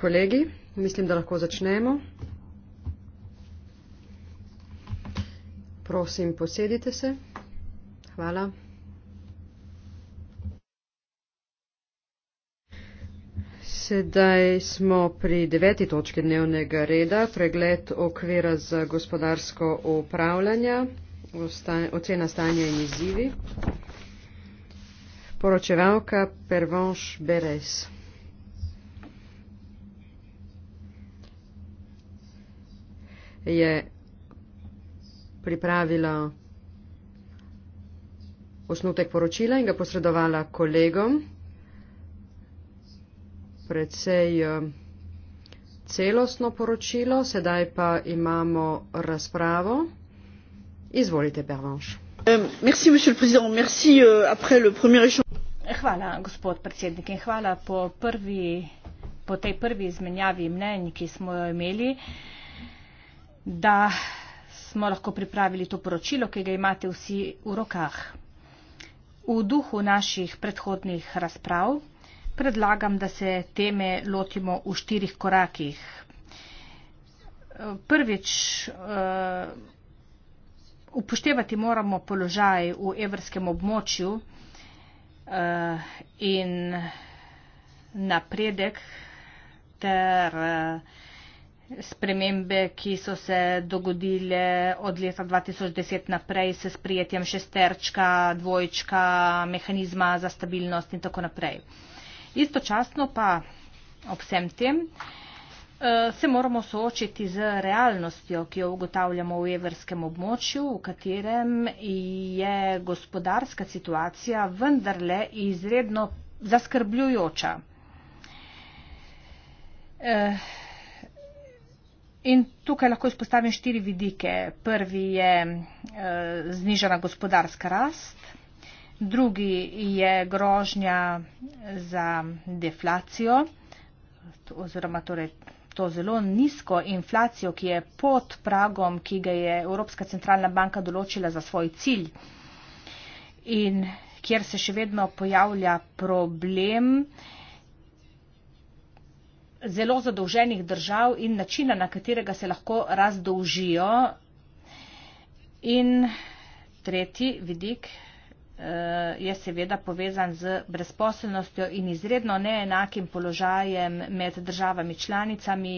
Kolegi, mislim, da lahko začnemo. Prosim, posedite se. Hvala. Sedaj smo pri deveti točki dnevnega reda, pregled okvira za gospodarsko upravljanje, ocena stanja in izzivi. Poročevalka Pervenche Beres. je pripravila osnutek poročila in ga posredovala kolegom, predvsej eh, celostno poročilo, sedaj pa imamo razpravo. Izvolite, Pervenche. Merci, monsieur le président. Merci, euh, après le premier échange. Hvala, gospod predsednik, in hvala po, prvi, po tej prvi izmenjavi mnenj, ki smo jo imeli, da smo lahko pripravili to poročilo, ki ga imate vsi v rokah. V duhu naših predhodnih razprav predlagam, da se teme lotimo v štirih korakih. Prvič, uh, upoštevati moramo položaj v evrskem območju, Eh, in napredek ter eh, spremembe, ki so se dogodile od leta 2010 naprej s sprijetjem šesterčka, dvojčka, mehanizma za stabilnost in tako naprej. Istočasno pa ob vsem tem uh, Eh, se moramo soočiti z realnostjo, ki jo ugotavljamo v evrskem območju, v katerem je gospodarska situacija vendarle izredno zaskrbljujoča. Eh, in tukaj lahko izpostavim štiri vidike. Prvi je eh, znižana gospodarska rast, drugi je grožnja za deflacijo oziroma torej to zelo nizko inflacijo, ki je pod pragom, ki ga je Evropska centralna banka določila za svoj cilj in kjer se še vedno pojavlja problem zelo zadolženih držav in načina, na katerega se lahko razdolžijo. In tretji vidik Eh, je seveda povezan z brezposelnostjo in izredno neenakim položajem med državami članicami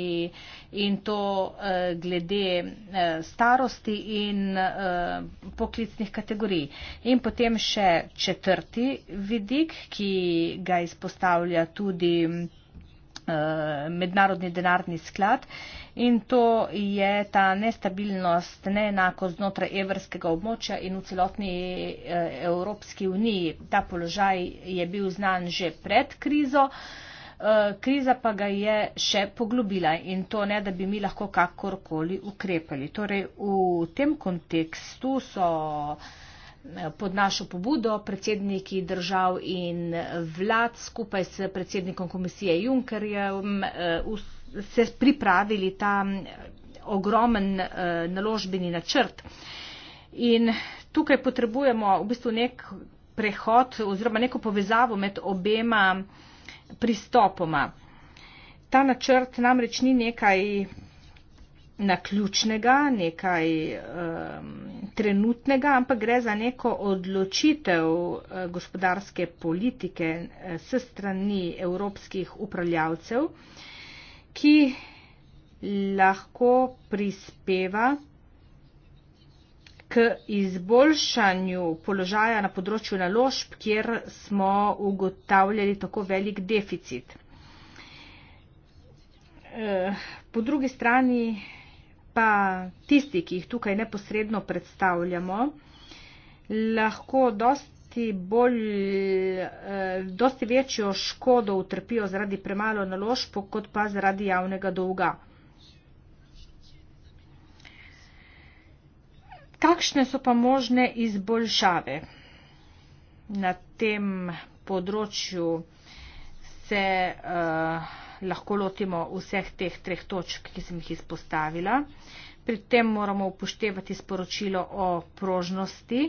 in to eh, glede eh, starosti in poklicnih kategorij. In potem še četrti vidik, ki ga izpostavlja tudi Eh, mednarodni denarni sklad in to je ta nestabilnost, neenakost znotraj evrskega območja in v celotni eh, Evropski uniji. Ta položaj je bil znan že pred krizo, eh, kriza pa ga je še poglobila in to ne, da bi mi lahko kakorkoli ukrepali. Torej, v tem kontekstu so Eh, pod našo pobudo predsedniki držav in vlad skupaj s predsednikom komisije Junckerjem eh, se pripravili ta eh, ogromen naložbeni načrt. In tukaj potrebujemo v bistvu nek prehod oziroma neko povezavo med obema pristopoma. Ta načrt namreč ni nekaj naključnega, nekaj um, trenutnega, ampak gre za neko odločitev eh, gospodarske politike eh, s strani evropskih upravljavcev, ki lahko prispeva k izboljšanju položaja na področju naložb, kjer smo ugotavljali tako velik deficit. Eh, po drugi strani pa tisti, ki jih tukaj neposredno predstavljamo, lahko dosti, bolj, eh, dosti večjo škodo utrpijo zaradi premalo naložb, kot pa zaradi javnega dolga. Kakšne so pa možne izboljšave? Na tem področju se uh, lahko lotimo vseh teh treh točk, ki sem jih izpostavila. Pri tem moramo upoštevati sporočilo o prožnosti,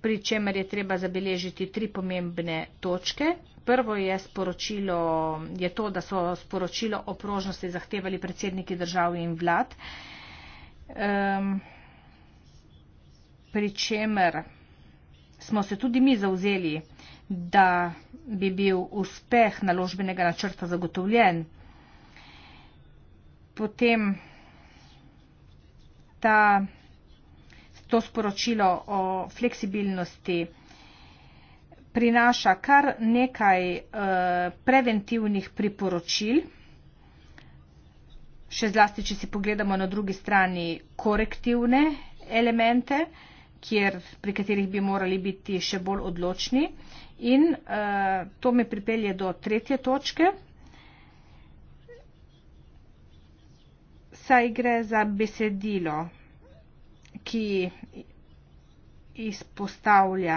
pri čemer je treba zabeležiti tri pomembne točke. Prvo je, sporočilo, je to, da so sporočilo o prožnosti zahtevali predsedniki držav in vlad, um, pri čemer smo se tudi mi zauzeli, da bi bil uspeh naložbenega načrta zagotovljen. Potem ta, to sporočilo o fleksibilnosti prinaša kar nekaj e, preventivnih priporočil, še zlasti, če si pogledamo na drugi strani korektivne elemente, kjer, pri katerih bi morali biti še bolj odločni In uh, to me pripelje do tretje točke. Saj gre za besedilo, ki izpostavlja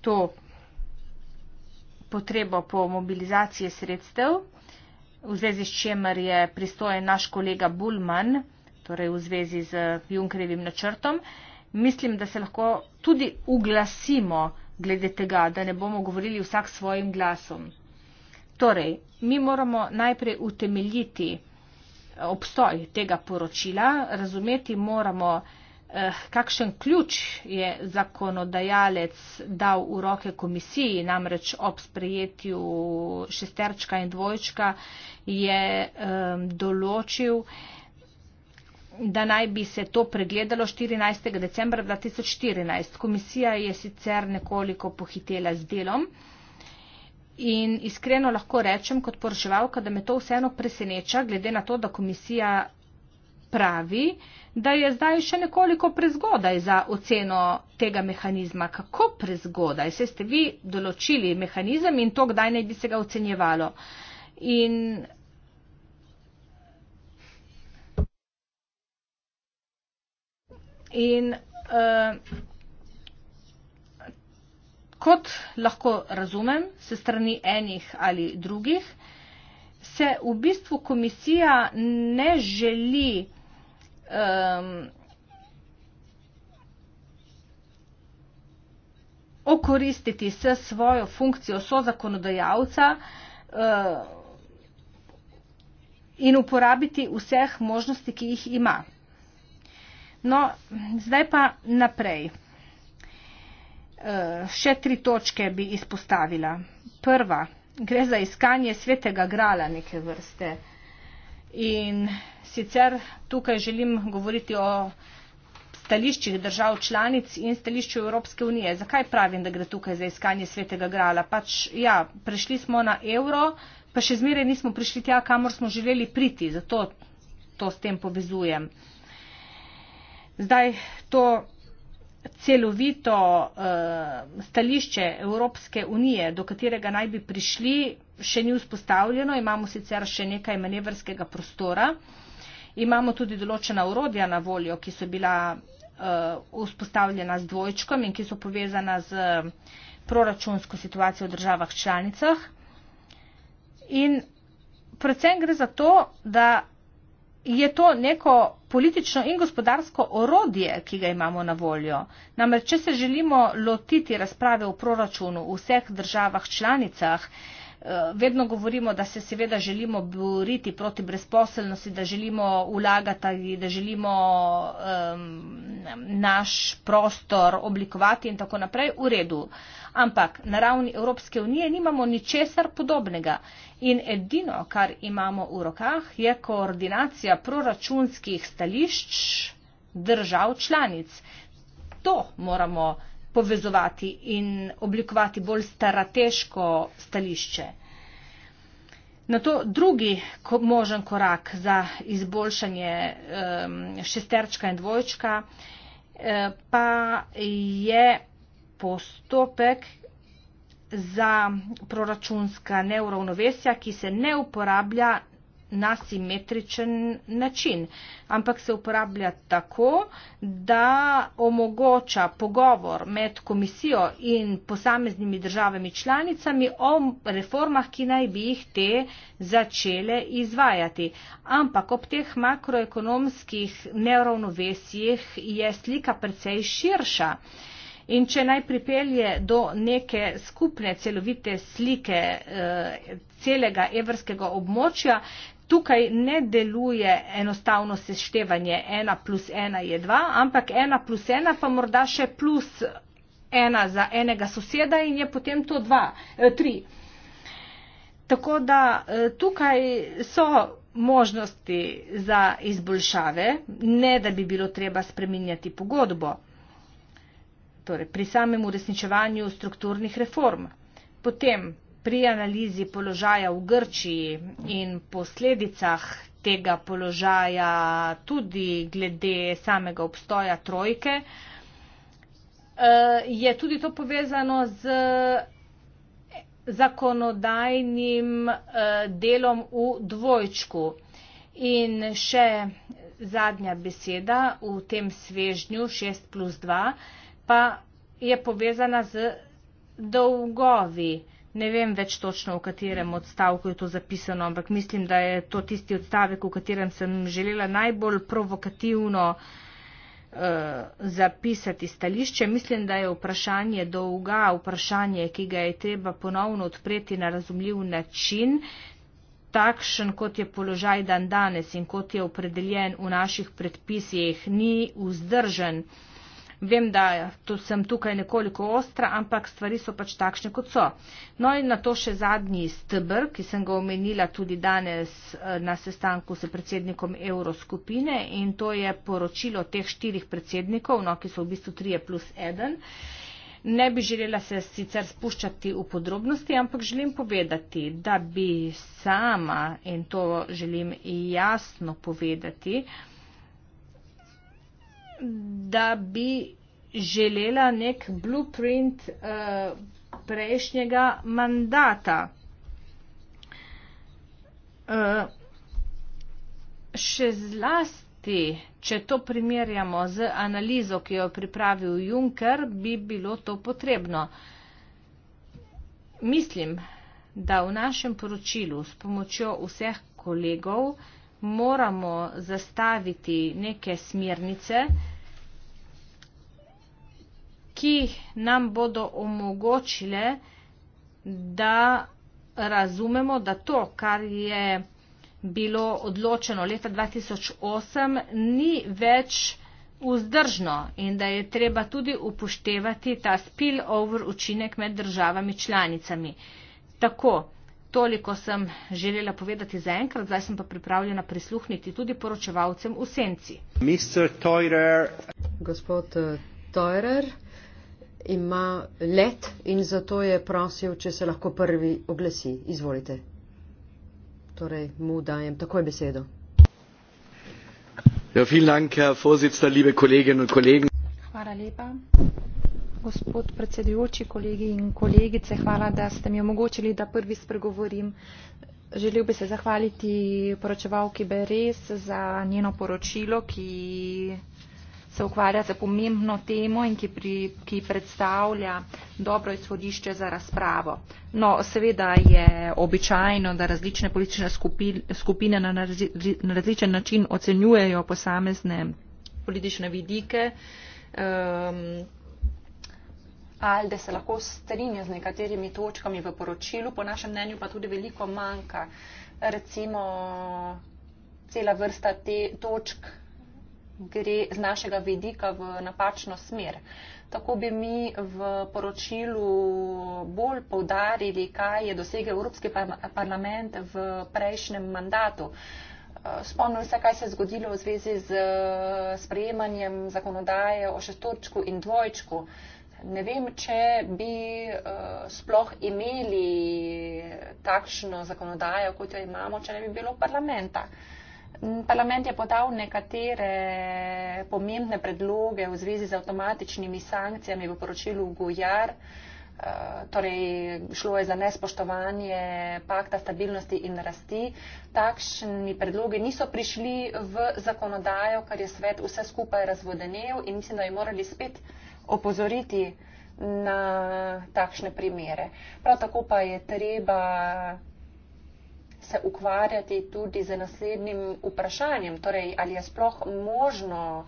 to potrebo po mobilizaciji sredstev, v zvezi s čemer je pristojen naš kolega Bulman, torej v zvezi z Junkrevim načrtom. Mislim, da se lahko tudi uglasimo, glede tega, da ne bomo govorili vsak svojim glasom. Torej, mi moramo najprej utemeljiti eh, obstoj tega poročila, razumeti moramo, eh, kakšen ključ je zakonodajalec dal v roke komisiji, namreč ob sprejetju šesterčka in dvojčka je eh, določil, da naj bi se to pregledalo 14. decembra 2014. Komisija je sicer nekoliko pohitela z delom in iskreno lahko rečem kot poroševalka, da me to vseeno preseneča, glede na to, da komisija pravi, da je zdaj še nekoliko prezgodaj za oceno tega mehanizma. Kako prezgodaj? Se ste vi določili mehanizem in to, kdaj naj bi se ga ocenjevalo. In In uh, kot lahko razumem se strani enih ali drugih, se v bistvu komisija ne želi um, okoristiti se svojo funkcijo so zakonodajalca uh, eh, in uporabiti vseh možnosti, ki jih ima. No, zdaj pa naprej. E, še tri točke bi izpostavila. Prva, gre za iskanje svetega grala neke vrste. In sicer tukaj želim govoriti o stališčih držav članic in stališču Evropske unije. Zakaj pravim, da gre tukaj za iskanje svetega grala? Pač, ja, prišli smo na evro, pa še zmeraj nismo prišli tja, kamor smo želeli priti. Zato to s tem povezujem. Zdaj to celovito uh, stališče Evropske unije, do katerega naj bi prišli, še ni vzpostavljeno. Imamo sicer še nekaj manevrskega prostora. Imamo tudi določena urodja na voljo, ki so bila uh, vzpostavljena z dvojčkom in ki so povezana z eh, proračunsko situacijo v državah članicah. In predvsem gre za to, da je to neko politično in gospodarsko orodje, ki ga imamo na voljo. Namreč, če se želimo lotiti razprave o proračunu v vseh državah članicah, Eh, vedno govorimo, da se seveda želimo boriti proti brezposelnosti, da želimo ulagati, da želimo um, naš prostor oblikovati in tako naprej. V redu. Ampak na ravni Evropske unije nimamo ničesar podobnega. In edino, kar imamo v rokah, je koordinacija proračunskih stališč držav članic. To moramo povezovati in oblikovati bolj strateško stališče. Na to drugi možen korak za izboljšanje šesterčka in dvojčka eh, pa je postopek za proračunska neuravnovesja, ki se ne uporablja na simetričen način, ampak se uporablja tako, da omogoča pogovor med komisijo in posameznimi državami članicami o reformah, ki naj bi jih te začele izvajati. Ampak ob teh makroekonomskih neravnovesjih je slika precej širša. In če naj pripelje do neke skupne celovite slike eh, celega evrskega območja, Tukaj ne deluje enostavno seštevanje 1 plus 1 je 2, ampak 1 plus 1 pa morda še plus 1 za enega soseda in je potem to 3. Eh, Tako da eh, tukaj so možnosti za izboljšave, ne da bi bilo treba spreminjati pogodbo. Torej, pri samem uresničevanju strukturnih reform. Potem pri analizi položaja v Grčiji in posledicah tega položaja, tudi glede samega obstoja trojke, eh, je tudi to povezano z zakonodajnim eh, delom v dvojčku. In še zadnja beseda v tem svežnju 6 plus 2 pa je povezana z dolgovi. Ne vem več točno, v katerem odstavku je to zapisano, ampak mislim, da je to tisti odstavek, v katerem sem želela najbolj provokativno uh, zapisati stališče. Mislim, da je vprašanje dolga, vprašanje, ki ga je treba ponovno odpreti na razumljiv način, takšen kot je položaj dan danes in kot je opredeljen v naših predpisih, ni vzdržen. Vem, da to sem tukaj nekoliko ostra, ampak stvari so pač takšne, kot so. No in na to še zadnji stebr, ki sem ga omenila tudi danes eh, na sestanku s predsednikom Euroskupine in to je poročilo teh štirih predsednikov, no, ki so v bistvu trije plus eden. Ne bi želela se sicer spuščati v podrobnosti, ampak želim povedati, da bi sama, in to želim jasno povedati, uh, da bi želela nek blueprint uh, prejšnjega mandata. Uh, še zlasti, če to primerjamo z analizo, ki jo je pripravil Juncker, bi bilo to potrebno. Mislim, da v našem poročilu s pomočjo vseh kolegov moramo zastaviti neke smernice, uh, ki nam bodo omogočile, da razumemo, da to, kar je bilo odločeno leta 2008, ni več vzdržno in da je treba tudi upoštevati ta spillover učinek med državami članicami. Tako, toliko sem želela povedati za enkrat, zdaj sem pa pripravljena prisluhniti tudi poročevalcem v senci. Gospod eh, Teurer ima let in zato je prosil, če se lahko prvi oglesi. Izvolite. Torej mu dajem takoj besedo. Ja, dank, Herr liebe und hvala lepa, gospod predsedujoči, kolegi in kolegice, hvala, da ste mi omogočili, da prvi spregovorim. Želel bi se zahvaliti poročevalki Beres za njeno poročilo, ki se ukvarja za pomembno temo in ki, pri, ki predstavlja dobro izhodišče za razpravo. No, seveda je običajno, da različne politične skupine na različen način ocenjujejo posamezne politične vidike. Um, Alde se lahko strinja z nekaterimi točkami v poročilu, po našem mnenju pa tudi veliko manjka. Recimo cela vrsta te točk gre z našega vidika v napačno smer. Tako bi mi v poročilu bolj povdarili, kaj je dosegel Evropski parlament v prejšnjem mandatu. Eh, spomnim se, kaj se je zgodilo v zvezi z eh, sprejemanjem zakonodaje o šestorčku in dvojčku. Ne vem, če bi eh, sploh imeli takšno zakonodajo, kot jo imamo, če ne bi bilo parlamenta. Parlament je podal nekatere pomembne predloge v zvezi z avtomatičnimi sankcijami v poročilu Gujar. Eh, torej, šlo je za nespoštovanje pakta stabilnosti in rasti. Takšni predlogi niso prišli v zakonodajo, kar je svet vse skupaj razvodenev in mislim, da je morali spet opozoriti na takšne primere. Prav tako pa je treba se ukvarjati tudi z naslednjim vprašanjem, torej ali je sploh možno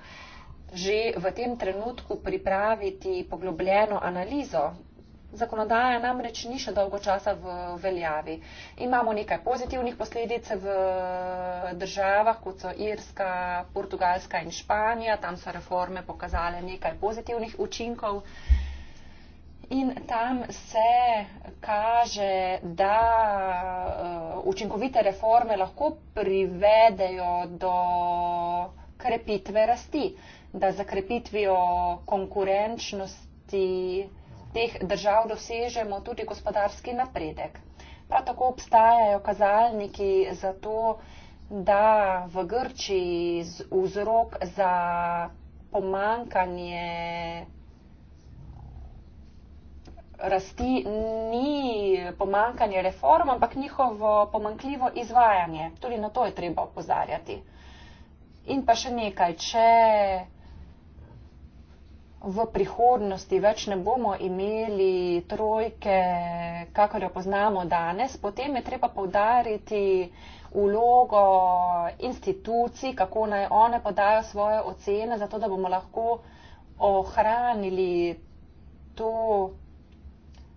že v tem trenutku pripraviti poglobljeno analizo. Zakonodaja namreč ni še dolgo časa v veljavi. Imamo nekaj pozitivnih posledic v državah, kot so Irska, Portugalska in Španija. Tam so reforme pokazale nekaj pozitivnih učinkov. In tam se kaže, da eh, učinkovite reforme lahko privedejo do krepitve rasti, da zakrepitvijo konkurenčnosti teh držav dosežemo tudi gospodarski napredek. Prav tako obstajajo kazalniki za to, da v Grčiji vzrok za pomankanje rasti ni pomankanje reform, ampak njihovo pomankljivo izvajanje. Tudi na to je treba opozarjati. In pa še nekaj, če v prihodnosti več ne bomo imeli trojke, kakor jo poznamo danes, potem je treba povdariti ulogo institucij, kako naj one podajo svoje ocene, zato da bomo lahko ohranili to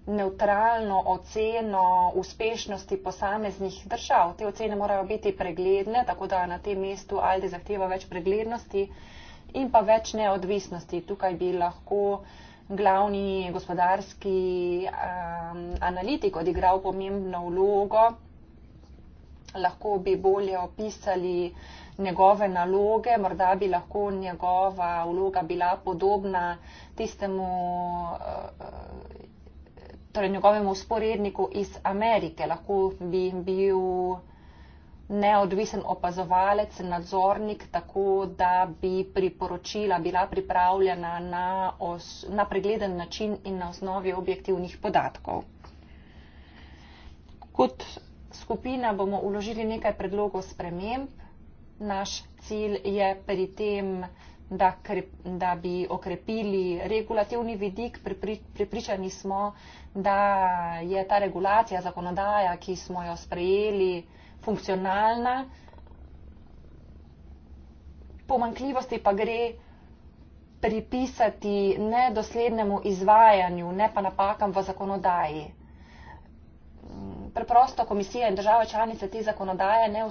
neutralno oceno uspešnosti posameznih držav. Te ocene morajo biti pregledne, tako da na tem mestu Alde zahteva več preglednosti in pa več neodvisnosti. Tukaj bi lahko glavni gospodarski um, analitik odigral pomembno vlogo, lahko bi bolje opisali njegove naloge, morda bi lahko njegova vloga bila podobna tistemu uh, torej njegovemu sporedniku iz Amerike. Lahko bi bil neodvisen opazovalec, nadzornik, tako da bi priporočila bila pripravljena na, os, na pregleden način in na osnovi objektivnih podatkov. Kot skupina bomo uložili nekaj predlogov sprememb. Naš cilj je pri tem, da, krep, da bi okrepili regulativni vidik. Pripri, pripričani smo, da je ta regulacija, zakonodaja, ki smo jo sprejeli, funkcionalna. Pomankljivosti pa gre pripisati nedoslednemu izvajanju, ne pa napakam v zakonodaji. Preprosto komisija in država članice te zakonodaje ne,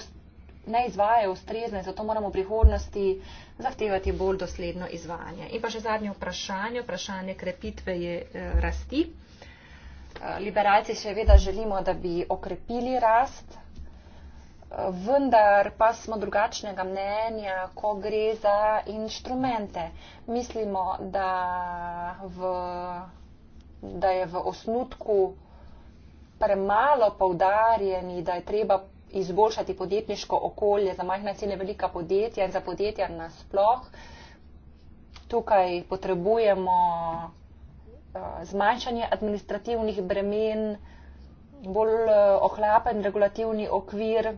ne izvajajo ustrezne, zato moramo v prihodnosti zahtevati bolj dosledno izvajanje. In pa še zadnje vprašanje, vprašanje krepitve je eh, rasti. Eh, liberalci seveda želimo, da bi okrepili rast, vendar pa smo drugačnega mnenja, ko gre za inštrumente. Mislimo, da, v, da je v osnutku premalo povdarjeni, da je treba izboljšati podjetniško okolje za majhna cene velika podjetja in za podjetja nasploh. Tukaj potrebujemo Eh, zmanjšanje administrativnih bremen, bolj eh, ohlapen regulativni okvir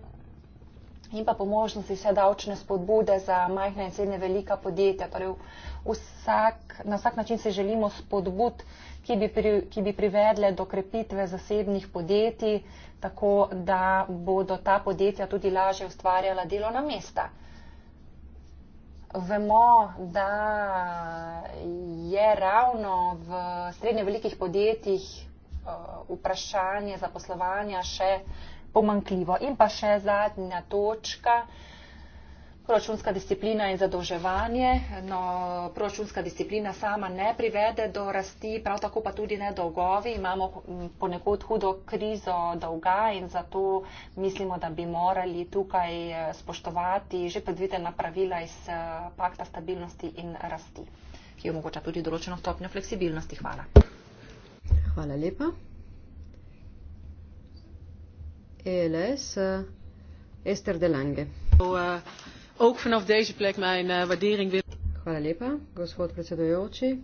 in pa po možnosti vse davčne spodbude za majhne in srednje velika podjetja. Torej vsak, na vsak način se želimo spodbud, ki bi, pri, ki bi privedle do krepitve zasebnih podjetij, tako da bodo ta podjetja tudi lažje ustvarjala delovna mesta vemo, da je ravno v srednje velikih podjetjih eh, vprašanje zaposlovanja še pomankljivo. In pa še zadnja točka, proračunska disciplina in zadolževanje. No, proračunska disciplina sama ne privede do rasti, prav tako pa tudi ne dolgovi. Imamo ponekod hudo krizo dolga in zato mislimo, da bi morali tukaj eh, spoštovati že predvidena pravila iz eh, pakta stabilnosti in rasti, ki omogoča tudi določeno stopnjo fleksibilnosti. Hvala. Hvala lepa. ELS, eh, Ester Delange. So, uh, ook vanaf deze plek mijn uh, waardering wil. Hvala lepa, gospod predsedujoči.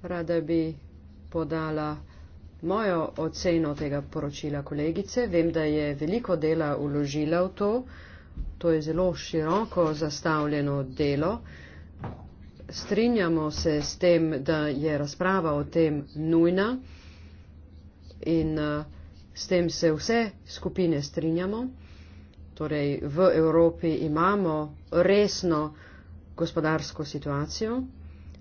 Rada bi podala mojo oceno tega poročila kolegice. Vem, da je veliko dela uložila v to. To je zelo široko zastavljeno delo. Strinjamo se s tem, da je razprava o tem nujna in uh, s tem se vse skupine strinjamo torej v Evropi imamo resno gospodarsko situacijo,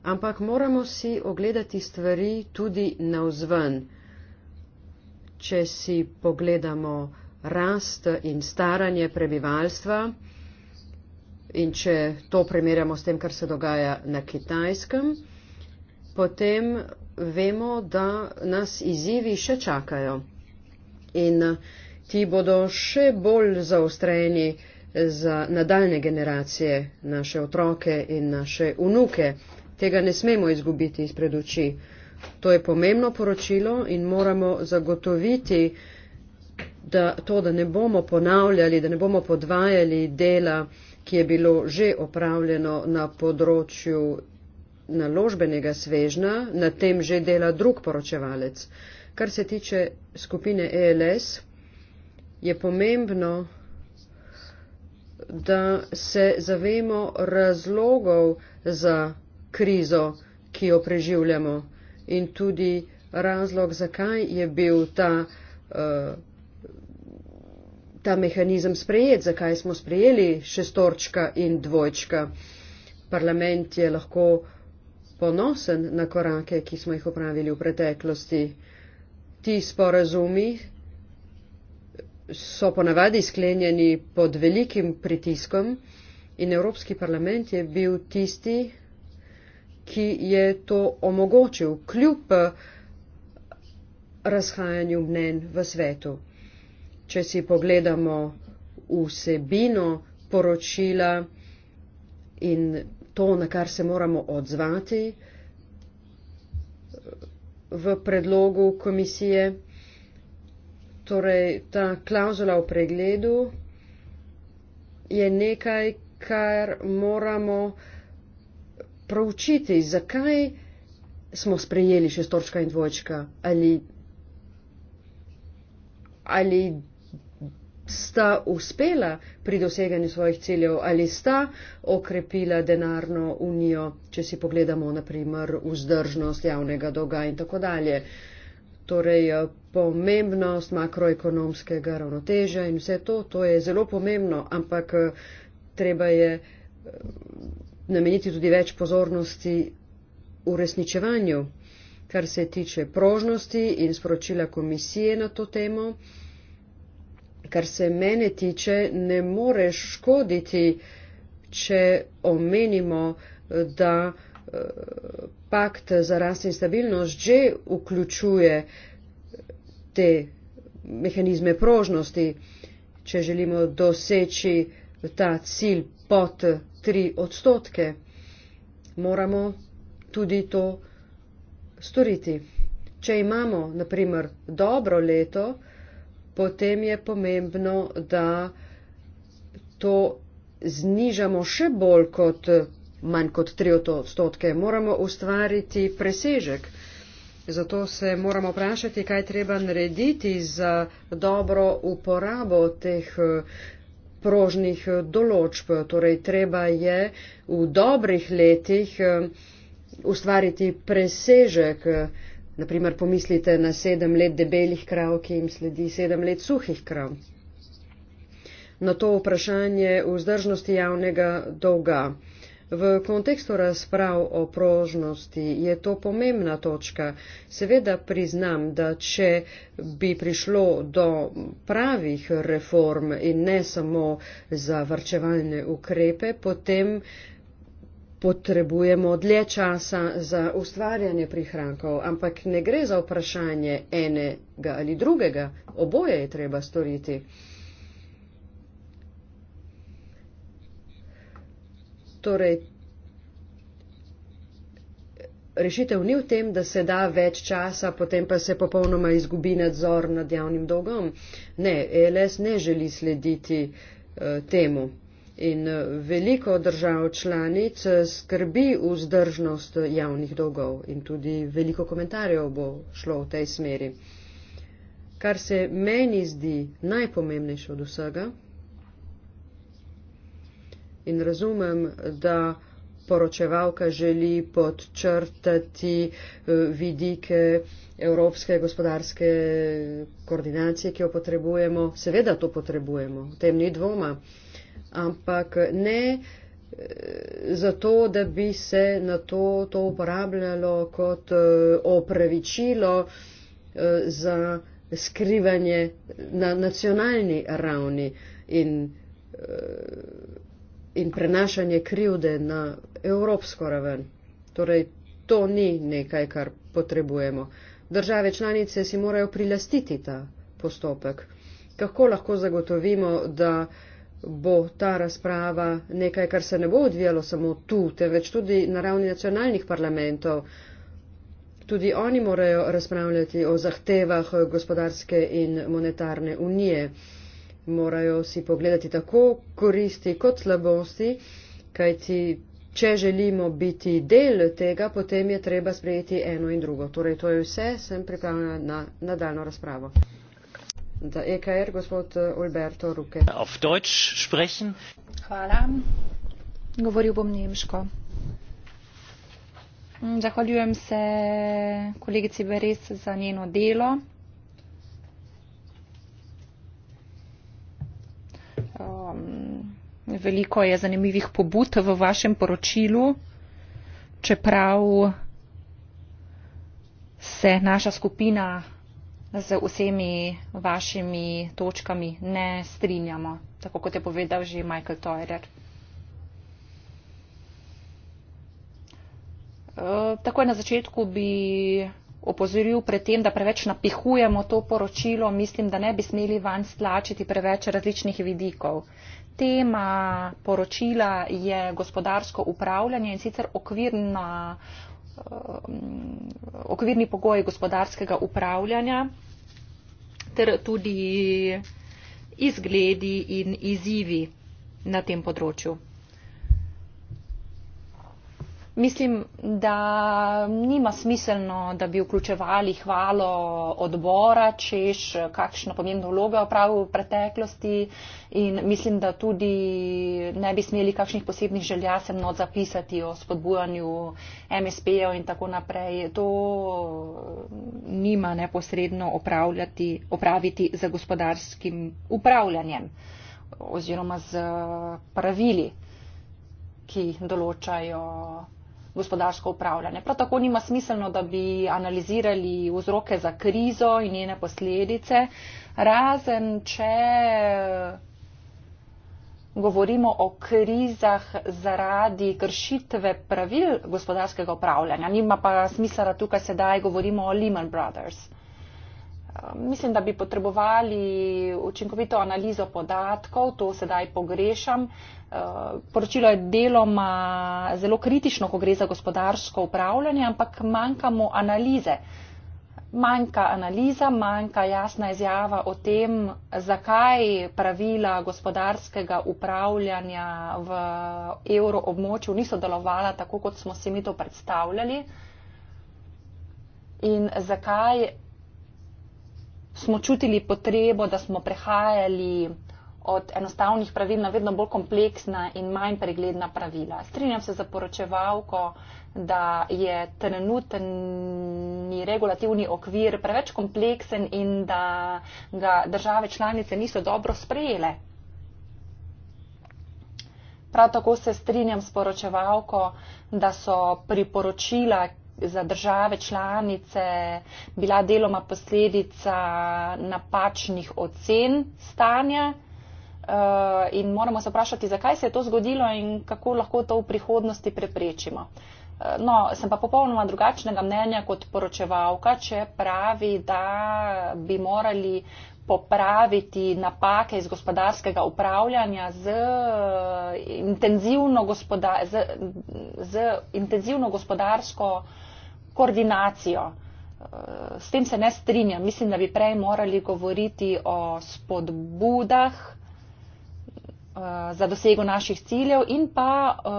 ampak moramo si ogledati stvari tudi na vzven. Če si pogledamo rast in staranje prebivalstva in če to primerjamo s tem, kar se dogaja na kitajskem, potem vemo, da nas izzivi še čakajo. In uh, ti bodo še bolj zaostreni za nadaljne generacije, naše otroke in naše vnuke. Tega ne smemo izgubiti izpred oči. To je pomembno poročilo in moramo zagotoviti, da to, da ne bomo ponavljali, da ne bomo podvajali dela, ki je bilo že opravljeno na področju naložbenega svežna, na tem že dela drug poročevalec. Kar se tiče skupine ELS, je pomembno, da se zavemo razlogov za krizo, ki jo preživljamo in tudi razlog, zakaj je bil ta, uh, ta mehanizem sprejet, zakaj smo sprejeli šestorčka in dvojčka. Parlament je lahko ponosen na korake, ki smo jih upravili v preteklosti. Ti sporazumi so ponavadi sklenjeni pod velikim pritiskom in Evropski parlament je bil tisti, ki je to omogočil kljub razhajanju mnen v svetu. Če si pogledamo vsebino poročila in to, na kar se moramo odzvati v predlogu komisije, Torej, ta klauzula v pregledu je nekaj, kar moramo proučiti, zakaj smo sprejeli šestorčka in dvojčka, ali, ali sta uspela pri doseganju svojih ciljev, ali sta okrepila denarno unijo, če si pogledamo, naprimer, vzdržnost javnega dolga in tako dalje torej eh, pomembnost makroekonomskega ravnoteža in vse to, to je zelo pomembno, ampak eh, treba je eh, nameniti tudi več pozornosti uresničevanju, kar se tiče prožnosti in sporočila komisije na to temo. Kar se mene tiče, ne more škoditi, če omenimo, da Eh, pakt za rast in stabilnost že vključuje te mehanizme prožnosti, če želimo doseči ta cilj pod tri odstotke, moramo tudi to storiti. Če imamo, naprimer, dobro leto, potem je pomembno, da to znižamo še bolj kot manj kot 3 odstotke. Moramo ustvariti presežek. Zato se moramo vprašati, kaj treba narediti za dobro uporabo teh eh, prožnih eh, določb. Torej, treba je v dobrih letih eh, ustvariti presežek. Naprimer, pomislite na sedem let debelih krav, ki jim sledi sedem let suhih krav. Na to vprašanje vzdržnosti javnega dolga. V kontekstu razprav o prožnosti je to pomembna točka. Seveda priznam, da če bi prišlo do pravih reform in ne samo za vrčevalne ukrepe, potem potrebujemo dlje časa za ustvarjanje prihrankov, ampak ne gre za vprašanje enega ali drugega, oboje je treba storiti. torej, rešitev ni v tem, da se da več časa, potem pa se popolnoma izgubi nadzor nad javnim dolgom. Ne, ELS ne želi slediti uh, temu. In eh, veliko držav članic eh, skrbi vzdržnost javnih dolgov in tudi veliko komentarjev bo šlo v tej smeri. Kar se meni zdi najpomembnejše od vsega, in razumem, da poročevalka želi podčrtati eh, vidike evropske gospodarske koordinacije, ki jo potrebujemo. Seveda to potrebujemo, v tem ni dvoma, ampak ne eh, zato, da bi se na to, to uporabljalo kot eh, opravičilo za skrivanje na nacionalni ravni in in prenašanje krivde na evropsko raven. Torej, to ni nekaj, kar potrebujemo. Države članice si morajo prilastiti ta postopek. Kako lahko zagotovimo, da bo ta razprava nekaj, kar se ne bo odvijalo samo tu, temveč tudi na ravni nacionalnih parlamentov. Tudi oni morajo razpravljati o zahtevah gospodarske in monetarne unije morajo si pogledati tako koristi kot slabosti, kajti če želimo biti del tega, potem je treba sprejeti eno in drugo. Torej, to je vse, sem pripravljena na nadaljno razpravo. Da EKR, gospod Ulberto eh, Ruke. Auf Deutsch sprechen. Hvala. Govoril bom nemško. Zahvaljujem se kolegici Beres za njeno delo. Um, veliko je zanimivih pobud v vašem poročilu, čeprav se naša skupina z vsemi vašimi točkami ne strinjamo, tako kot je povedal že Michael Toyer. Uh, takoj na začetku bi opozoril pred tem da preveč napihujemo to poročilo mislim da ne bi smeli vanj stlačiti preveč različnih vidikov. Tema poročila je gospodarsko upravljanje in sicer okvirna, eh, okvirni pogoji gospodarskega upravljanja ter tudi izgledi in izzivi na tem področju. Mislim, da nima smiselno, da bi vključevali hvalo odbora, češ kakšno pomembno vlogo opravil v preteklosti in mislim, da tudi ne bi smeli kakšnih posebnih želja se mnot zapisati o spodbujanju MSP-jev in tako naprej. To mm, nima neposredno opraviti z gospodarskim upravljanjem oziroma z pravili, ki določajo gospodarsko upravljanje. Prav tako nima smiselno, da bi analizirali vzroke za krizo in njene posledice, razen če eh, govorimo o krizah zaradi kršitve pravil gospodarskega upravljanja. Nima pa smisla, da tukaj sedaj govorimo o Lehman Brothers mislim, da bi potrebovali učinkovito analizo podatkov, to sedaj pogrešam. Eh, poročilo je deloma zelo kritično, ko gre za gospodarsko upravljanje, ampak manjka mu analize. Manjka analiza, manjka jasna izjava o tem, zakaj pravila gospodarskega upravljanja v evroobmočju niso delovala tako, kot smo si mi to predstavljali. In zakaj smo čutili potrebo, da smo prehajali od enostavnih pravil na vedno bolj kompleksna in manj pregledna pravila. Strinjam se za poročevalko, da je trenutni regulativni okvir preveč kompleksen in da ga države članice niso dobro sprejele. Prav tako se strinjam s poročevalko, da so priporočila, za države članice bila deloma posledica napačnih ocen stanja. Eh, in moramo se vprašati, zakaj se je to zgodilo in kako lahko to v prihodnosti preprečimo. Eh, no, sem pa popolnoma drugačnega mnenja kot poročevalka, če pravi, da bi morali popraviti napake iz gospodarskega upravljanja z eh, intenzivno, gospoda, z, z intenzivno gospodarsko koordinacijo. Eh, s tem se ne strinjam. Mislim, da bi prej morali govoriti o spodbudah eh, za dosego naših ciljev in pa eh,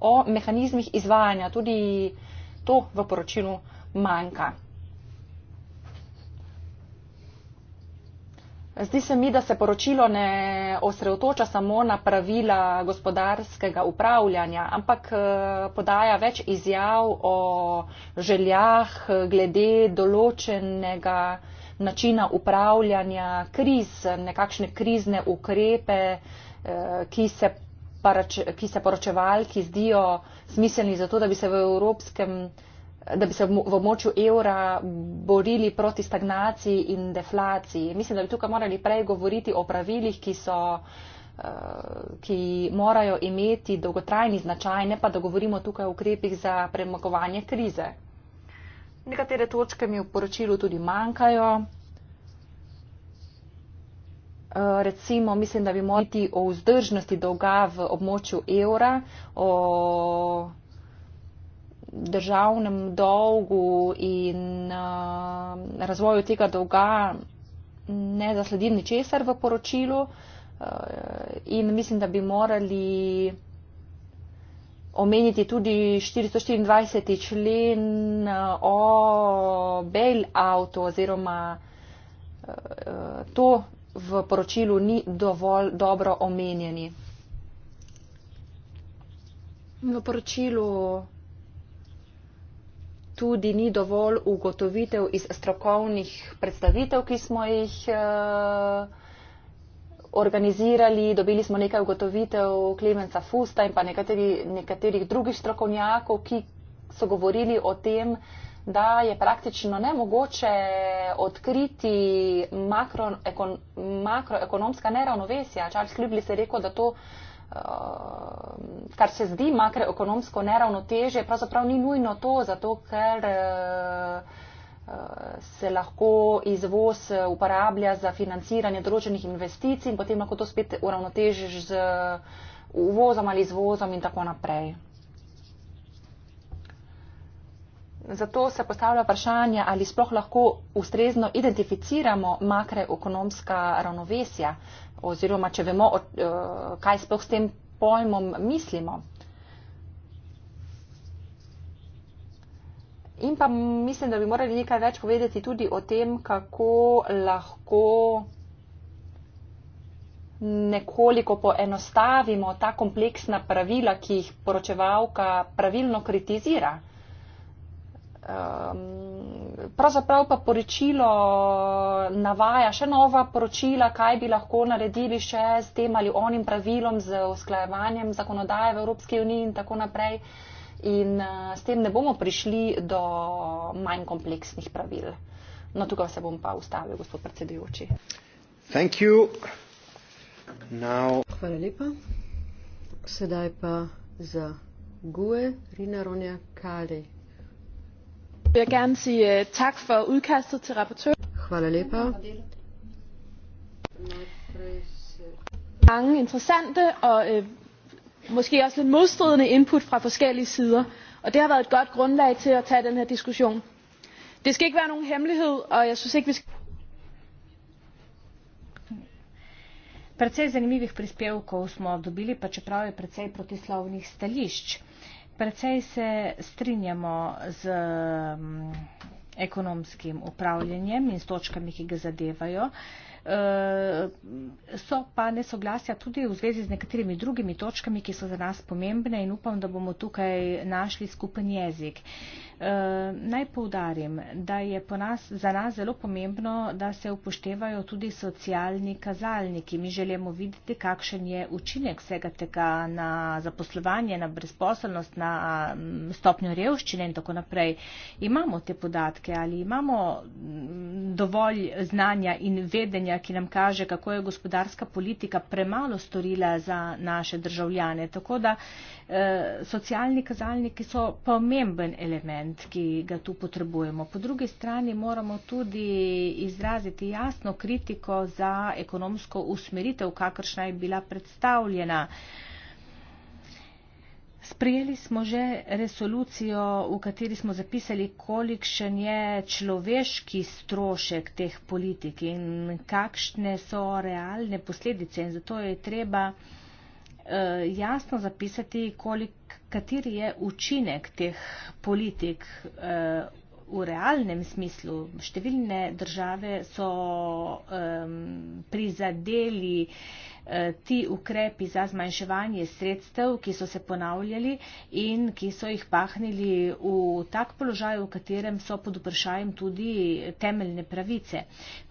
o mehanizmih izvajanja. Tudi to v poročilu manjka. Zdi se mi, da se poročilo ne osredotoča samo na pravila gospodarskega upravljanja, ampak eh, podaja več izjav o željah eh, glede določenega načina upravljanja kriz, nekakšne krizne ukrepe, eh, ki se, ki se poročevalki zdijo smiselni za to, da bi se v evropskem da bi se v območju evra borili proti stagnaciji in deflaciji. Mislim, da bi tukaj morali prej govoriti o pravilih, ki so eh, ki morajo imeti dolgotrajni značaj, ne pa da govorimo tukaj o ukrepih za premagovanje krize. Nekatere točke mi v poročilu tudi manjkajo. Eh, recimo, mislim, da bi morali o vzdržnosti dolga v območju evra, o državnem dolgu in uh, razvoju tega dolga ne zasledim ničesar v poročilu uh, in mislim, da bi morali omeniti tudi 424. člen uh, o bail-outu oziroma to v poročilu ni dovolj dobro omenjeni. V poročilu tudi ni dovolj ugotovitev iz strokovnih predstavitev, ki smo jih eh, organizirali, dobili smo nekaj ugotovitev Klemenca Fusta in pa nekateri, nekaterih drugih strokovnjakov, ki so govorili o tem, da je praktično nemogoče odkriti makroekon, makroekonomska neravnovesja. Charles Klibli se je rekel, da to uh, kar se zdi makroekonomsko neravnoteže, pravzaprav ni nujno to, zato ker uh, uh, se lahko izvoz eh, uporablja za financiranje določenih investicij in potem lahko to spet uravnotežiš z uvozom ali izvozom in tako naprej. Zato se postavlja vprašanje, ali sploh lahko ustrezno identificiramo makroekonomska ravnovesja oziroma če vemo, eh, kaj sploh s tem pojmom mislimo. In pa mislim, da bi morali nekaj več povedati tudi o tem, kako lahko nekoliko poenostavimo ta kompleksna pravila, ki jih poročevalka pravilno kritizira. Um, pravzaprav pa poročilo eh, navaja še nova poročila, kaj bi lahko naredili še s tem ali onim pravilom z usklajevanjem zakonodaje v Evropski uniji in tako naprej. In uh, s tem ne bomo prišli do manj kompleksnih pravil. No, tukaj se bom pa ustavil, gospod predsedujoči. Now... Hvala lepa. Sedaj pa za GUE, Rina Ronja Kalej vil jeg gerne sige øh, tak for udkastet til rapportør. Hvala lepa. Mange interessante og øh, måske også lidt modstridende input fra forskellige sider, og det har været et godt grundlag til at tage den her diskussion. Det skal ikke være nogen hemmelighed, og jeg synes ikke, vi skal... Precej zanimivih prispevkov smo dobili, pa čeprav je precej protislovnih stališč. Precej se strinjamo z mm, ekonomskim upravljanjem in s točkami, ki ga zadevajo. Uh, Eh, so pa nesoglasja tudi v zvezi z nekaterimi drugimi točkami, ki so za nas pomembne in upam, da bomo tukaj našli skupen jezik. Eh, naj poudarim, da je nas, za nas zelo pomembno, da se upoštevajo tudi socialni kazalniki. Mi želimo videti, kakšen je učinek vsega tega na zaposlovanje, na brezposelnost, na mm, stopnjo revščine in tako naprej. Imamo te podatke ali imamo mm, dovolj znanja in vedenja, Slovenija, ki nam kaže, kako je gospodarska politika premalo storila za naše državljane. Tako da eh, socialni kazalniki so pomemben element, ki ga tu potrebujemo. Po drugi strani moramo tudi izraziti jasno kritiko za ekonomsko usmeritev, kakršna je bila predstavljena. Sprijeli smo že resolucijo, v kateri smo zapisali, kolikšen je človeški strošek teh politik in kakšne so realne posledice. In zato je treba eh, jasno zapisati, kolik, kateri je učinek teh politik eh, v realnem smislu. Številne države so eh, prizadeli eh, Eh, ti ukrepi za zmanjševanje sredstev, ki so se ponavljali in ki so jih pahnili v tak položaj, v katerem so pod vprašajem tudi temeljne pravice.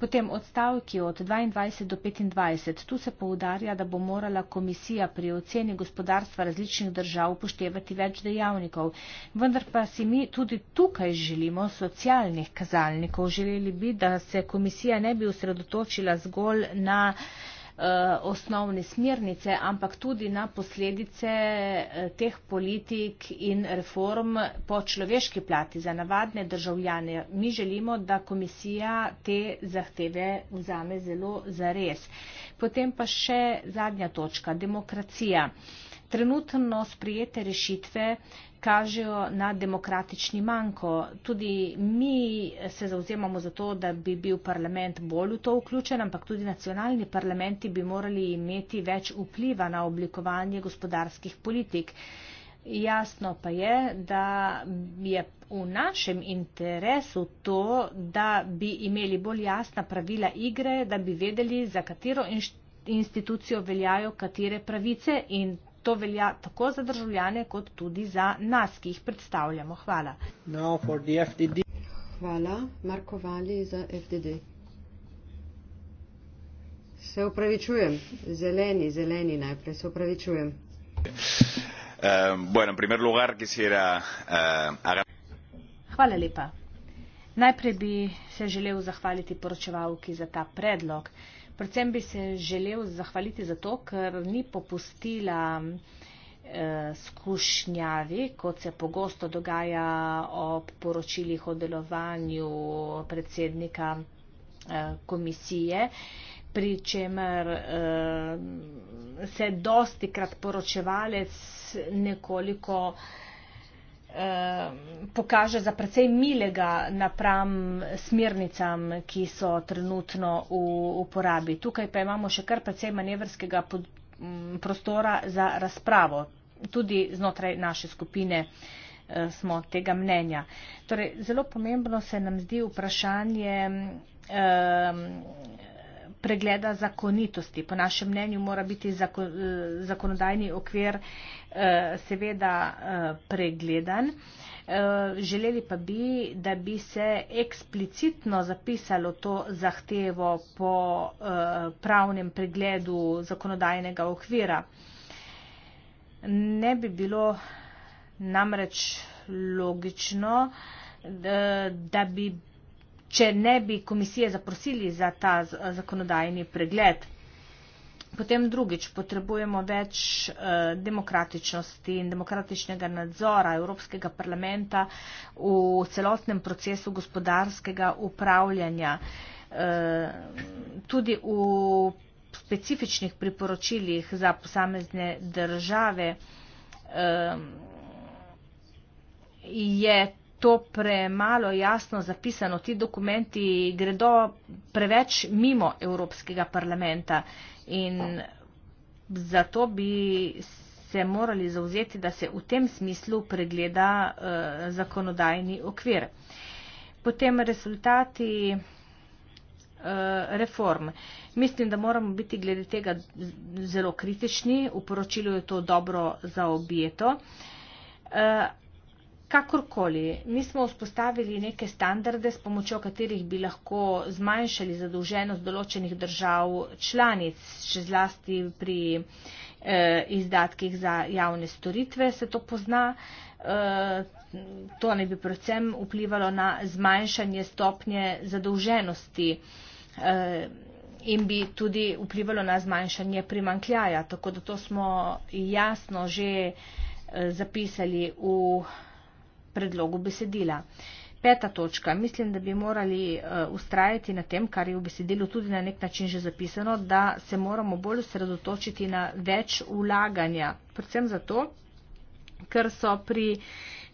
Potem odstavki od 22 do 25. Tu se poudarja, da bo morala komisija pri oceni gospodarstva različnih držav upoštevati več dejavnikov. Vendar pa si mi tudi tukaj želimo socialnih kazalnikov. Želeli bi, da se komisija ne bi osredotočila zgolj na Eh, osnovne smernice, ampak tudi na posledice eh, teh politik in reform po človeški plati za navadne državljane. Mi želimo, da komisija te zahteve vzame zelo zares. Potem pa še zadnja točka, demokracija. Trenutno sprijete rešitve kažejo na demokratični manjko. Tudi mi se zauzemamo za to, da bi bil parlament bolj v to vključen, ampak tudi nacionalni parlamenti bi morali imeti več vpliva na oblikovanje gospodarskih politik. Jasno pa je, da je v našem interesu to, da bi imeli bolj jasna pravila igre, da bi vedeli, za katero inštitucijo veljajo katere pravice in To velja tako za državljane, kot tudi za nas, ki jih predstavljamo. Hvala. Hvala, Marko Vali za FDD. Se upravičujem, zeleni, zeleni najprej, se upravičujem. Eh, bueno, lugar, quisiera, eh, agar... Hvala lepa. Najprej bi se želel zahvaliti poročevalki za ta predlog. Eh, Predvsem bi se želel zahvaliti za to, ker ni popustila eh, skušnjavi, kot se pogosto dogaja ob poročilih o delovanju predsednika eh, komisije, pri čemer eh, se dosti krat poročevalec nekoliko eh, Eh, pokaže za precej milega napram smernicam, ki so trenutno v uporabi. Tukaj pa imamo še kar precej manevrskega pod, m, prostora za razpravo. Tudi znotraj naše skupine e, smo tega mnenja. Torej, zelo pomembno se nam zdi vprašanje. E, pregleda zakonitosti. Po našem mnenju mora biti eh, zakonodajni okvir eh, seveda eh, pregledan. Želeli pa bi, da bi se eksplicitno zapisalo to zahtevo po pravnem pregledu zakonodajnega okvira. Ne bi bilo namreč logično, da bi če ne bi komisije zaprosili za ta eh, zakonodajni pregled. Potem drugič, potrebujemo več eh, demokratičnosti in demokratičnega nadzora Evropskega parlamenta v celotnem procesu gospodarskega upravljanja. Eh, tudi v specifičnih priporočilih za posamezne države eh, je to premalo jasno zapisano. Ti dokumenti gredo preveč mimo Evropskega parlamenta in zato bi se morali zauzeti, da se v tem smislu pregleda uh, zakonodajni okvir. Potem rezultati eh, reform. Mislim, da moramo biti glede tega zelo kritični. V poročilu je to dobro zaobjeto. Eh, Kakorkoli, mi smo vzpostavili neke standarde, s pomočjo katerih bi lahko zmanjšali zadolženost določenih držav članic, še zlasti pri eh, izdatkih za javne storitve se to pozna. Eh, to ne bi predvsem vplivalo na zmanjšanje stopnje zadolženosti. Eh, in bi tudi vplivalo na zmanjšanje primankljaja. Tako da to smo jasno že eh, zapisali v predlogu besedila. Peta točka. Mislim, da bi morali uh, eh, ustrajati na tem, kar je v besedilu tudi na nek način že zapisano, da se moramo bolj sredotočiti na več ulaganja. Predvsem zato, ker so pri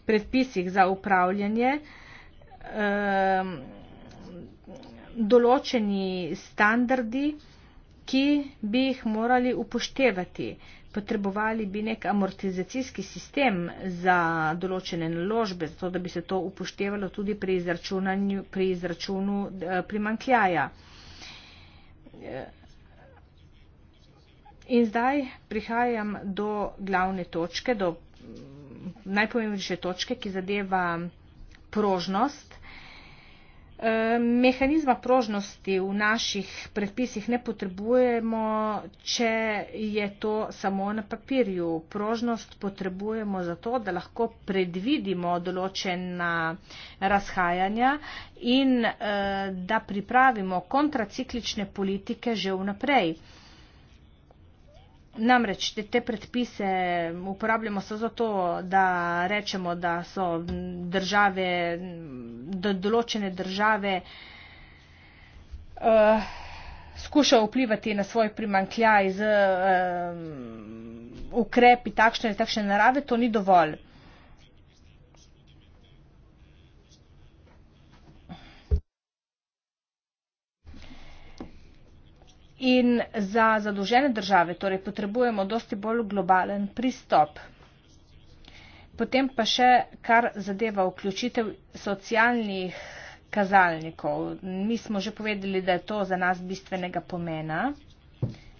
predpisih za upravljanje um, določeni standardi, ki bi jih morali upoštevati. Uh, potrebovali bi nek amortizacijski sistem za določene naložbe, zato da bi se to upoštevalo tudi pri, pri izračunu eh, primankljaja. In zdaj prihajam do glavne točke, do mm, najpomembnejše točke, ki zadeva prožnost. Uh, Mehanizma prožnosti v naših predpisih ne potrebujemo, če je to samo na papirju. Prožnost potrebujemo zato, da lahko predvidimo določena razhajanja in eh, da pripravimo kontraciklične politike že vnaprej. Namreč te, te predpise uporabljamo samo zato, da rečemo, da so države, da določene države uh, skušajo vplivati na svoj primankljaj z uh, ukrepi takšne ali takšne narave, to ni dovolj. In za zadolžene države torej potrebujemo dosti bolj globalen pristop. Potem pa še, kar zadeva vključitev socialnih kazalnikov. Mi smo že povedali, da je to za nas bistvenega pomena.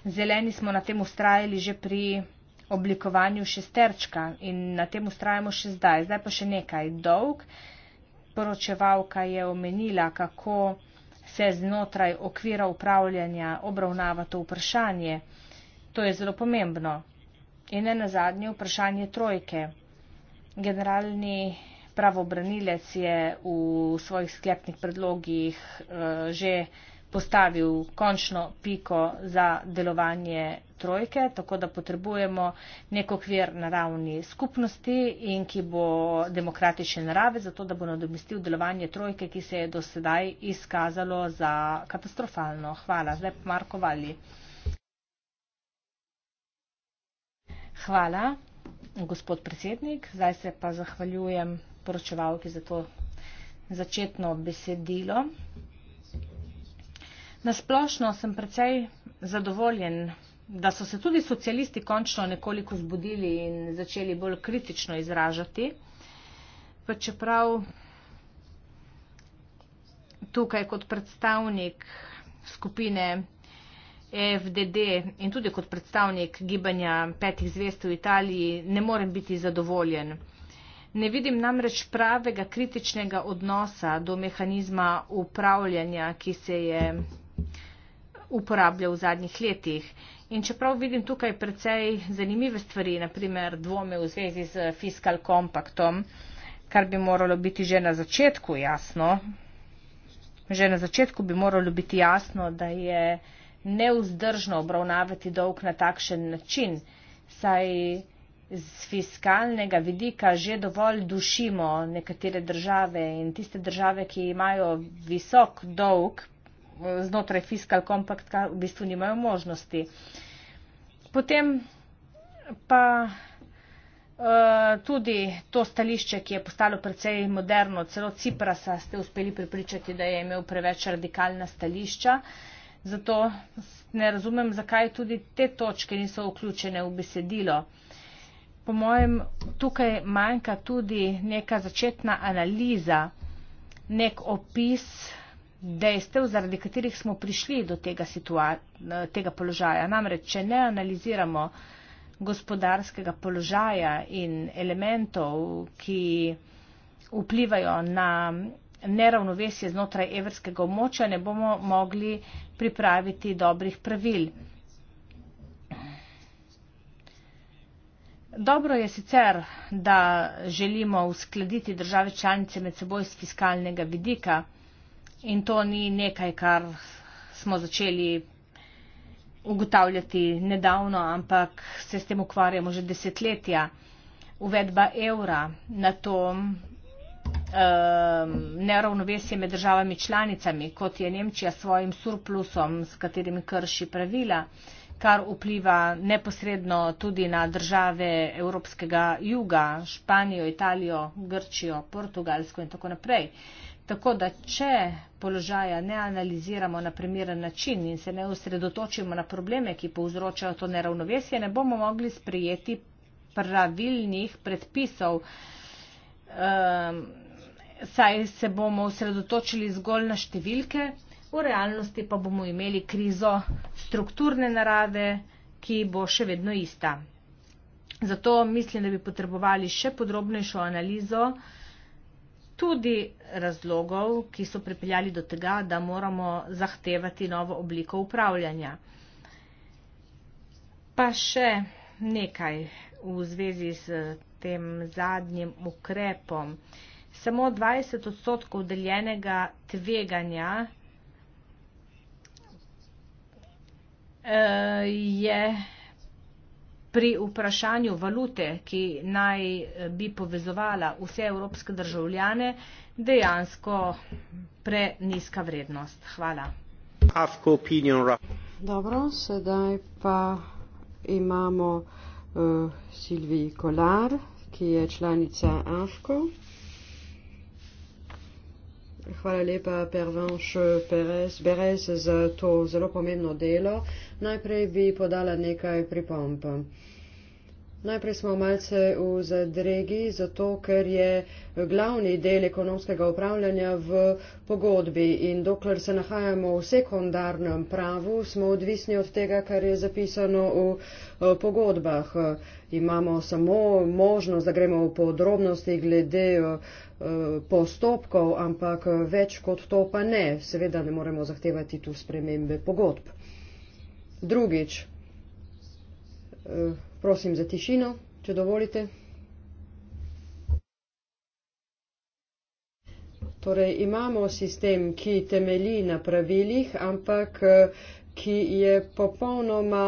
Zeleni smo na tem ustrajali že pri oblikovanju šesterčka in na tem ustrajamo še zdaj. Zdaj pa še nekaj. Dolg poročevalka je omenila, kako se znotraj okvira upravljanja obravnava to vprašanje. To je zelo pomembno. In ne na zadnje vprašanje trojke. Generalni pravobranilec je v svojih sklepnih predlogih eh, že postavil končno piko za delovanje trojke, tako da potrebujemo nek okvir na ravni skupnosti in ki bo demokratične narave, zato da bo nadomestil delovanje trojke, ki se je do sedaj izkazalo za katastrofalno. Hvala. Zdaj pa Marko Vali. Hvala, gospod predsednik. Zdaj se pa zahvaljujem poročevalki za to začetno besedilo. Na splošno sem precej zadovoljen, da so se tudi socialisti končno nekoliko zbudili in začeli bolj kritično izražati, pa čeprav tukaj kot predstavnik skupine FDD in tudi kot predstavnik gibanja petih zvest v Italiji ne morem biti zadovoljen. Ne vidim namreč pravega kritičnega odnosa do mehanizma upravljanja, ki se je uporabljal v zadnjih letih. In čeprav vidim tukaj precej zanimive stvari, naprimer dvome v zvezi z fiskal kompaktom, kar bi moralo biti že na začetku jasno, že na začetku bi moralo biti jasno, da je neuzdržno obravnavati dolg na takšen način, saj z fiskalnega vidika že dovolj dušimo nekatere države in tiste države, ki imajo visok dolg, znotraj fiskal kompaktka v bistvu nimajo možnosti. Potem pa eh, tudi to stališče, ki je postalo precej moderno, celo Ciprasa ste uspeli pripričati, da je imel preveč radikalna stališča. Zato ne razumem, zakaj tudi te točke niso vključene v besedilo. Po mojem, tukaj manjka tudi neka začetna analiza, nek opis dejstev, zaradi katerih smo prišli do tega, situa tega položaja. Namreč, če ne analiziramo gospodarskega položaja in elementov, ki vplivajo na neravnovesje znotraj evrskega območja, ne bomo mogli pripraviti dobrih pravil. Dobro je sicer, da želimo uskladiti države članice med seboj z fiskalnega vidika, In to ni nekaj, kar smo začeli ugotavljati nedavno, ampak se s tem ukvarjamo že desetletja. Uvedba evra na to um, neravnovesje med državami članicami, kot je Nemčija s svojim surplusom, s katerim krši pravila, kar vpliva neposredno tudi na države Evropskega juga, Španijo, Italijo, Grčijo, Portugalsko in tako naprej. Tako da, če položaja ne analiziramo na primeren način in se ne osredotočimo na probleme, ki povzročajo to neravnovesje, ne bomo mogli sprijeti pravilnih predpisov, um, saj se bomo osredotočili zgolj na številke, v realnosti pa bomo imeli krizo strukturne narave, ki bo še vedno ista. Zato mislim, da bi potrebovali še podrobnejšo analizo, tudi razlogov, ki so pripeljali do tega, da moramo zahtevati novo obliko upravljanja. Pa še nekaj v zvezi s tem zadnjim ukrepom. Samo 20 odstotkov deljenega tveganja eh, je. Pri vprašanju valute, ki naj eh, bi povezovala vse evropske državljane, dejansko preniska vrednost. Hvala. Dobro, sedaj pa imamo uh, eh, Silvi Kolar, ki je članica AFKO. Hvala lepa, Pervanš Perez, za to zelo pomembno delo. Najprej bi podala nekaj pripomp. Najprej smo malce v zadregi, zato ker je glavni del ekonomskega upravljanja v pogodbi in dokler se nahajamo v sekundarnem pravu, smo odvisni od tega, kar je zapisano v eh, pogodbah. Imamo samo možnost, da gremo v podrobnosti glede eh, postopkov, ampak eh, več kot to pa ne. Seveda ne moremo zahtevati tu spremembe pogodb. Drugič. Prosim za tišino, če dovolite. Torej, imamo sistem, ki temelji na pravilih, ampak ki je popolnoma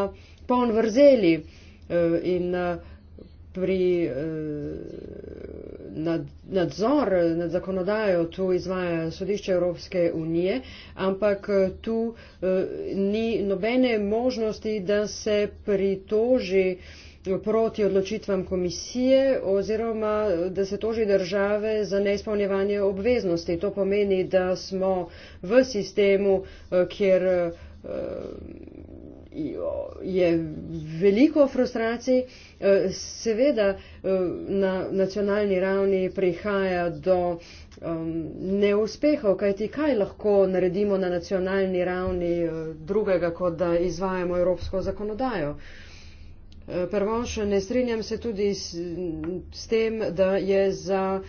poln vrzeli eh, in eh, pri eh, nad, nadzor nad zakonodajo tu izvaja sodišče Evropske unije, ampak eh, tu eh, ni nobene možnosti, da se pritoži eh, proti odločitvam komisije oziroma da se toži države za neizpolnjevanje obveznosti. To pomeni, da smo v sistemu, kjer je veliko frustracij. Eh, seveda eh, na nacionalni ravni prihaja do ehm, neuspehov, kajti kaj lahko naredimo na nacionalni ravni eh, drugega, kot da izvajamo evropsko zakonodajo. Prvošnje, ne strinjam se tudi s, s tem, da je za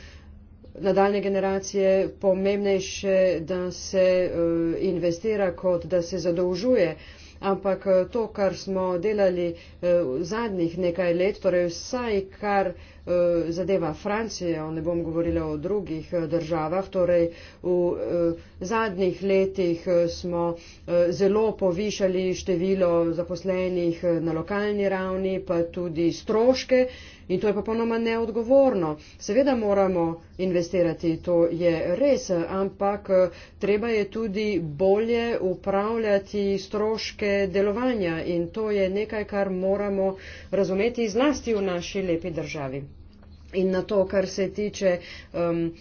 nadaljne generacije pomembnejše, da se uh, investira, kot da se zadolžuje. Uh, ampak eh, to, kar smo delali eh, v zadnjih nekaj let, torej vsaj kar Eh, zadeva Francijo, ne bom govorila o drugih eh, državah. Torej, v eh, zadnjih letih smo zelo povišali število zaposlenih na lokalni ravni, pa tudi stroške in to je popolnoma neodgovorno. Seveda moramo investirati, to je res, ampak treba je tudi bolje upravljati stroške delovanja in to je nekaj, kar moramo razumeti zlasti v naši lepi državi. In na to, kar se tiče um,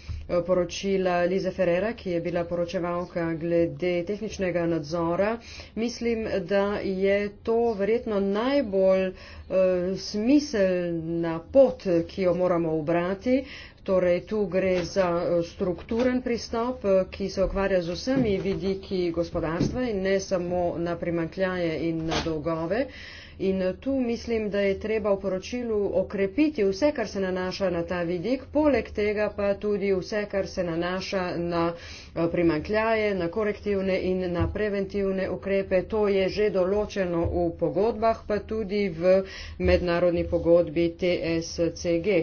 poročila Lize Ferrera, ki je bila poročevalka glede tehničnega nadzora, mislim, da je to verjetno najbolj uh, smiselna pot, ki jo moramo obrati. Torej, tu gre za eh, strukturen pristop, eh, ki se ukvarja z vsemi vidiki gospodarstva in ne samo na primankljaje in na dolgove. Uh, In tu mislim, da je treba v poročilu okrepiti vse, kar se nanaša na ta vidik, poleg tega pa tudi vse, kar se nanaša na eh, primankljaje, na korektivne in na preventivne ukrepe. To je že določeno v pogodbah, pa tudi v mednarodni pogodbi TSCG.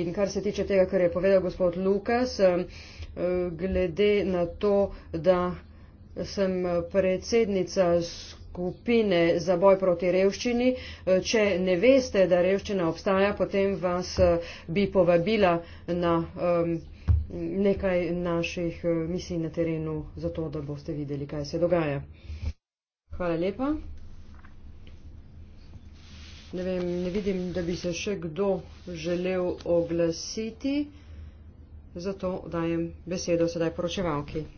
In kar se tiče tega, kar je povedal gospod Lukas, eh, glede na to, da sem predsednica skupine za boj proti revščini. E, če ne veste, da revščina obstaja, potem vas e, bi povabila na nekaj naših e, misij na terenu, zato da boste videli, kaj se dogaja. Hvala lepa. Ne, vem, ne vidim, da bi se še kdo želel oglasiti, zato dajem besedo sedaj poročevalki. Okay.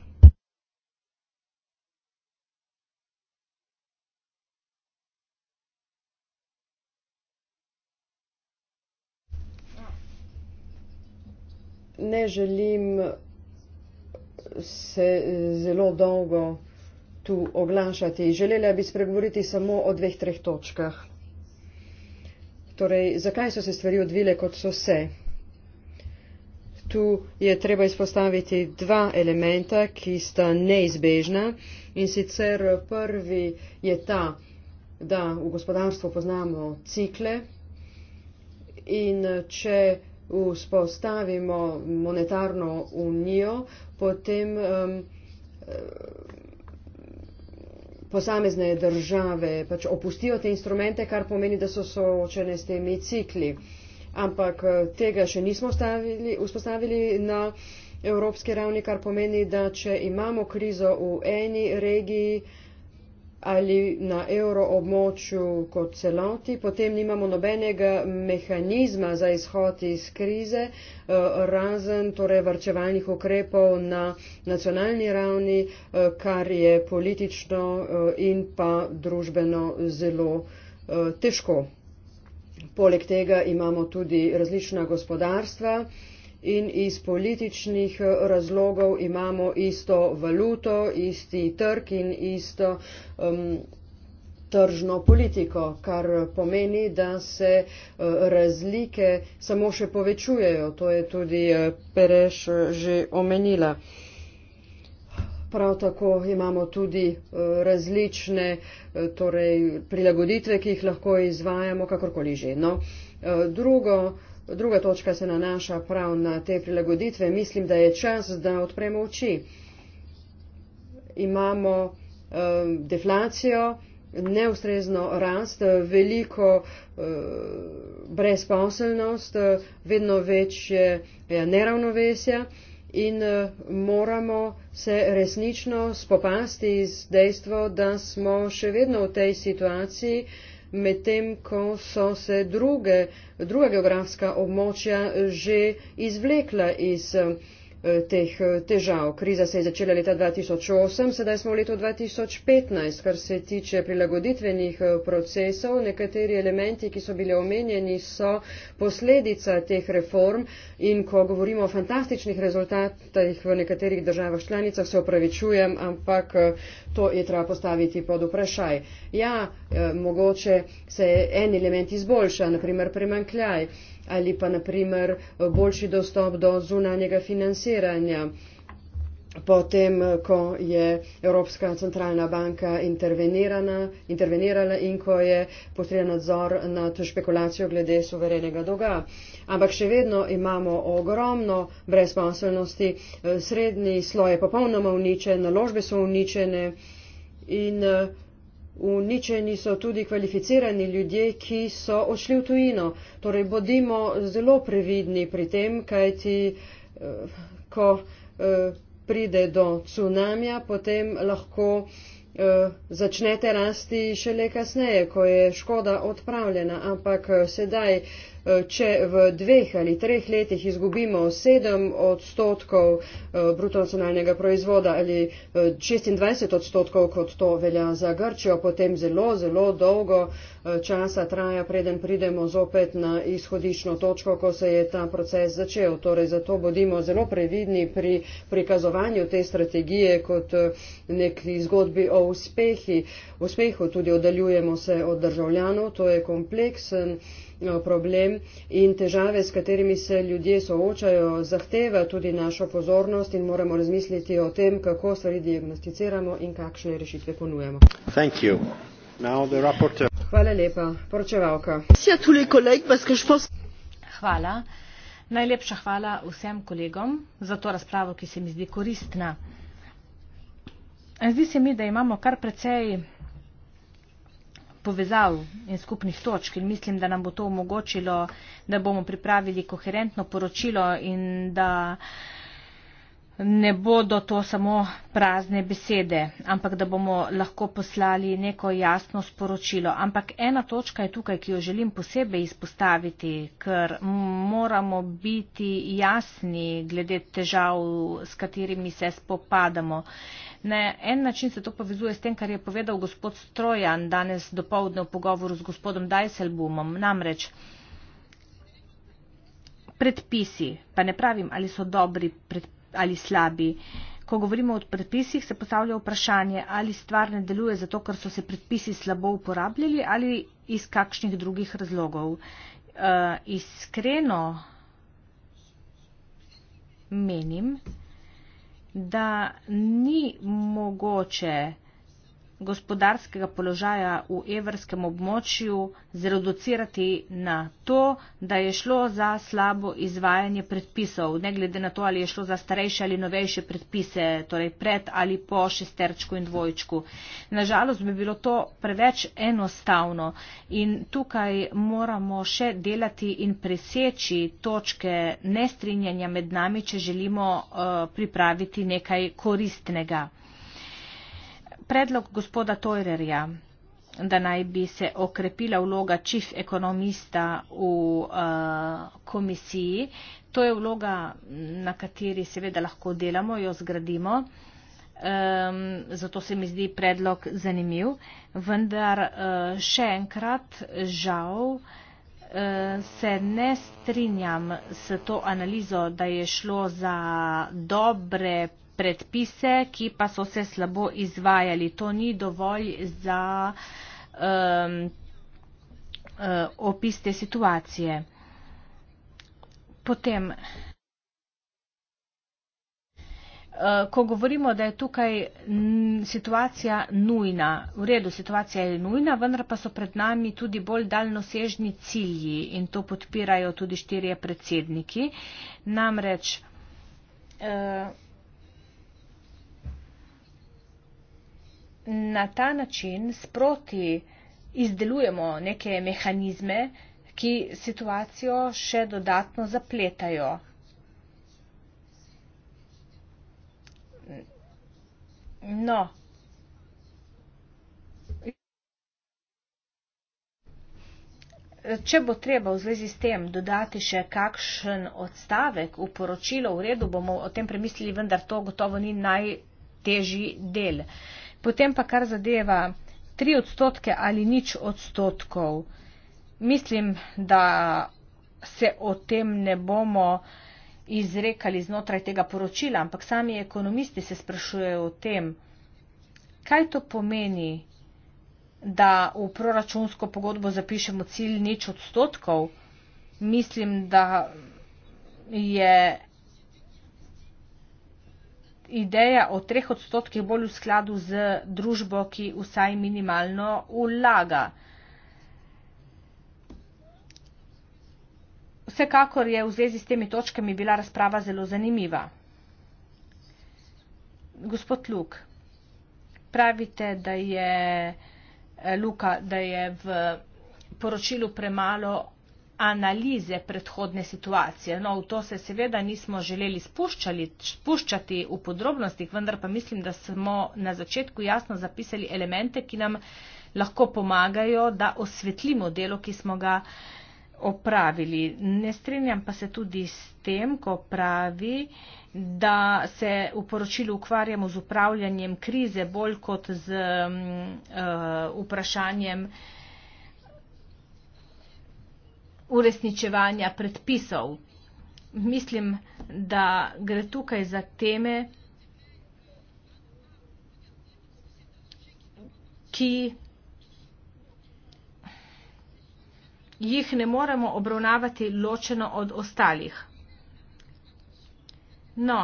ne želim se eh, zelo dolgo tu oglašati. Želela bi spregovoriti samo o dveh, treh točkah. Torej, zakaj so se stvari odvile, kot so se? Tu je treba izpostaviti dva elementa, ki sta neizbežna in sicer prvi je ta, da v gospodarstvu poznamo cikle in če vzpostavimo monetarno unijo, potem um, posamezne države pač opustijo te instrumente, kar pomeni, da so soočene s temi cikli. Ampak eh, tega še nismo stavili, vzpostavili na evropske ravni, kar pomeni, da če imamo krizo v eni regiji, ali na evroobmočju kot celoti, potem nimamo nobenega mehanizma za izhod iz krize, eh, razen torej vrčevalnih ukrepov na nacionalni ravni, eh, kar je politično eh, in pa družbeno zelo težko. Poleg tega imamo tudi različna gospodarstva, in iz političnih eh, razlogov imamo isto valuto, isti trg in isto um, tržno politiko, kar pomeni, da se eh, razlike samo še povečujejo. To je tudi eh, Pereš že omenila. Prav tako imamo tudi različne torej, prilagoditve, ki jih lahko izvajamo, kakorkoli že. No, drugo, Druga točka se nanaša prav na te prilagoditve. Mislim, da je čas, da odpremo oči. Imamo eh, deflacijo, neustrezno rast, veliko eh, brezposelnost, vedno večje ja, neravnovesja in eh, moramo se resnično spopasti z dejstvo, da smo še vedno v tej situaciji eh, medtem ko so se druge, druga geografska območja že izvlekla iz uh, Eh, teh eh, težav. Kriza se je začela leta 2008, sedaj smo v letu 2015, kar se tiče prilagoditvenih eh, procesov. Nekateri elementi, ki so bili omenjeni, so posledica teh reform in ko govorimo o fantastičnih rezultatih v nekaterih državah članicah, se opravičujem, ampak to je treba postaviti pod vprašaj. Ja, mogoče se en element izboljša, naprimer premankljaj ali pa naprimer boljši dostop do zunanjega financiranja. Potem, ko je Evropska centralna banka intervenirala in ko je potreben nadzor nad špekulacijo glede suverenega dolga. Ampak še vedno imamo ogromno brezposobnosti, eh, srednji sloj je popolnoma uničen, naložbe so uničene in eh, uničeni so tudi kvalificirani ljudje, ki so odšli v tujino. Torej, bodimo zelo previdni pri tem, kajti eh, ko eh, pride do cunamija, potem lahko eh, začnete rasti šele kasneje, ko je škoda odpravljena. Ampak sedaj Eh, če v dveh ali treh letih izgubimo 7 odstotkov eh, brutonacionalnega proizvoda ali 26 eh, odstotkov, kot to velja za Grčijo, potem zelo, zelo dolgo časa traja, preden pridemo zopet na izhodiščno točko, ko se je ta proces začel. Torej, zato bodimo zelo previdni pri prikazovanju te strategije kot neki zgodbi o uspehi. uspehu. Tudi oddaljujemo se od državljanov, to je kompleksen. Eh, problem in težave, s katerimi se ljudje soočajo, zahteva tudi našo pozornost in moramo razmisliti o tem, kako stvari diagnosticiramo in kakšne rešitve ponujemo. Hvala lepa, poročevalka. Hvala. Najlepša hvala vsem kolegom za to razpravo, ki se mi zdi koristna. Zdi se mi, da imamo kar precej povezav in skupnih točk in mislim, da nam bo to omogočilo, da bomo pripravili koherentno poročilo in da ne bodo to samo prazne besede, ampak da bomo lahko poslali neko jasno sporočilo. Ampak ena točka je tukaj, ki jo želim posebej izpostaviti, ker moramo biti jasni glede težav, s katerimi se spopadamo. Uh, Na en način se to povezuje s tem, kar je povedal gospod Strojan danes do povdne v pogovoru z gospodom Dajselbumom. Namreč predpisi, pa ne pravim, ali so dobri ali slabi. Ko govorimo o predpisih, se postavlja vprašanje, ali stvar ne deluje zato, ker so se predpisi slabo uporabljali ali iz kakšnih drugih razlogov. Uh, iskreno menim, da ni mogoče gospodarskega položaja v evrskem območju zreducirati na to, da je šlo za slabo izvajanje predpisov, ne glede na to, ali je šlo za starejše ali novejše predpise, torej pred ali po šesterčku in dvojčku. Nažalost bi bilo to preveč enostavno in tukaj moramo še delati in preseči točke nestrinjanja med nami, če želimo uh, pripraviti nekaj koristnega predlog gospoda Toirerja, da naj bi se okrepila vloga čif ekonomista v uh, komisiji. To je vloga, na kateri seveda lahko delamo, jo zgradimo. Um, zato se mi zdi predlog zanimiv. Vendar uh, še enkrat žal uh, se ne strinjam s to analizo, da je šlo za dobre predpise, ki pa so se slabo izvajali. To ni dovolj za um, uh, opis te situacije. Potem, uh, Ko govorimo, da je tukaj situacija nujna, v redu, situacija je nujna, vendar pa so pred nami tudi bolj daljnosežni cilji in to podpirajo tudi štirje predsedniki. Namreč. Uh, na ta način sproti izdelujemo neke mehanizme, ki situacijo še dodatno zapletajo. No. Če bo treba v zvezi s tem dodati še kakšen odstavek v poročilo, v redu bomo o tem premislili, vendar to gotovo ni najtežji del. Uh, Potem pa kar zadeva 3 odstotke ali nič odstotkov. Mislim, da se o tem ne bomo izrekali znotraj tega poročila, ampak sami ekonomisti se sprašujejo o tem, kaj to pomeni, da v proračunsko pogodbo zapišemo cilj nič odstotkov. Mislim, da je ideja o treh odstotkih bolj v skladu z družbo, ki vsaj minimalno vlaga. Vsekakor je v zvezi s temi točkami bila razprava zelo zanimiva. Gospod Luk, pravite, da je, Luka, da je v poročilu premalo analize predhodne situacije. No, v to se seveda nismo želeli spuščali, spuščati v podrobnostih, vendar pa mislim, da smo na začetku jasno zapisali elemente, ki nam lahko pomagajo, da osvetlimo delo, ki smo ga opravili. Ne strinjam pa se tudi s tem, ko pravi, da se v poročilu ukvarjamo z upravljanjem krize bolj kot z uh, vprašanjem uh, uresničevanja predpisov. Mislim, da gre tukaj za teme, ki jih ne moremo obravnavati ločeno od ostalih. No,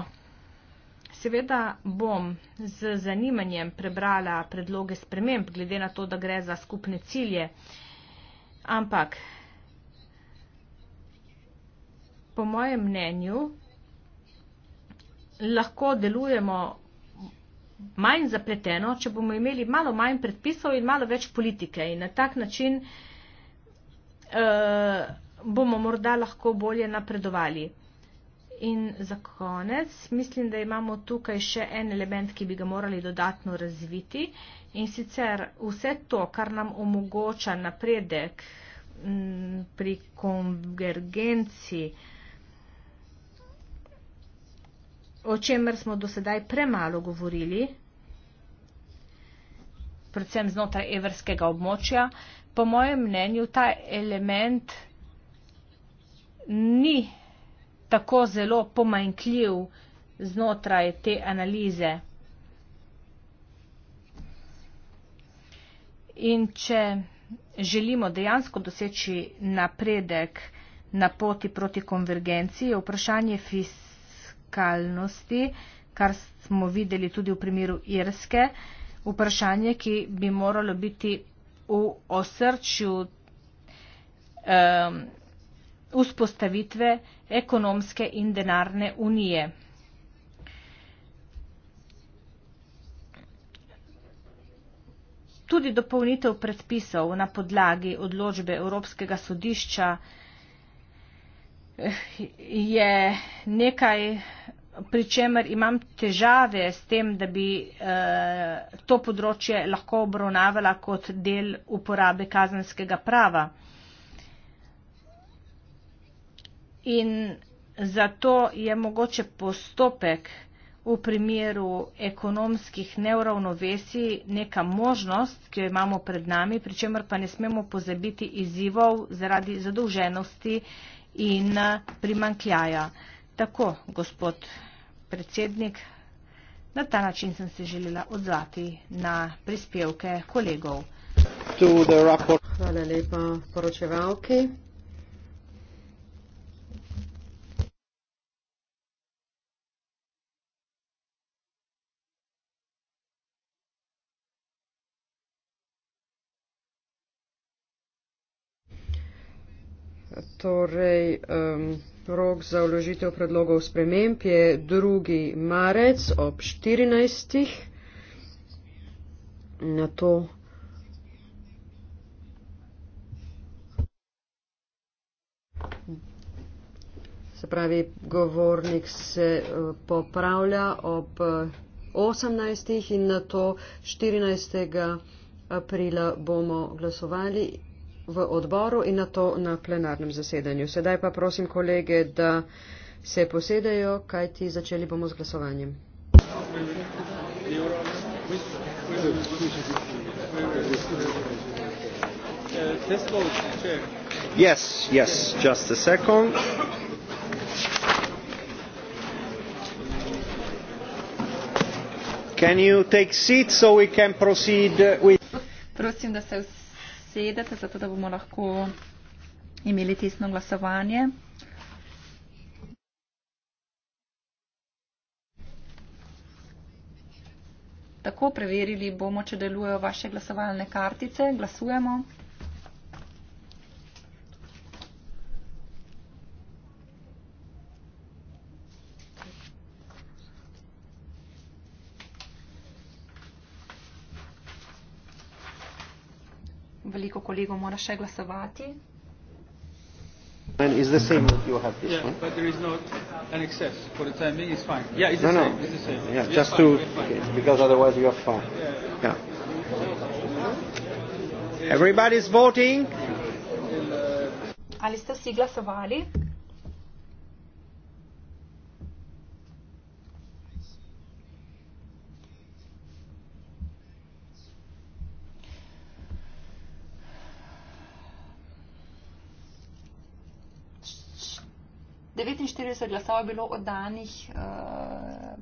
seveda bom z zanimanjem prebrala predloge sprememb, glede na to, da gre za skupne cilje, ampak po mojem mnenju, lahko delujemo manj zapleteno, če bomo imeli malo manj predpisov in malo več politike. In na tak način eh, bomo morda lahko bolje napredovali. In za konec mislim, da imamo tukaj še en element, ki bi ga morali dodatno razviti. In sicer vse to, kar nam omogoča napredek m, pri konvergenciji, o čemer smo do sedaj premalo govorili, predvsem znotraj evrskega območja, po mojem mnenju ta element ni tako zelo pomanjkljiv znotraj te analize. In če želimo dejansko doseči napredek na poti proti konvergenciji, je vprašanje fis radikalnosti, kar smo videli tudi v primeru Irske, vprašanje, ki bi moralo biti v osrčju um, vzpostavitve ekonomske in denarne unije. Tudi dopolnitev predpisov na podlagi odločbe Evropskega sodišča je nekaj, pri čemer imam težave s tem, da bi eh, to področje lahko obravnavala kot del uporabe kazanskega prava. In zato je mogoče postopek v primeru ekonomskih neuravnovesij neka možnost, ki jo imamo pred nami, pri čemer pa ne smemo pozabiti izzivov zaradi zadolženosti, in eh, primankljaja. Tako, gospod predsednik, na ta način sem se želela odzvati na prispevke kolegov. Hvala lepa poročevalki. Torej, um, rok za vložitev predlogov sprememb je 2. marec ob 14. Na to. Se pravi, govornik se e, popravlja ob 18. E, in na to 14. aprila bomo glasovali v odboru in na to na plenarnem zasedanju. Sedaj pa prosim kolege, da se posedejo, kajti začeli bomo z glasovanjem. Yes, yes, just a second. Can you take seats so we can proceed with... Prosim, da se vse usedete, zato da bomo lahko imeli tesno glasovanje. Tako preverili bomo, če delujejo vaše glasovalne kartice. Glasujemo. veliko kolegov mora še glasovati. And is the same that you have this yeah, one? but there is not an excess for the time being. It's fine. No, yeah, it's the no, same. No. It's the same. Yeah, just fine. to okay, because otherwise you are fine. Yeah. yeah. Everybody's voting. Ali ste si glasovali? 49 glasov je bilo oddanih, uh,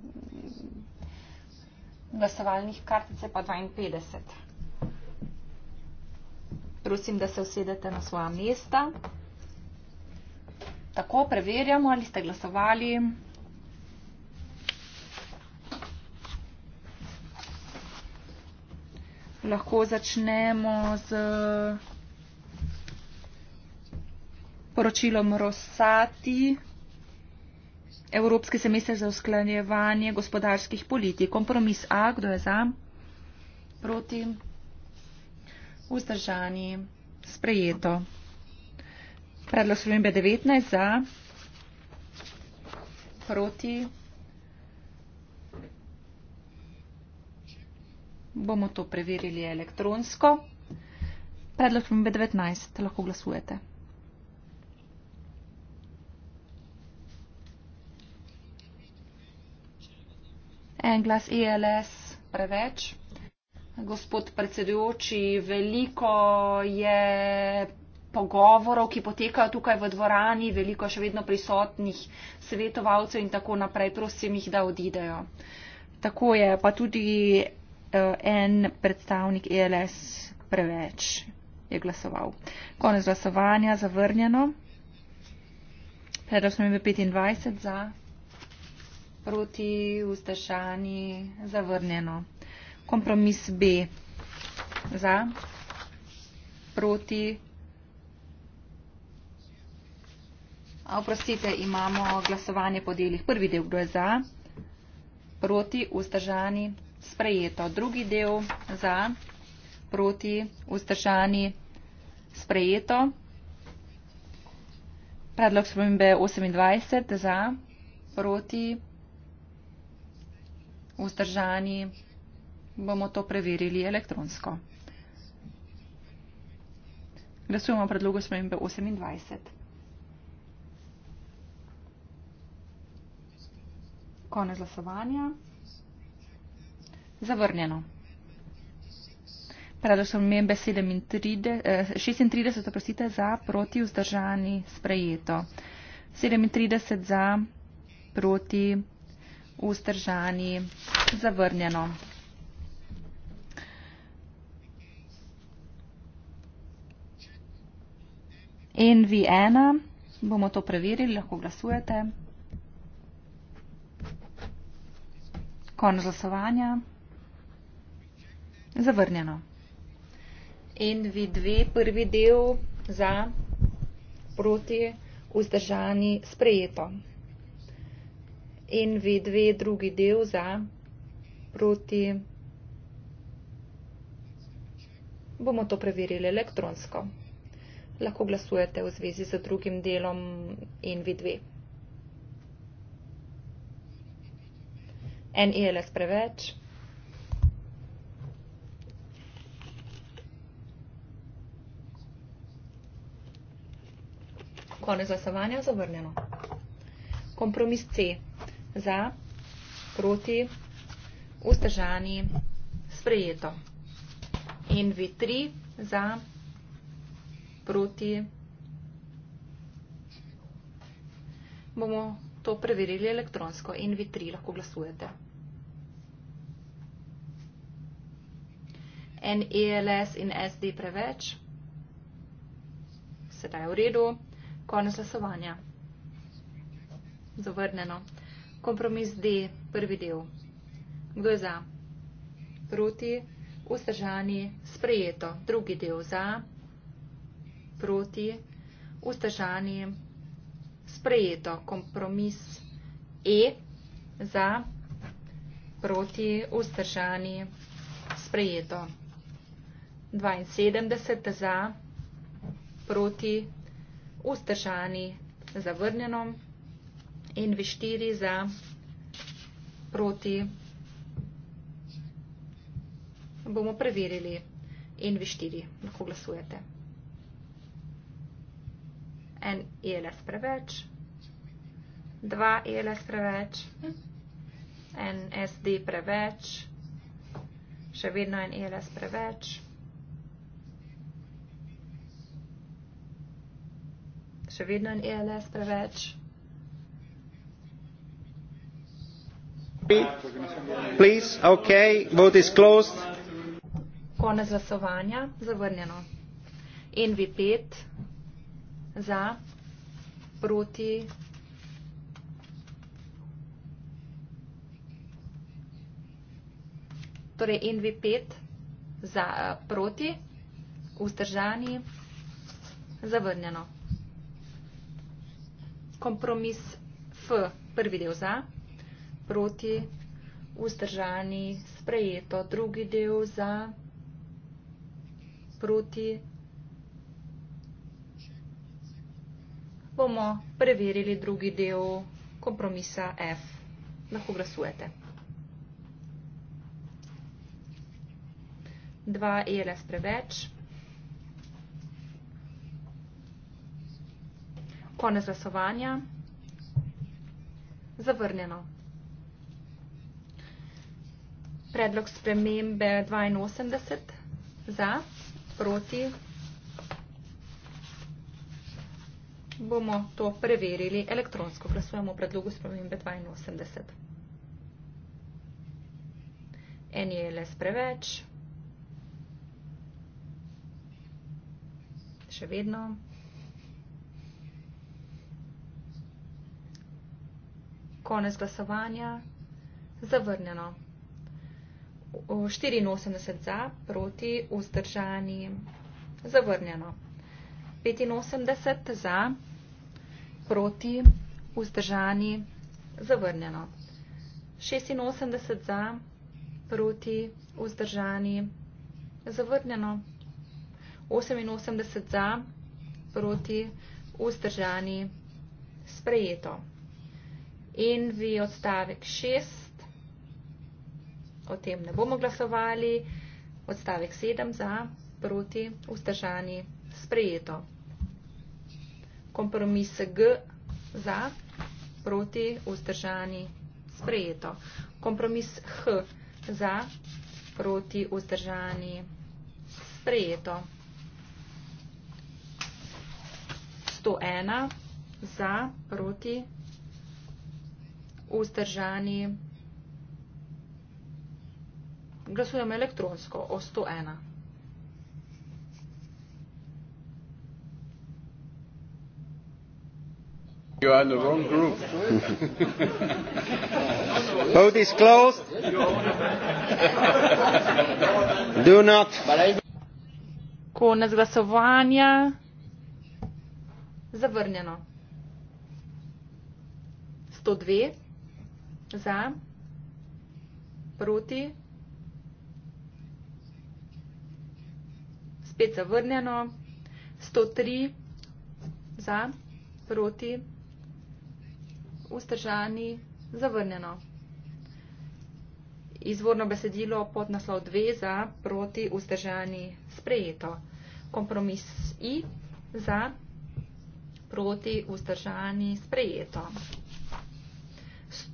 glasovalnih kartice pa 52. Prosim, da se usedete na svoja mesta. Tako preverjamo, ali ste glasovali. Lahko začnemo z poročilom Rosati, Evropski semester za usklanjevanje gospodarskih politik. Kompromis A, kdo je za? Proti? Vzdržani? Sprejeto. Predlog službe 19 za? Proti? Bomo to preverili elektronsko. Predlog službe 19 lahko glasujete. En glas ILS e preveč. Gospod predsedujoči, veliko je pogovorov, ki potekajo tukaj v dvorani, veliko še vedno prisotnih svetovalcev in tako naprej. Prosim jih, da odidejo. Tako je pa tudi eh, en predstavnik ELS preveč je glasoval. Konec glasovanja, zavrnjeno. Predal smo imeli 25 za proti ustašani zavrnjeno. Kompromis B za proti. A, oprostite, imamo glasovanje po delih. Prvi del, kdo je za, proti, ustažani, sprejeto. Drugi del, za, proti, ustažani, sprejeto. Predlog spremembe 28, za, proti, ustažani vzdržani, bomo to preverili elektronsko. Glasujemo o predlogu spremembe 28. Konec glasovanja. Zavrnjeno. Predlog spremembe 36, eh, oprostite, za proti vzdržani sprejeto. 37 za proti vzdržani vzdržani, zavrnjeno. NV1, bomo to preverili, lahko glasujete. Konč glasovanja, zavrnjeno. NV2, prvi del za, proti, vzdržani, sprejeto in V2 drugi del za proti. Bomo to preverili elektronsko. Lahko glasujete v zvezi z drugim delom in V2. En ILS e preveč. Konec glasovanja zavrnjeno. Kompromis C za, proti, vzdržani, sprejeto. In vi tri za, proti. Bomo to preverili elektronsko in vi tri lahko glasujete. En ELS in SD preveč. Sedaj je v redu. Konec glasovanja. Zavrneno. Kompromis D, prvi del. Kdo je za? Proti, vzdržani, sprejeto. Drugi del za, proti, vzdržani, sprejeto. Kompromis E, za, proti, vzdržani, sprejeto. 72 za, proti, vzdržani, zavrnjeno in v štiri za proti. Bomo preverili in v štiri, lahko glasujete. En ELS preveč, dva ELS preveč, en SD preveč, še vedno en ELS preveč. Še vedno en ELS preveč. Please, okay, vote is closed. Konec glasovanja, zavrnjeno. NV5, za, proti, torej NV5, za, proti, vzdržani, zavrnjeno. Kompromis F, prvi del za, proti, proti, vzdržani, sprejeto, drugi del za, proti. Bomo preverili drugi del kompromisa F. Lahko glasujete. 2 ELS preveč. Konec glasovanja. Zavrnjeno predlog spremembe 82 za, proti. Bomo to preverili elektronsko. Glasujemo o predlogu spremembe 82. En je les preveč. Še vedno. Konec glasovanja. Zavrnjeno. 84 za, proti, vzdržani, zavrnjeno. 85 za, proti, vzdržani, zavrnjeno. 86 za, proti, vzdržani, zavrnjeno. 88 za, proti, vzdržani, sprejeto. In vi odstavek 6 o tem ne bomo glasovali. Odstavek 7 za, proti, vzdržani, sprejeto. Kompromis G za, proti, vzdržani, sprejeto. Kompromis H za, proti, vzdržani, sprejeto. 101 za, proti, vzdržani, sprejeto. Glasujemo elektronsko o 101. You are in the wrong group. Vote is closed. Do not. Konec glasovanja. Zavrnjeno. 102 za, proti spet zavrnjeno, 103 za, proti, ustržani, zavrnjeno. Izvorno besedilo pod naslov 2 za, proti, ustržani, sprejeto. Kompromis I za, proti, ustržani, sprejeto.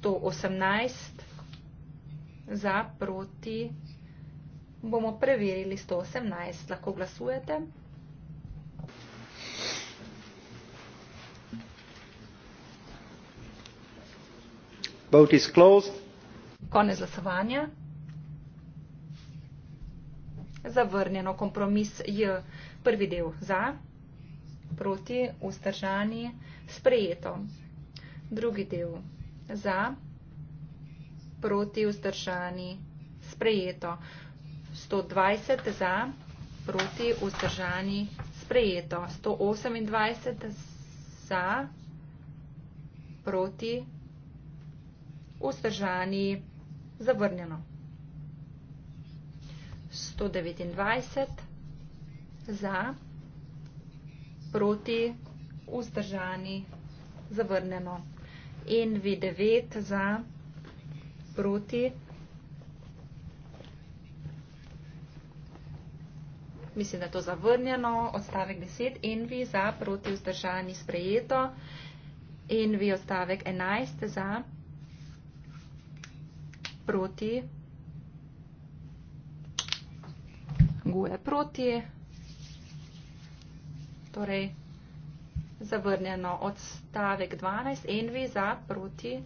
118 za, proti, ustržani bomo preverili 118. Lahko glasujete. Vote is closed. Konec glasovanja. Zavrnjeno kompromis je prvi del za, proti, vzdržani, sprejeto. Drugi del za, proti, vzdržani, sprejeto. 120 za, proti vzdržani sprejeto. 128 za, proti vzdržani zavrnjeno. 129 za, proti vzdržani zavrnjeno. NV9 za, proti vzdržani zavrnjeno. mislim, da je to zavrnjeno, odstavek 10, envi za, proti vzdržani sprejeto, envi odstavek 11 za, proti, guje proti, torej zavrnjeno odstavek 12, envi za, proti,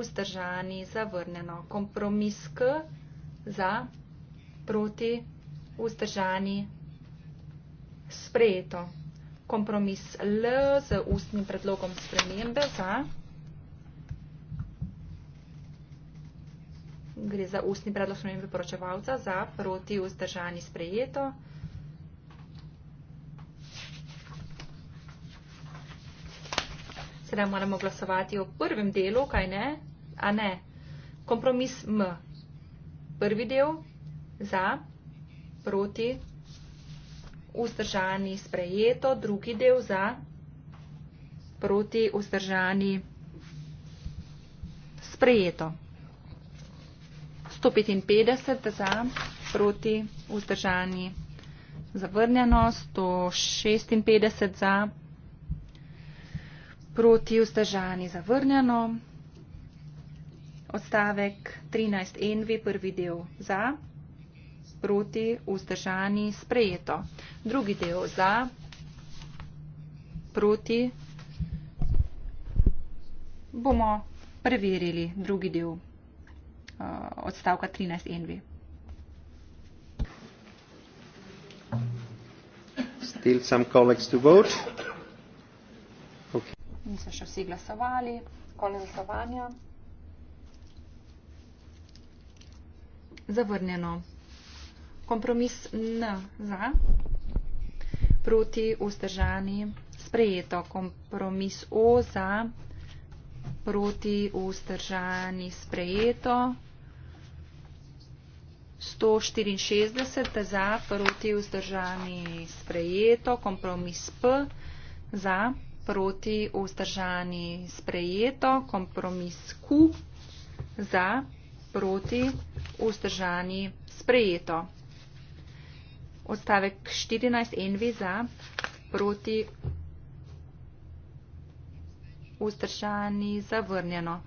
vzdržani, zavrnjeno, kompromis k, za, proti, vzdržani, vzdržani, sprejeto. Kompromis L z ustnim predlogom spremembe za. Gre za ustni predlog spremembe poročevalca za proti vzdržani sprejeto. Sedaj moramo glasovati o prvem delu, kaj ne? A ne. Kompromis M. Prvi del za proti, vzdržani sprejeto, drugi del za, proti, vzdržani sprejeto. 155 za, proti, vzdržani zavrnjeno, 156 za, proti, vzdržani zavrnjeno. Odstavek 13 envi, prvi del za proti, vzdržani, sprejeto. Drugi del za, proti, bomo preverili drugi del uh, odstavka 13 NV. Still some colleagues to vote. Okay. Niso še vsi glasovali. Konec glasovanja. Zavrnjeno kompromis N za, proti vzdržani, sprejeto kompromis O za, proti vzdržani, sprejeto. 164 za, proti vzdržani, sprejeto, kompromis P za, proti vzdržani, sprejeto, kompromis Q za, proti vzdržani, sprejeto. Odstavek 14 NV za proti vzdržani zavrnjeno.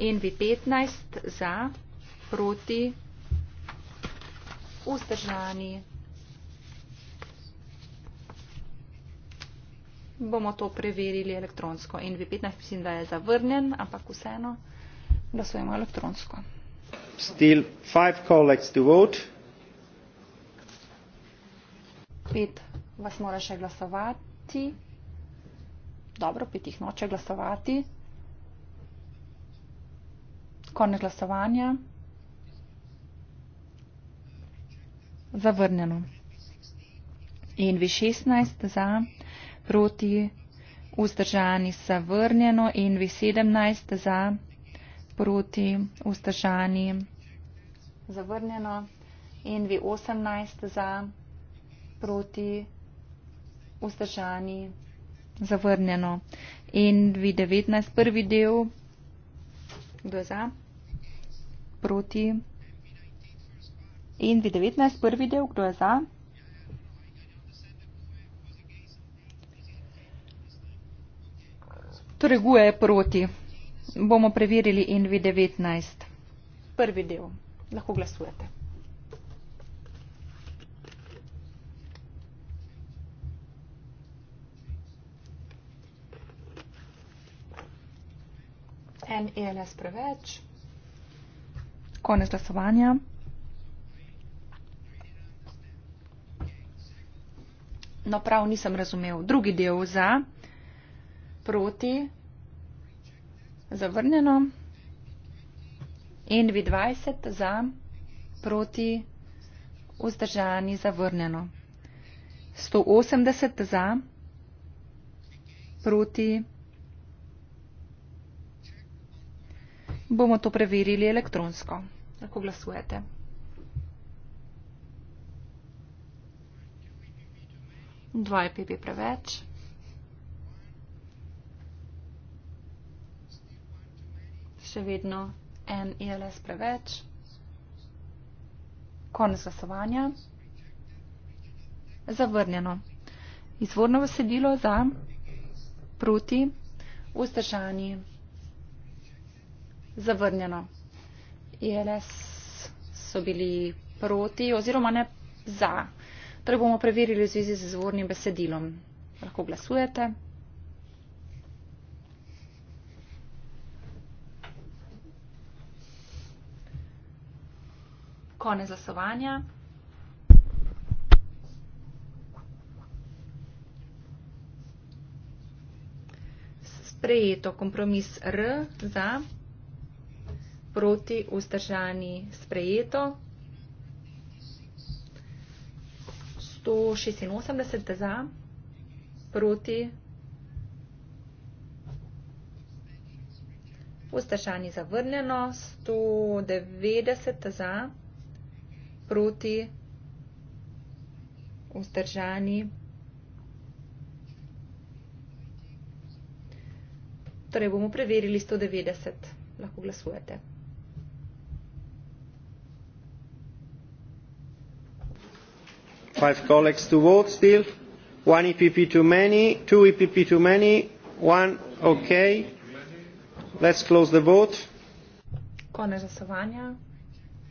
NV 15 za proti vzdržani. Bomo to preverili elektronsko. NV 15 mislim, da je zavrnjen, ampak vseeno glasujemo elektronsko. Still five colleagues to vote pet vas mora še glasovati. Dobro, pet jih noče glasovati. Konec glasovanja. Zavrnjeno. In vi 16 za, proti, vzdržani zavrnjeno. In vi 17 za, proti, vzdržani zavrnjeno. In vi 18 za, proti, vzdržani zavrnjeno proti, vzdržani, zavrnjeno. In vi 19, prvi del, kdo je za, proti. In vi 19, prvi del, kdo je za. Torej, guje je proti. Bomo preverili in vi 19. Prvi del. Lahko glasujete. en ENS preveč. Konec glasovanja. No, prav nisem razumel. Drugi del za, proti, zavrnjeno. NV20 za, proti, vzdržani, zavrnjeno. 180 za, proti, vzdržani. bomo to preverili elektronsko. Lahko glasujete. Dva je pipi preveč. Še vedno en ILS preveč. Konec glasovanja. Zavrnjeno. Izvorno besedilo za, proti, vzdržani zavrnjeno. ILS so bili proti oziroma ne za. Torej bomo preverili v zvezi z izvornim besedilom. Lahko glasujete. Kone glasovanja. Sprejeto kompromis R za proti vzdržani sprejeto. 186 za, proti vzdržani zavrnjeno, 190 za, proti vzdržani Torej bomo preverili 190, lahko glasujete. five colleagues to vote still. One EPP too many, two EPP too many, one OK. Let's close the vote. Konec glasovanja.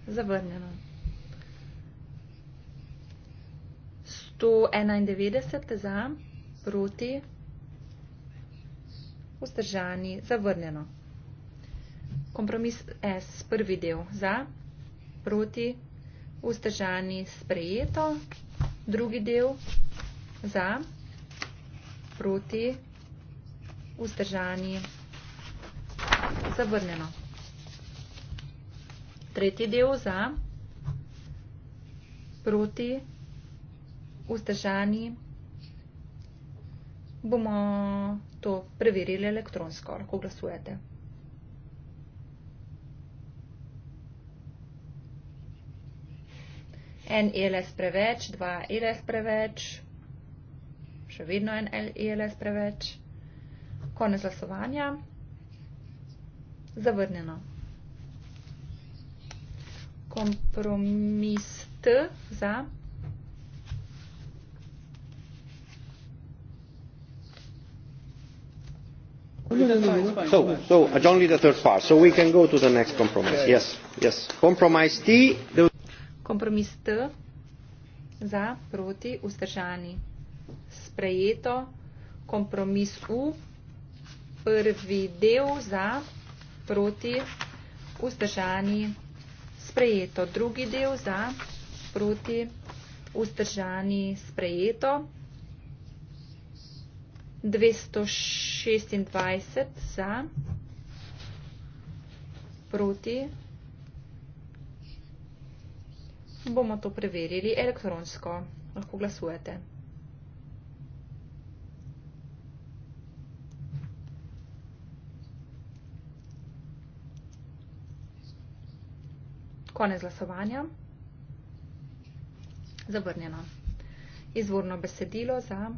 Zavrnjeno. 191 za, proti, vzdržani, zavrnjeno. Kompromis S, prvi del za, proti, vzdržani, sprejeto drugi del za proti vzdržani zavrnjeno. Tretji del za proti vzdržani bomo to preverili elektronsko, lahko glasujete. en ELS preveč, dva ELS preveč, še vedno en ELS preveč. Konec glasovanja. Zavrnjeno. Kompromis T za. So, so, I don't need a third part. So we can go to the next compromise. Yes, yes. Compromise T kompromis T za proti vzdržani. Sprejeto kompromis U, prvi del za proti vzdržani. Sprejeto drugi del za proti vzdržani. Sprejeto 226 za proti vzdržani bomo to preverili elektronsko. Lahko glasujete. Konec glasovanja. Zavrnjeno. Izvorno besedilo za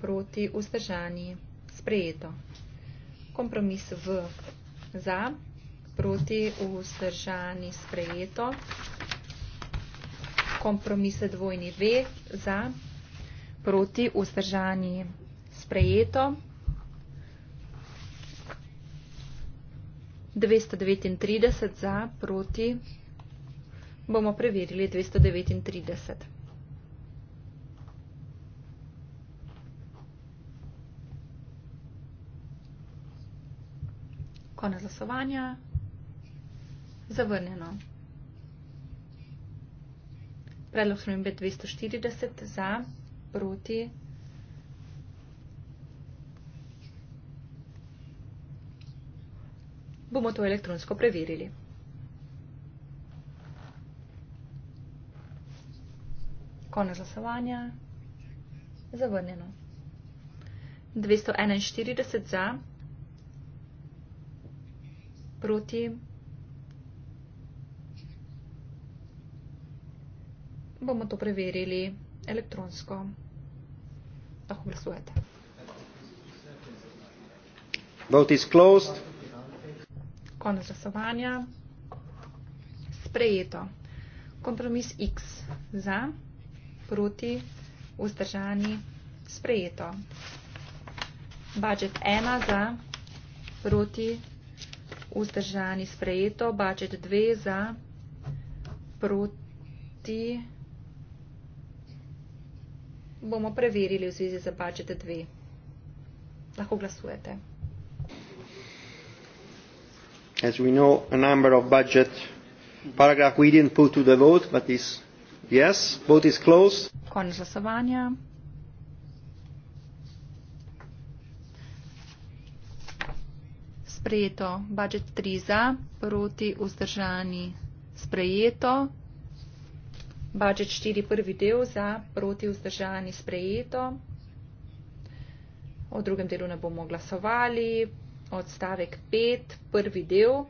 proti vzdržanji sprejeto. Kompromis v za vzdržanje proti vzdržani sprejeto. Kompromise dvojni V za proti vzdržani sprejeto. 239 za proti bomo preverili 239. Konec glasovanja. Zavrnjeno. Predlog spremembe 240 za, proti. Bomo to elektronsko preverili. Konec glasovanja. Zavrnjeno. 241 za, proti. bomo to preverili elektronsko. Lahko glasujete. Konec glasovanja. Sprejeto. Kompromis X za, proti, vzdržani, sprejeto. Budget 1 za, proti, vzdržani, sprejeto. Budget 2 za, proti, vzdržani, sprejeto bomo preverili v zvezi z budžetom 2. Lahko glasujete. As we know, a number of budget paragraph we didn't put to the vote, but is yes, vote is closed. Konec glasovanja. Sprejeto, budget 3 za, proti, vzdržani, sprejeto. Bačet 4, prvi del za proti vzdržani sprejeto. O drugem delu ne bomo glasovali. Odstavek 5, prvi del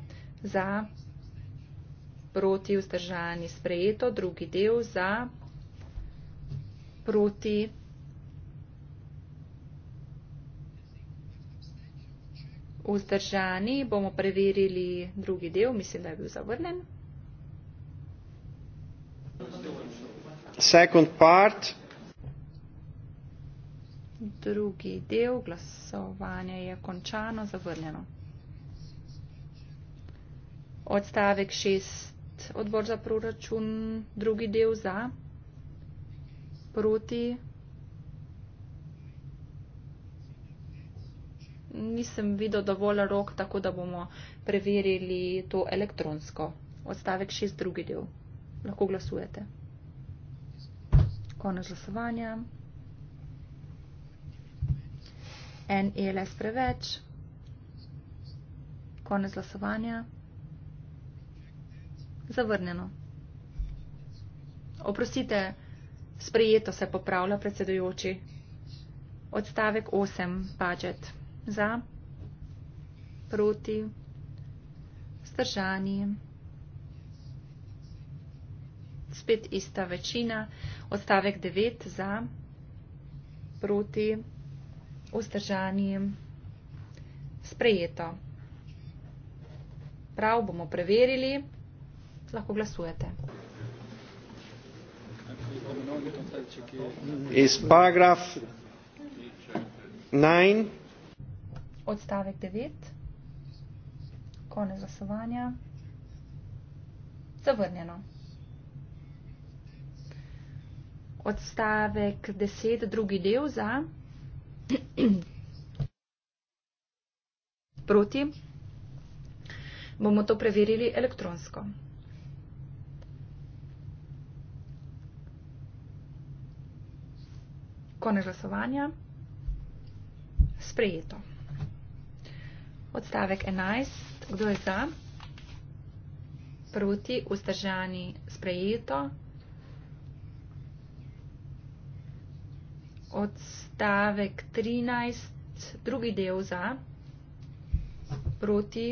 za proti vzdržani sprejeto, drugi del za proti vzdržani. Bomo preverili drugi del, mislim, da je bil zavrnen. Thank you second part. Drugi del glasovanja je končano, zavrnjeno. Odstavek šest, odbor za proračun, drugi del za, proti. Nisem videl dovolj rok, tako da bomo preverili to elektronsko. Odstavek šest, drugi del. Lahko glasujete konec glasovanja. En ELS preveč. Konec glasovanja. Zavrnjeno. Oprostite, sprejeto se popravlja predsedujoči. Odstavek 8, budžet. Za, proti, stržani spet ista večina, odstavek 9 za, proti, vzdržanjem, sprejeto. Prav bomo preverili, lahko glasujete. Iz paragraf 9. Odstavek 9. Konec glasovanja. Zavrnjeno. odstavek 10, drugi del za. Proti. Bomo to preverili elektronsko. Konec glasovanja. Sprejeto. Odstavek 11. Kdo je za? Proti, vzdržani, sprejeto. odstavek 13, drugi del za proti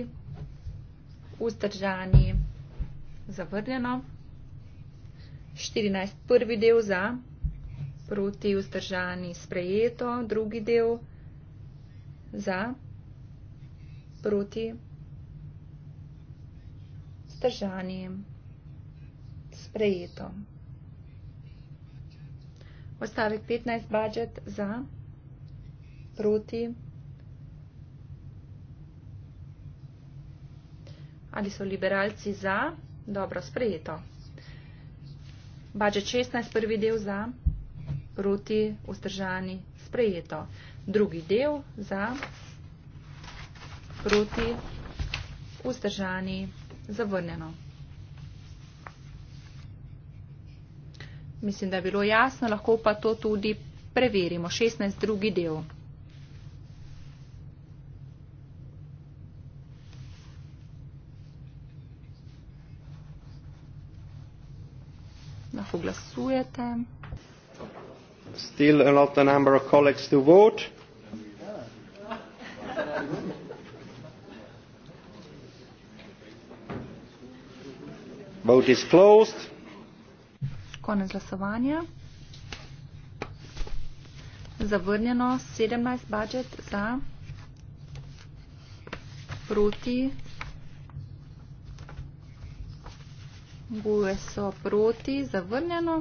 vzdržani zavrnjeno, 14 prvi del za proti vzdržani sprejeto, drugi del za proti vzdržani sprejeto. Ostavek 15, budžet za, proti. Ali so liberalci za? Dobro, sprejeto. Budžet 16, prvi del za, proti, vzdržani, sprejeto. Drugi del za, proti, vzdržani, zavrnjeno. Mislim, da je bilo jasno, lahko pa to tudi preverimo. 16. drugi del. Lahko glasujete. Still a lot the number of colleagues to vote. Vote is closed konec glasovanja. Zavrnjeno 17 budžet za proti. Buje so proti, zavrnjeno.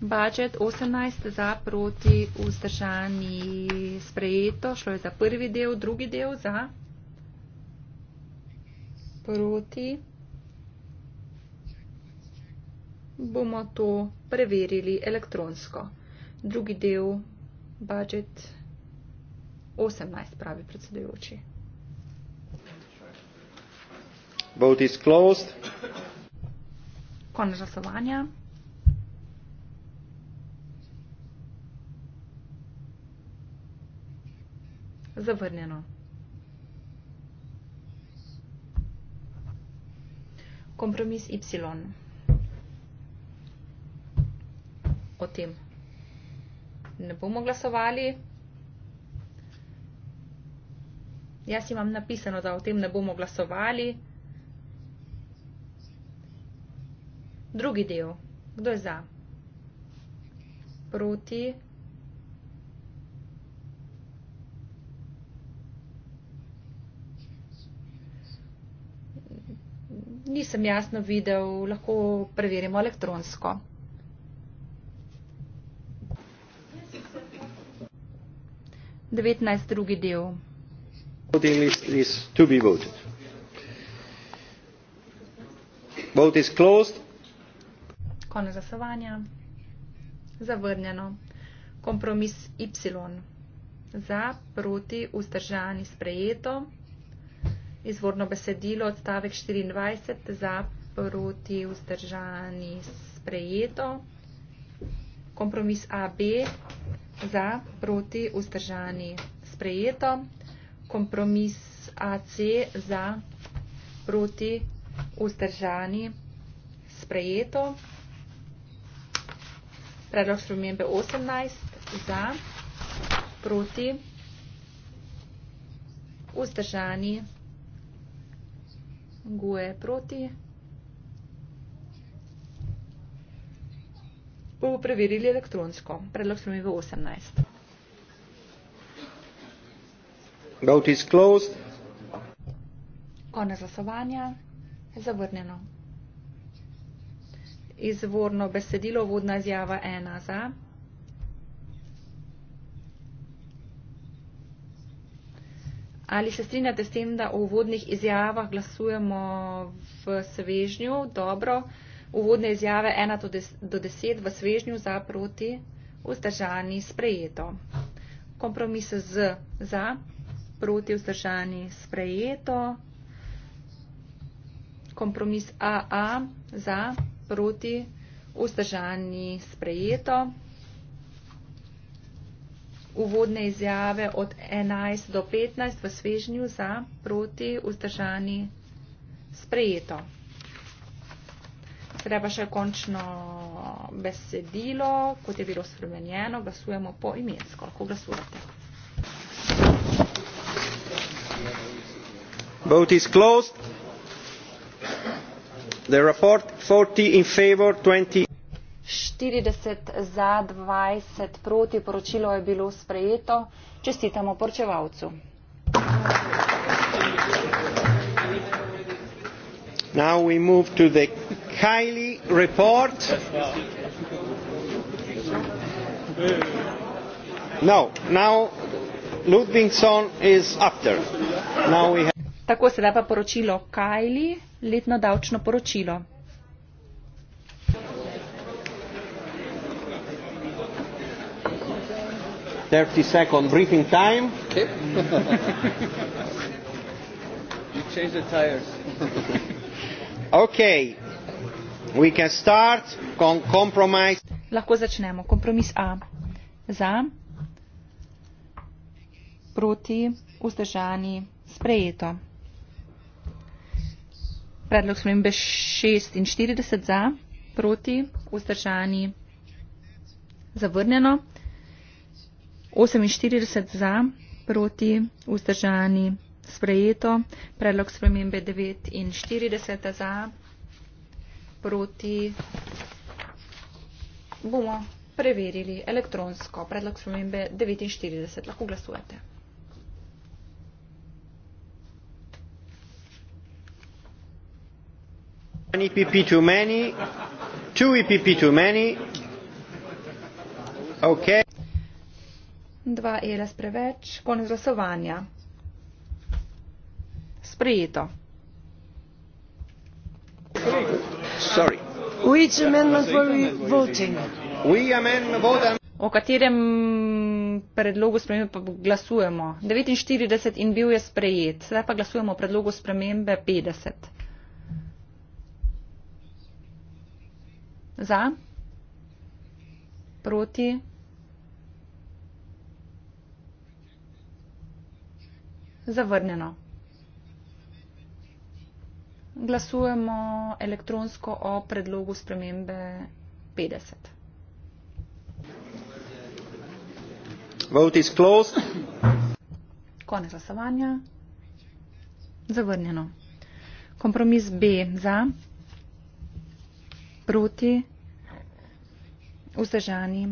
Budžet 18 za proti vzdržani sprejeto, šlo je za prvi del, drugi del za proti, bomo to preverili elektronsko. Drugi del, budžet 18, pravi predsedujoči. Vote is closed. Konec glasovanja. Zavrnjeno. kompromis Y. O tem. Ne bomo glasovali. Jaz imam napisano, da o tem ne bomo glasovali. Drugi del. Kdo je za? Proti. nisem jasno videl, lahko preverimo elektronsko. Devetnajst drugi del. Voting list is to be voted. Vote is closed. Konec glasovanja. Zavrnjeno. Kompromis Y. Za, proti, vzdržani, sprejeto izvorno besedilo odstavek 24 za proti vzdržani sprejeto. Kompromis AB za proti vzdržani sprejeto. Kompromis AC za proti vzdržani sprejeto. Predlog spremembe 18 za proti vzdržani sprejeto. Guje proti. Bomo preverili elektronsko. Predlog smo imeli v 18. Vote is closed. Konec glasovanja. Zavrnjeno. Izvorno besedilo, vodna izjava 1 za. Ali se strinjate s tem, da v uvodnih izjavah glasujemo v svežnju? Dobro, uvodne izjave 1 do 10 v svežnju za proti, vzdržani sprejeto. Kompromise z za, proti vzdržani sprejeto. Kompromis AA za, proti vzdržani sprejeto uvodne izjave od 11 do 15 v svežnju za proti vzdržani sprejeto. Sedaj pa še končno besedilo, kot je bilo spremenjeno, glasujemo po imensko. Kako glasujete? Vote is closed. The report 40 in favor 20. 40 za 20 proti, poročilo je bilo sprejeto. Čestitamo porčevalcu. Now we move to the Kylie report. No, now Ludvigson is after. Tako sedaj pa poročilo Kylie, letno davčno poročilo. 30 second briefing time. Okay. you change the tires. okay. We can start con compromise. Lahko začnemo. Kompromis A. Za. Proti. Vzdržani. Sprejeto. Predlog spremembe 46 za. Proti. Vzdržani. Zavrnjeno. 48 za, proti, vzdržani, sprejeto. Predlog spremembe 49 za, proti. Bomo preverili elektronsko. Predlog spremembe 49. Lahko glasujete. One EPP too many, two EPP too many, okay dva ELS preveč, konec glasovanja. Sprejeto. Sorry. Which amendment were we voting? We amend O katerem predlogu spremembe pa glasujemo? 49 in bil je sprejet. Sedaj pa glasujemo o predlogu spremembe 50. Za? Proti? Zavrnjeno. Glasujemo elektronsko o predlogu spremembe 50. Vote is closed. Konec glasovanja. Zavrnjeno. Kompromis B za, proti, vzdržani,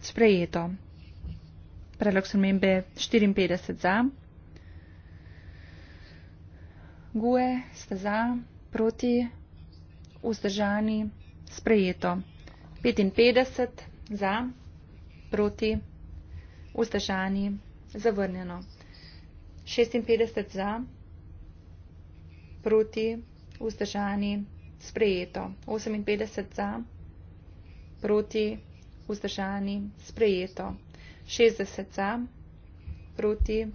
sprejeto. Predlog spremembe 54 za guje, ste za, proti, vzdržani, sprejeto. 55 za, proti, vzdržani, zavrnjeno. 56 za, proti, vzdržani, sprejeto. 58 za, proti, vzdržani, sprejeto. 60 za, proti,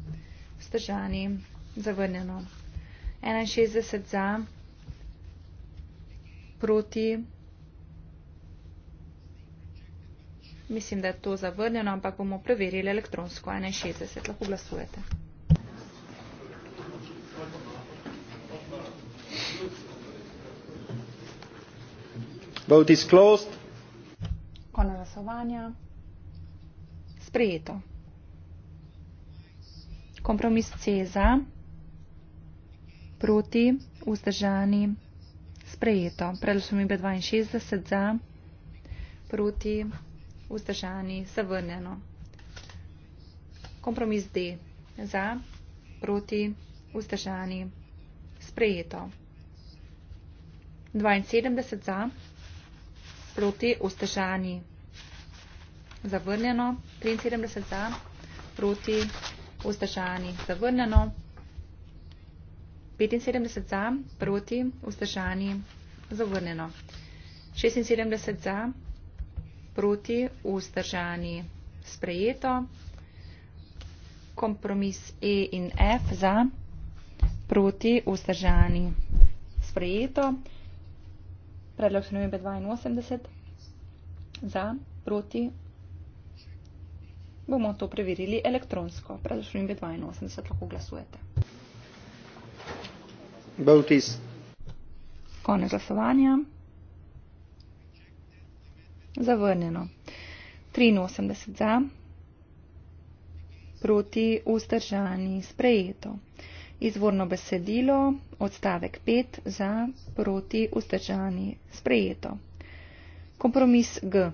vzdržani, zavrnjeno. 61 za, proti. Mislim, da je to zavrnjeno, ampak bomo preverili elektronsko. 61, lahko glasujete. Vote is closed. Konec glasovanja. Sprejeto. Kompromis C je za proti, vzdržani, sprejeto. Predlog smo imeli 62 za, proti, vzdržani, zavrnjeno. Kompromis D za, proti, vzdržani, sprejeto. 72 za, proti, vzdržani, zavrnjeno. 73 za, proti, vzdržani, zavrnjeno. 75 za, proti, vzdržani, zavrnjeno. 76 za, proti, vzdržani, sprejeto. Kompromis E in F za, proti, vzdržani, sprejeto. Predlog se nujbe 82 za, proti, bomo to preverili elektronsko. Predlog se nujbe 82 lahko glasujete. Bautis. Konec glasovanja. Zavrnjeno. 83 za, proti vzdržani sprejeto. Izvorno besedilo, odstavek 5 za, proti vzdržani sprejeto. Kompromis G.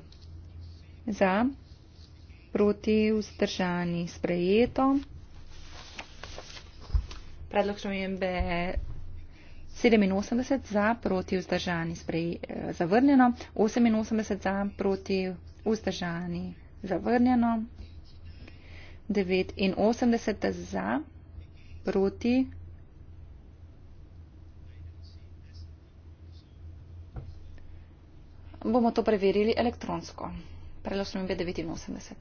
Za, proti vzdržani sprejeto. Predlog šumjembe 87 za, proti vzdržani, sprej, eh, zavrnjeno, 88 za, proti vzdržani, zavrnjeno, 89 za, proti Bomo to preverili elektronsko. Prelosno je 89.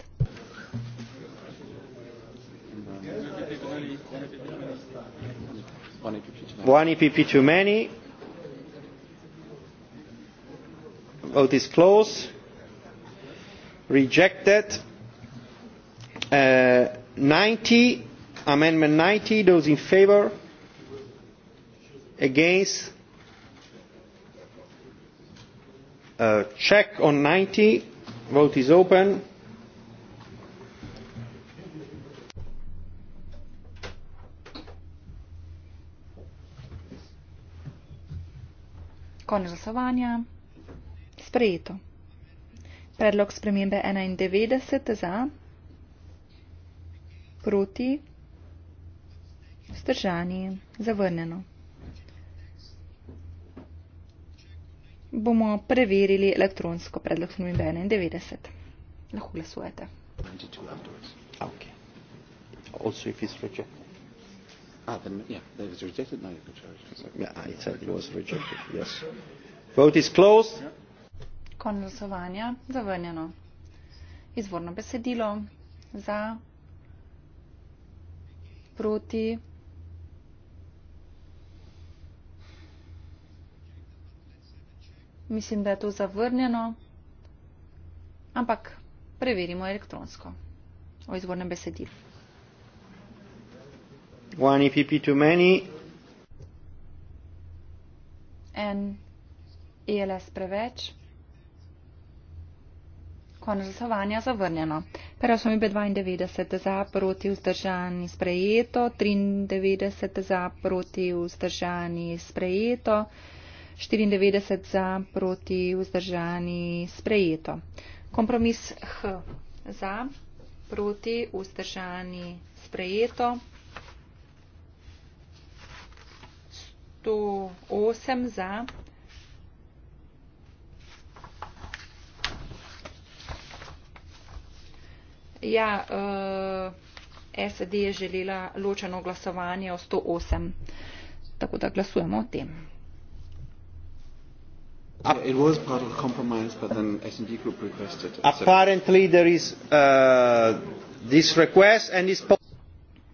Hvala. One EPP e too many. Vote is closed. Rejected. Uh, 90. Amendment 90. Those in favor? Against? Uh, check on 90. Vote is open. Konec glasovanja. Sprejeto. Predlog spremembe 91 za, proti, vzdržani, zavrnjeno. Bomo preverili elektronsko predlog spremembe 91. Lahko glasujete. 22 afterwards. Okay. Also if it's rejected. Ah, then, yeah, it was rejected. Now you can show it. Yeah, I tell you, it was rejected. Yes. Vote is closed. Konec glasovanja, zavrnjeno. Izvorno besedilo za, proti. Mislim, da je to zavrnjeno, ampak preverimo elektronsko o izvornem besedilu one EPP too many, en ELS preveč, konec glasovanja zavrnjeno. Prvo smo imeli 92 za, proti vzdržani sprejeto, 93 za, proti vzdržani sprejeto, 94 za, proti vzdržani sprejeto. Kompromis H za, proti vzdržani sprejeto. 108 za. Ja, eh, SD je želela ločeno glasovanje o 108, tako da glasujemo o tem. Ah, it was part of a compromise, but then SD group requested it. Apparently, there is uh, this request and this.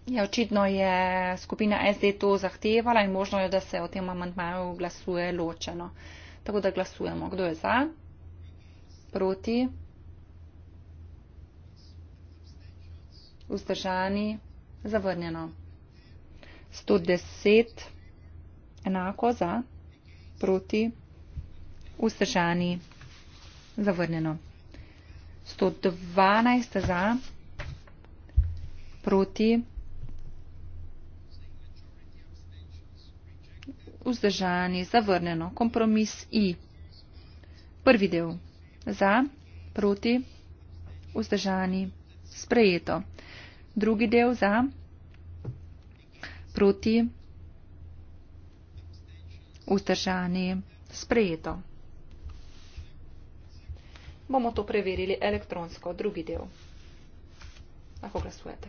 Ja, očitno je skupina SD to zahtevala in možno je, da se o tem amantmaju glasuje ločeno. Tako da glasujemo. Kdo je za? Proti? Vzdržani? Zavrnjeno. 110 enako za, proti, vzdržani, zavrnjeno. 112 za, proti, vzdržani. vzdržani, zavrnjeno, kompromis I. Prvi del. Za, proti, vzdržani, sprejeto. Drugi del za, proti, vzdržani, sprejeto. Bomo to preverili elektronsko. Drugi del. Lahko glasujete.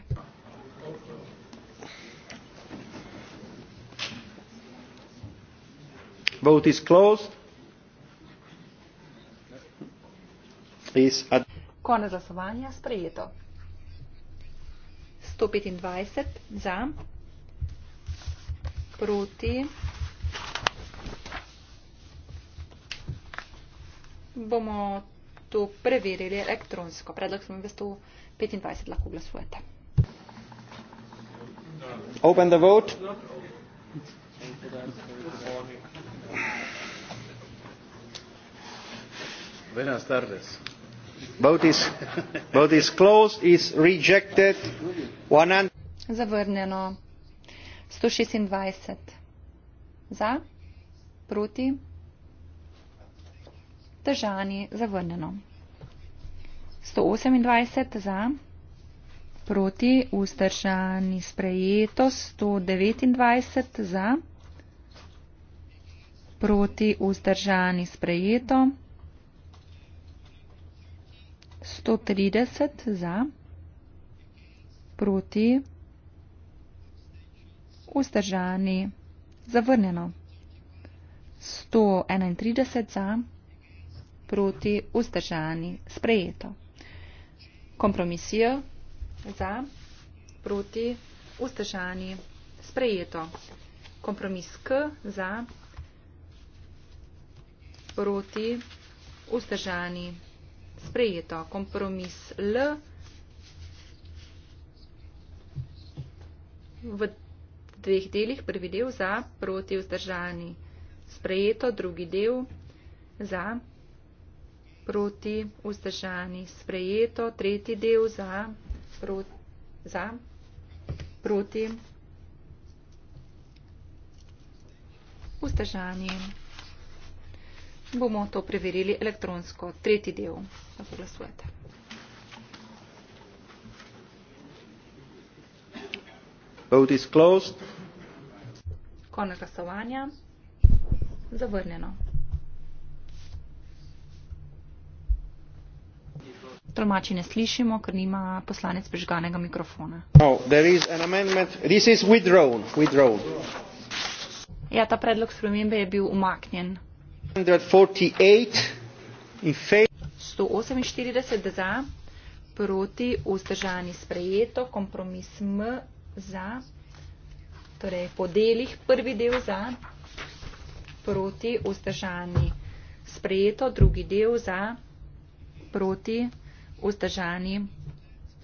vote is closed. Konec glasovanja sprejeto. 125 za, proti, bomo to preverili elektronsko. Predlog smo v 125, lahko glasujete. Open the vote. Buenas tardes. Vote is, vote is closed, is rejected. Zavrnjeno. 126. Za. Proti. Držani. Zavrnjeno. 128. Za. Proti. Ustršani. Sprejeto. 129. Za proti vzdržani sprejeto, 130 za, proti vzdržani zavrnjeno, 131 za, proti vzdržani sprejeto, kompromisijo za, proti vzdržani sprejeto, kompromis K za, proti vzdržani sprejeto proti, vzdržani, sprejeto, kompromis L. V dveh delih, prvi del za, proti, vzdržani, sprejeto, drugi del za, proti, vzdržani, sprejeto, tretji del za, proti, za, proti, vzdržani, sprejeto bomo to preverili elektronsko. Tretji del, lahko glasujete. Vote is closed. Konec glasovanja. Zavrnjeno. Tromači ne slišimo, ker nima poslanec prežganega mikrofona. No, there is an amendment. This is withdrawn. withdrawn. Ja, ta predlog spremembe je bil umaknjen sto za proti vzdržani sprejeto kompromis m za torej po delih prvi del za proti vzdržani sprejeto drugi del za proti vzdržani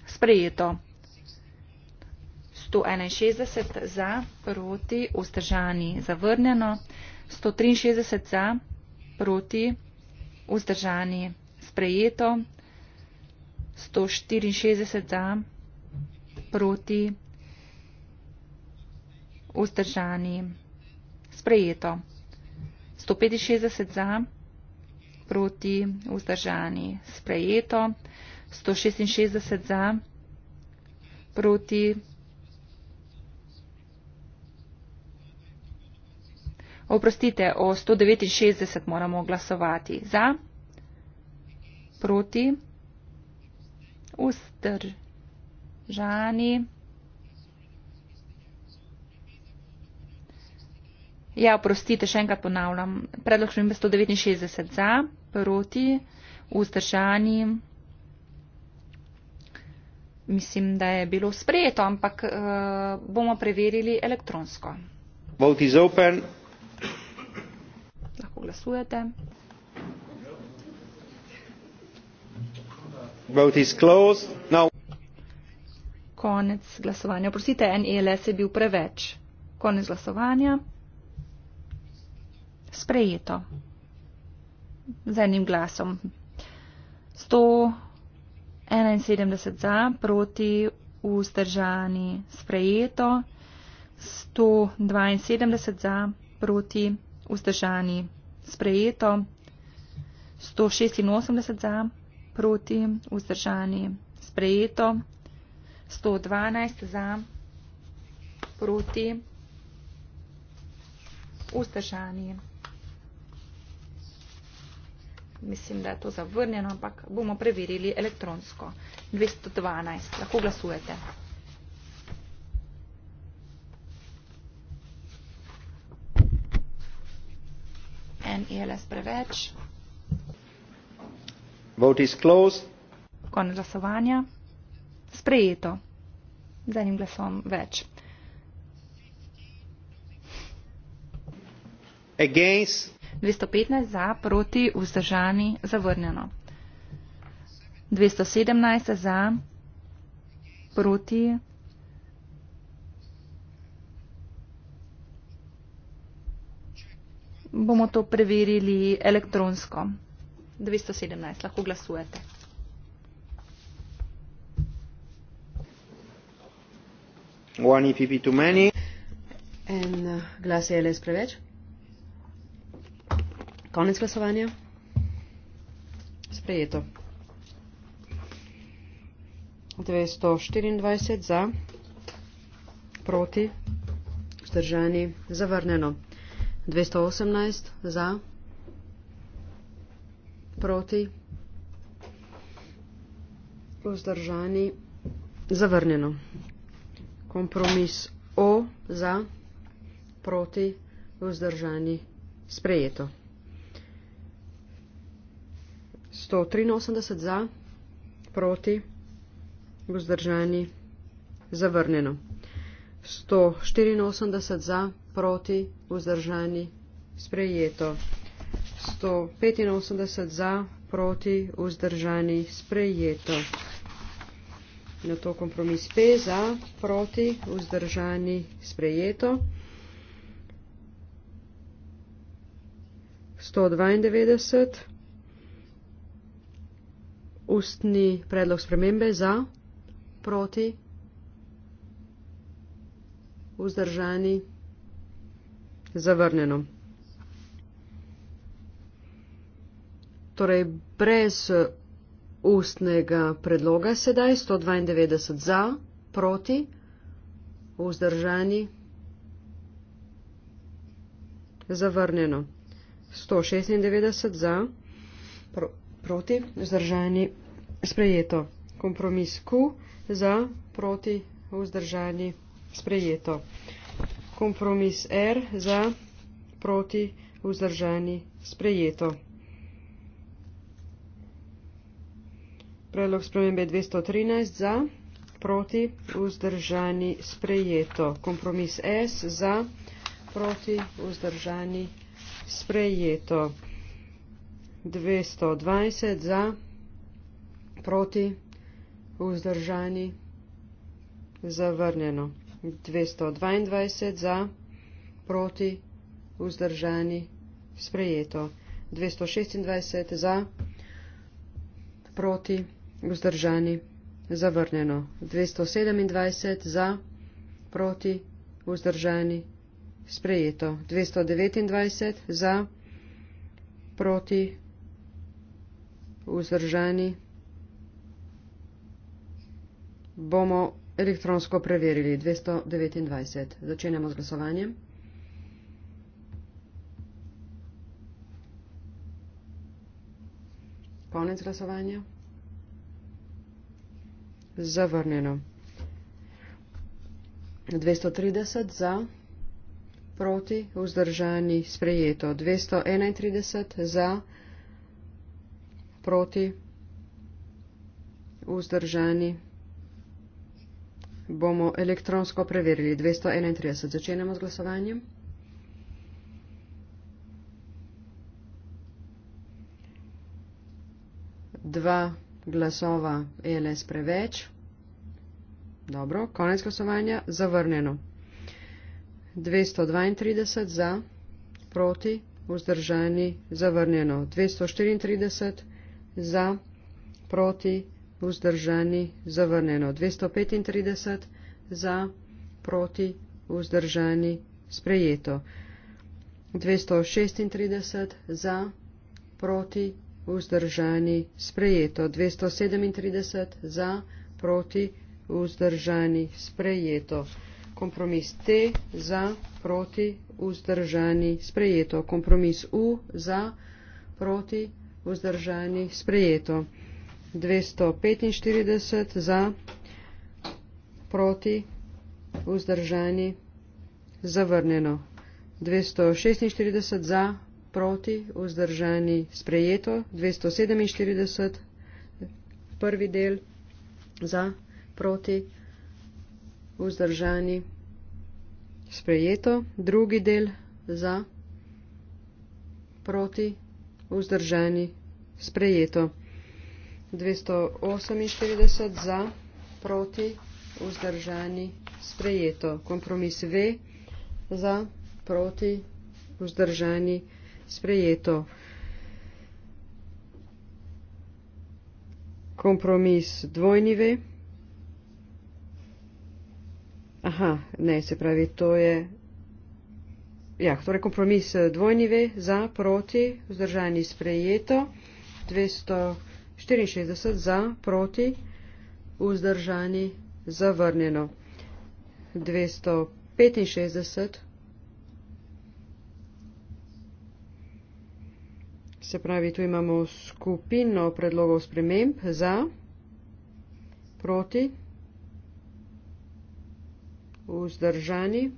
sprejeto 161 za proti vzdržani zavrnjeno 163 za proti, vzdržani, sprejeto, 164 za, proti, vzdržani, sprejeto, 165 za, proti, vzdržani, sprejeto, 166 za, proti, Oprostite, o 169 moramo glasovati. Za, proti, ustržani. Ja, oprostite, še enkrat ponavljam. Predlog še 169 za, proti, ustržani. Mislim, da je bilo sprejeto, ampak uh, bomo preverili elektronsko. Vote is open glasujete. Konec glasovanja. Prosite, en ELS je bil preveč. Konec glasovanja. Sprejeto. Z enim glasom. 171 za, proti, vzdržani, sprejeto. 172 za, proti, vzdržani, sprejeto sprejeto 186 za, proti, vzdržani, sprejeto 112 za, proti, vzdržani. Mislim, da je to zavrnjeno, ampak bomo preverili elektronsko. 212. Lahko glasujete. en ELS preveč. Konec glasovanja. Sprejeto. Z enim glasom več. Against. 215 za, proti, vzdržani, zavrnjeno. 217 za, proti, bomo to preverili elektronsko. 217, lahko glasujete. One EPP too many. En glas je les preveč. Konec glasovanja. Sprejeto. 224 za, proti, vzdržani, zavrneno. 218 za, proti, vzdržani, zavrnjeno. Kompromis O za, proti, vzdržani, sprejeto. 183 za, proti, vzdržani, zavrnjeno. 184 za, proti, vzdržani, sprejeto proti, vzdržani, sprejeto. 185 za, proti, vzdržani, sprejeto. Na to kompromis P za, proti, vzdržani, sprejeto. 192. Ustni predlog spremembe za, proti, vzdržani, sprejeto zavrnjeno. Torej, brez uh, ustnega predloga sedaj 192 za, proti, vzdržani, zavrnjeno. 196 za, pro, proti, vzdržani, sprejeto. Kompromis Q za, proti, vzdržani, sprejeto kompromis R za proti vzdržani sprejeto. Predlog spremembe 213 za proti vzdržani sprejeto. Kompromis S za proti vzdržani sprejeto. 220 za proti vzdržani zavrnjeno. 222 za, proti, vzdržani, sprejeto. 226 za, proti, vzdržani, zavrnjeno. 227 za, proti, vzdržani, sprejeto. 229 za, proti, vzdržani, bomo elektronsko preverili 229. Začenjamo z glasovanjem. Konec glasovanja. Zavrnjeno. 230 za, proti, vzdržani, sprejeto. 231 za, proti, vzdržani, sprejeto. Bomo elektronsko preverili. 231. Začenemo z glasovanjem. Dva glasova e LS preveč. Dobro, konec glasovanja. Zavrnjeno. 232 za, proti, vzdržani, zavrnjeno. 234 za, proti, vzdržani vzdržani, zavrnjeno 235, za, proti, vzdržani, sprejeto. 236 za, proti, vzdržani, sprejeto. 237 za, proti, vzdržani, sprejeto. Kompromis T za, proti, vzdržani, sprejeto. Kompromis U za, proti, vzdržani, sprejeto. 245 za, proti, vzdržani, zavrnjeno. 246 za, proti, vzdržani, sprejeto. 247, prvi del, za, proti, vzdržani, sprejeto. Drugi del, za, proti, vzdržani, sprejeto. 248 za, proti, vzdržani, sprejeto. Kompromis V za, proti, vzdržani, sprejeto. Kompromis dvojni V. Aha, ne, se pravi, to je. Ja, torej kompromis dvojni V za, proti, vzdržani, sprejeto. 200 64 za, proti, vzdržani, zavrnjeno. 265, se pravi, tu imamo skupino predlogov sprememb za, proti, vzdržani.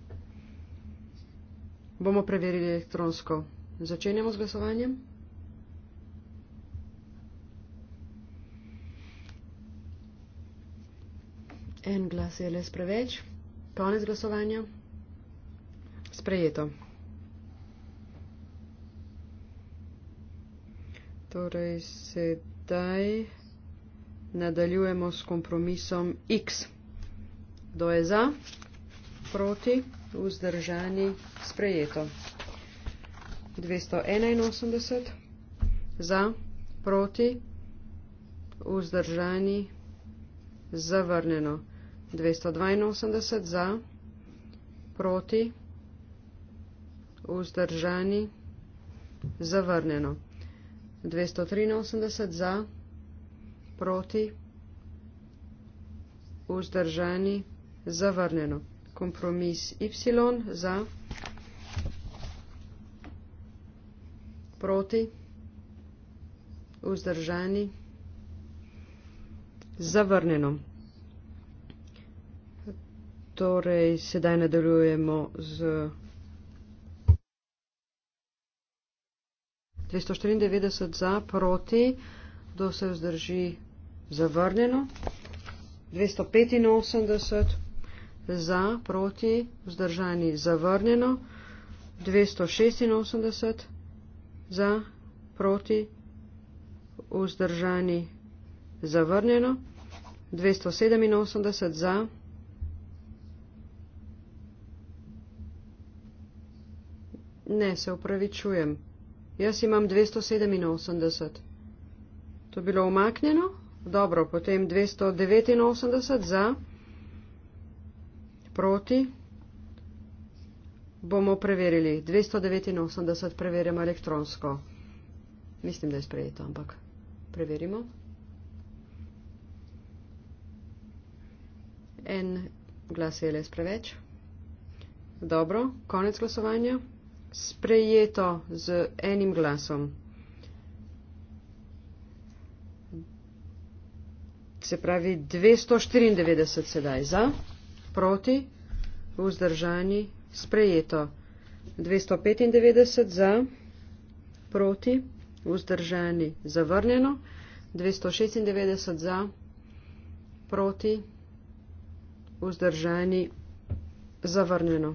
Bomo preverili elektronsko. Začenjamo z glasovanjem. En glas je le spreveč. Konec glasovanja. Sprejeto. Torej, sedaj nadaljujemo s kompromisom X. Kdo je za, proti, vzdržani, sprejeto. 281, za, proti, vzdržani, zavrnjeno. 282 za, proti, vzdržani, zavrnjeno. 283 za, proti, vzdržani, zavrnjeno. Kompromis Y za, proti, vzdržani, zavrnjeno. Torej, sedaj nadaljujemo z 294 za, proti, do se vzdrži zavrnjeno, 285 za, proti, vzdržani zavrnjeno, 286 za, proti, vzdržani zavrnjeno, 287 za, proti, Ne, se upravičujem. Jaz imam 287. To bilo omaknjeno? Dobro, potem 289 za. Proti. Bomo preverili. 289 preverjamo elektronsko. Mislim, da je sprejeto, ampak preverimo. En glas je le spreveč. Dobro, konec glasovanja sprejeto z enim glasom. Se pravi 294 sedaj za, proti, vzdržani, sprejeto. 295 za, proti, vzdržani, zavrnjeno. 296 za, proti, vzdržani, zavrnjeno.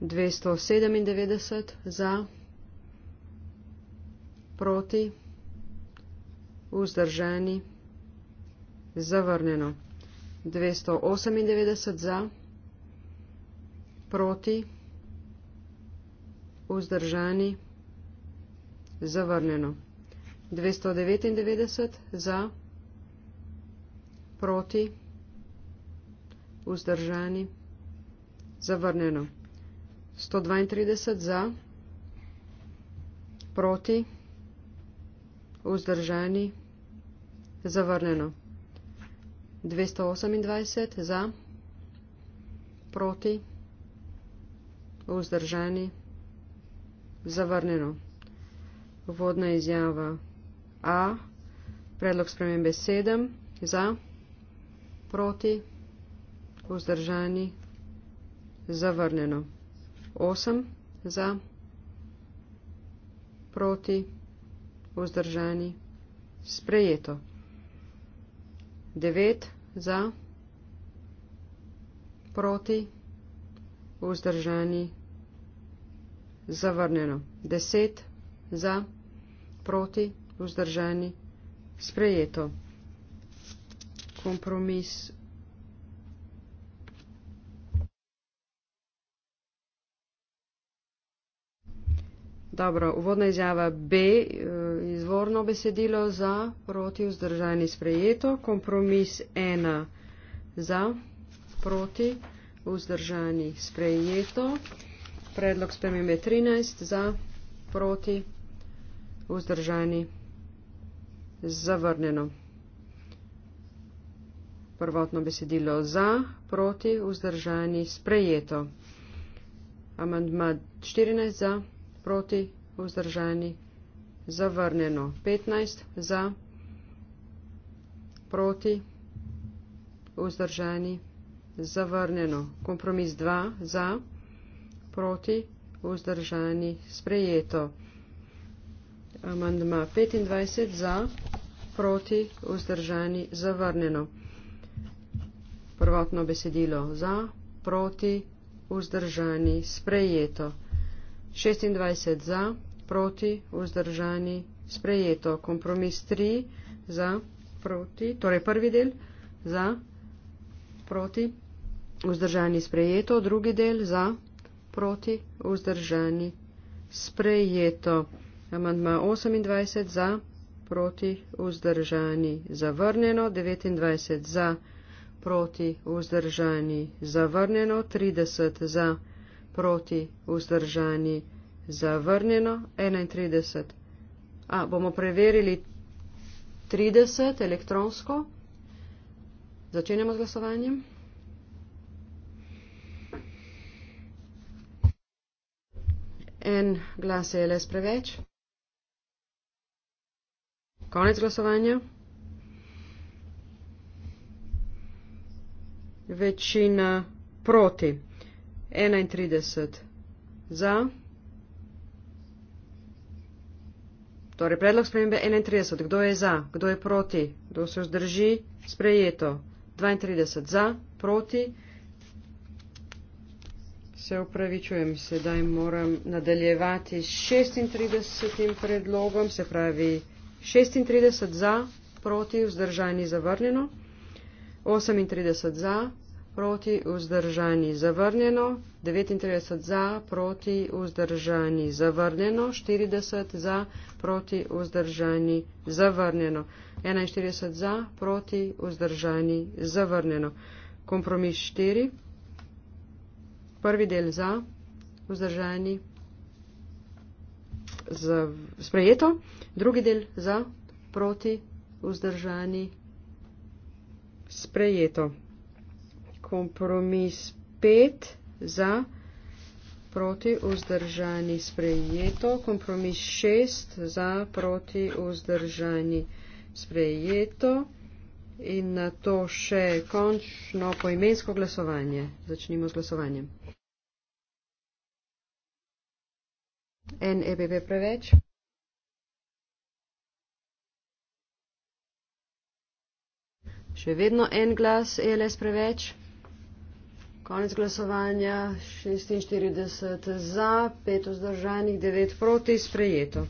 297 za, proti, vzdržani, zavrnjeno. 298 za, proti, vzdržani, zavrnjeno. 299 za, proti, vzdržani, zavrnjeno. 132 za, proti, vzdržani, zavrneno. 228 za, proti, vzdržani, zavrneno. Vodna izjava A, predlog spremembe 7 za, proti, vzdržani, zavrneno. 8 za, proti, vzdržani, sprejeto. 9 za, proti, vzdržani, zavrnjeno. 10 za, proti, vzdržani, sprejeto. Kompromis Dobro, uvodna izjava B, eh, izvorno besedilo za, proti vzdržajni sprejeto, kompromis 1 za, proti vzdržajni sprejeto, predlog spremembe 13 za, proti vzdržajni zavrnjeno. Prvotno besedilo za, proti vzdržajni sprejeto, amandma 14 za, proti proti, vzdržani, zavrnjeno 15, za, proti, vzdržani, zavrnjeno. Kompromis 2, za, proti, vzdržani, sprejeto. Amandma 25, za, proti, vzdržani, zavrnjeno. Prvotno besedilo za, proti, vzdržani, sprejeto. 26 za, proti, vzdržani, sprejeto. Kompromis 3 za, proti, torej prvi del za, proti, vzdržani, sprejeto, drugi del za, proti, vzdržani, sprejeto. Amandma 28 za, proti, vzdržani, zavrnjeno, 29 za, proti, vzdržani, zavrnjeno, 30 za, proti, vzdržani, zavrnjeno proti, vzdržani, zavrnjeno, 31. A, bomo preverili 30 elektronsko. Začenjamo z glasovanjem. En glas je le spreveč. Konec glasovanja. Večina proti. 31. Za. Torej, predlog spremembe 31. Kdo je za? Kdo je proti? Kdo se vzdrži? Sprejeto. 32. Za. Proti. Se upravičujem, sedaj moram nadaljevati s 36. predlogom. Se pravi, 36 za, proti, vzdržani zavrnjeno. 38 za, proti vzdržani zavrnjeno, 39 za proti vzdržani zavrnjeno, 40 za proti vzdržani zavrnjeno, 41 za proti vzdržani zavrnjeno. Kompromis 4, prvi del za vzdržani zav, sprejeto, drugi del za proti vzdržani sprejeto kompromis 5 za, proti vzdržani sprejeto, kompromis 6 za, proti vzdržani sprejeto in na to še končno poimensko glasovanje. Začnimo z glasovanjem. En EBB preveč. Še vedno en glas, ELS preveč. Konec glasovanja 46 za, 5 vzdržanih, 9 proti, sprejeto.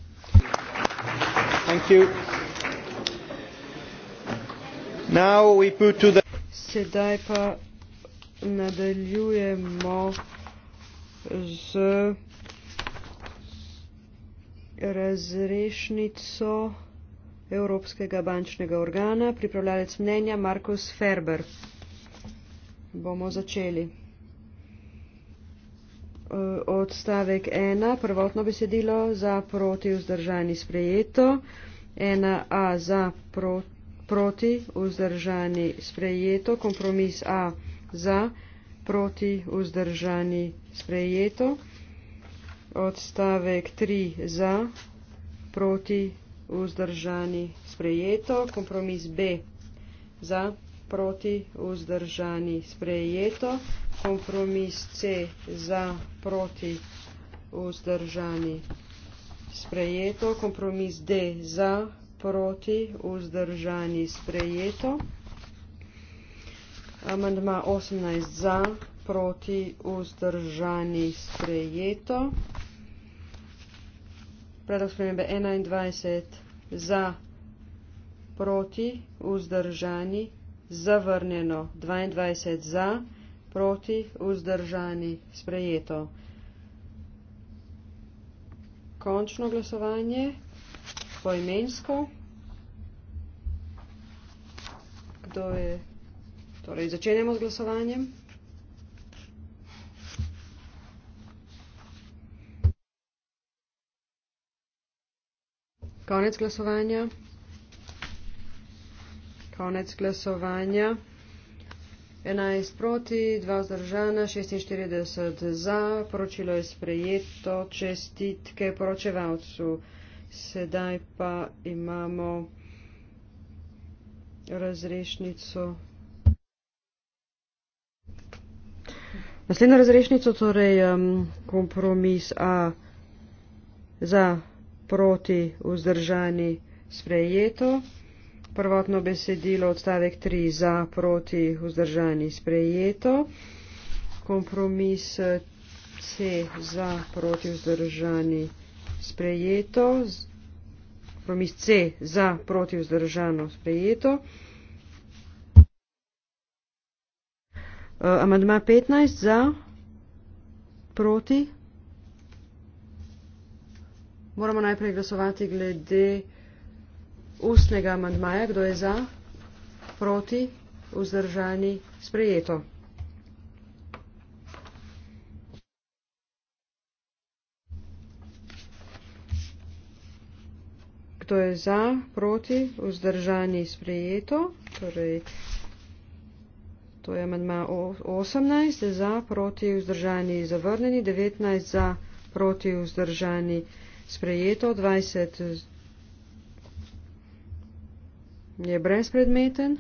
Sedaj pa nadaljujemo z razrešnico Evropskega bančnega organa, pripravljalec mnenja Markus Ferber bomo začeli. E, odstavek 1, prvotno besedilo za proti vzdržani sprejeto, 1a za pro, proti vzdržani sprejeto, kompromis a za proti vzdržani sprejeto, odstavek 3 za proti vzdržani sprejeto, kompromis b za proti proti vzdržani sprejeto, kompromis C za proti vzdržani sprejeto, kompromis D za proti vzdržani sprejeto, amandma 18 za proti vzdržani sprejeto, predlog spremembe 21 za proti vzdržani sprejeto zavrnjeno, 22 za, proti, vzdržani, sprejeto. Končno glasovanje, poimensko. Kdo je? Torej, začenjamo z glasovanjem. Konec glasovanja. Konec glasovanja. 11 proti, 2 zdržana, 46 za. Poročilo je sprejeto. Čestitke poročevalcu. Sedaj pa imamo razrešnico. Naslednjo razrešnico, torej um, kompromis A za proti vzdržani sprejeto prvotno besedilo odstavek 3 za proti vzdržani sprejeto, kompromis C za proti vzdržani sprejeto, kompromis C za proti vzdržano sprejeto. Uh, amandma 15 za proti. Moramo najprej glasovati glede ustnega amandmaja. Kdo je za? Proti? Vzdržani? Sprejeto. Kdo je za, proti, vzdržani, sprejeto? Torej, to je amantma 18, za, proti, vzdržani, zavrnjeni, 19, za, proti, vzdržani, sprejeto, 20, je brezpredmeten.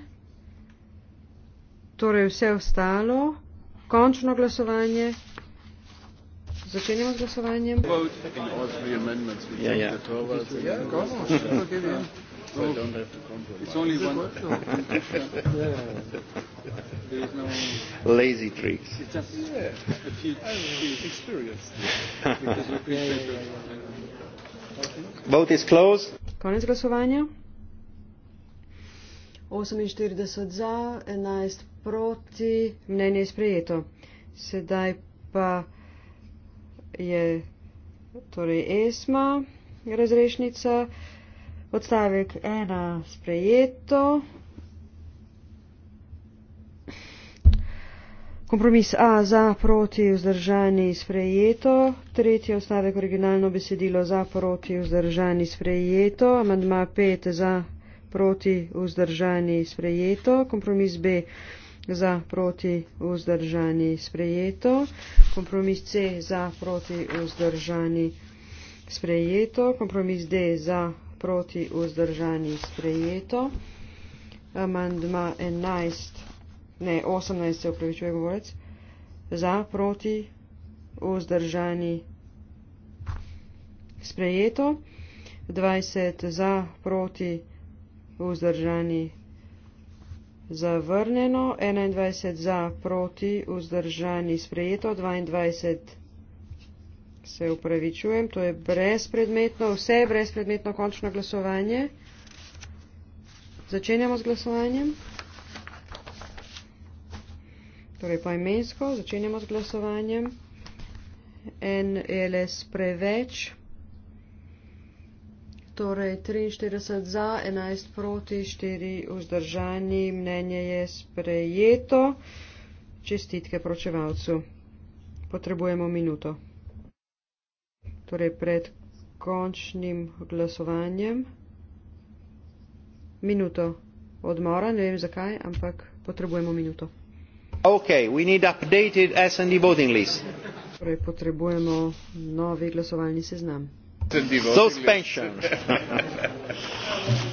Torej vse ostalo, končno glasovanje. Začenjamo z glasovanjem. Ja, ja. Lazy tricks. Vote is closed. Konec glasovanja. 48 za, 11 proti, mnenje je sprejeto. Sedaj pa je torej ESMA razrešnica, odstavek 1 sprejeto. Kompromis A za proti vzdržani sprejeto, tretji ostavek originalno besedilo za proti vzdržani sprejeto, amandma 5 za proti vzdržani sprejeto, kompromis B za proti vzdržani sprejeto, kompromis C za proti vzdržani sprejeto, kompromis D za proti vzdržani sprejeto, amandma 11, ne 18 se upravičuje govorec, za proti vzdržani sprejeto, 20 za proti vzdržani sprejeto, vzdržani. Zavrnjeno, 21 za, proti, vzdržani, sprejeto, 22 se upravičujem, to je brezpredmetno, vse je brezpredmetno končno glasovanje. Začenjamo z glasovanjem. Torej poimensko, začenjamo z glasovanjem. NLS preveč, Torej 43 za, 11 proti, 4 vzdržani, mnenje je sprejeto. Čestitke pročevalcu. Potrebujemo minuto. Torej pred končnim glasovanjem. Minuto odmora, ne vem zakaj, ampak potrebujemo minuto. Okay, we need updated S&D voting list. Torej potrebujemo novi glasovalni seznam suspension.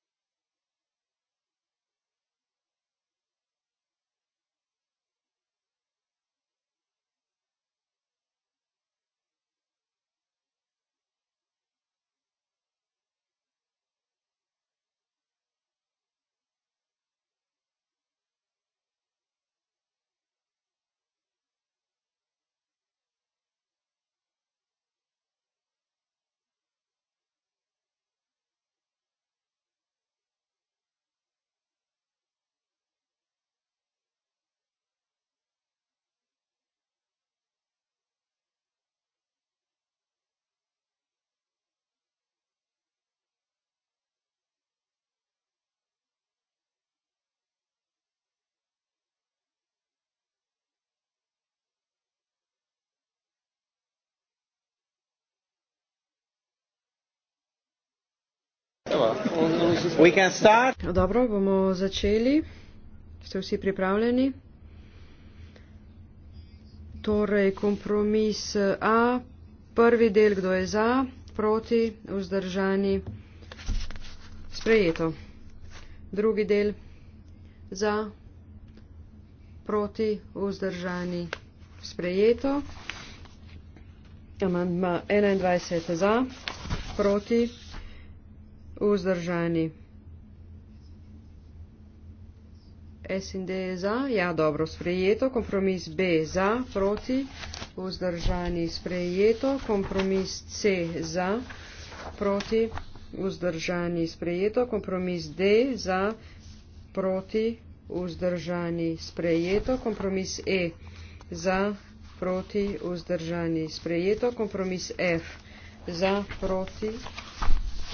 No, dobro, bomo začeli. Ste vsi pripravljeni? Torej, kompromis A. Prvi del, kdo je za, proti, vzdržani, sprejeto. Drugi del, za, proti, vzdržani, sprejeto. Amandma 21 za, proti, vzdržani vzdržani. S in D je za, ja, dobro, sprejeto, kompromis B za, proti, vzdržani, sprejeto, kompromis C za, proti, vzdržani, sprejeto, kompromis D za, proti, vzdržani, sprejeto, kompromis E za, proti, vzdržani, sprejeto, kompromis F za, proti, vzdržani, sprejeto,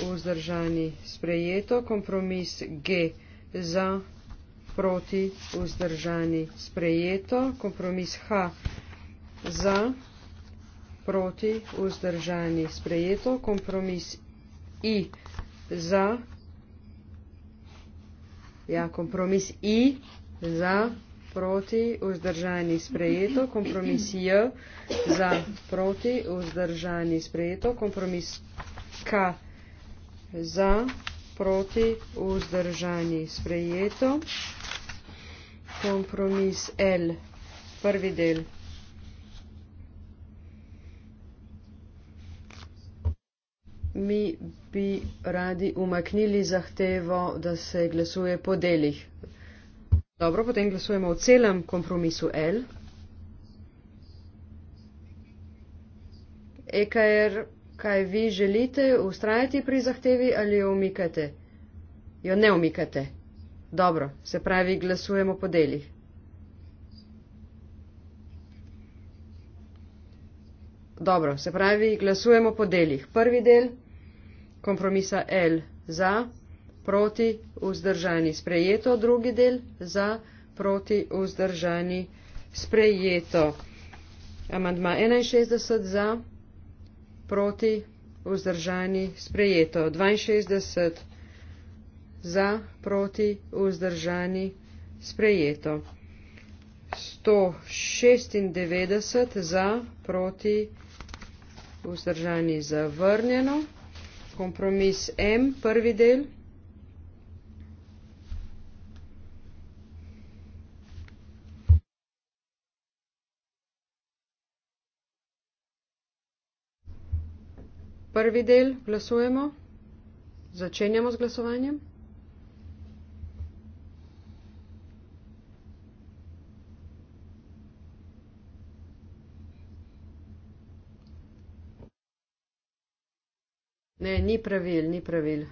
vzdržani sprejeto, kompromis G za, proti vzdržani sprejeto, kompromis H za, proti vzdržani sprejeto, kompromis I za, ja, kompromis I za, proti vzdržani sprejeto, kompromis J za, proti vzdržani sprejeto, kompromis K za, za, proti, vzdržani, sprejeto. Kompromis L, prvi del. Mi bi radi umaknili zahtevo, da se glasuje po delih. Dobro, potem glasujemo v celem kompromisu L. EKR kaj vi želite, ustrajati pri zahtevi ali jo omikate? Jo ne omikate. Dobro, se pravi, glasujemo po delih. Dobro, se pravi, glasujemo po delih. Prvi del kompromisa L za, proti, vzdržani, sprejeto. Drugi del za, proti, vzdržani, sprejeto. Amandma 61 za proti, vzdržani, sprejeto. 62 za, proti, vzdržani, sprejeto. 196 za, proti, vzdržani, zavrnjeno. Kompromis M, prvi del. prvi del glasujemo, začenjamo z glasovanjem. Ne, ni pravil, ni pravil.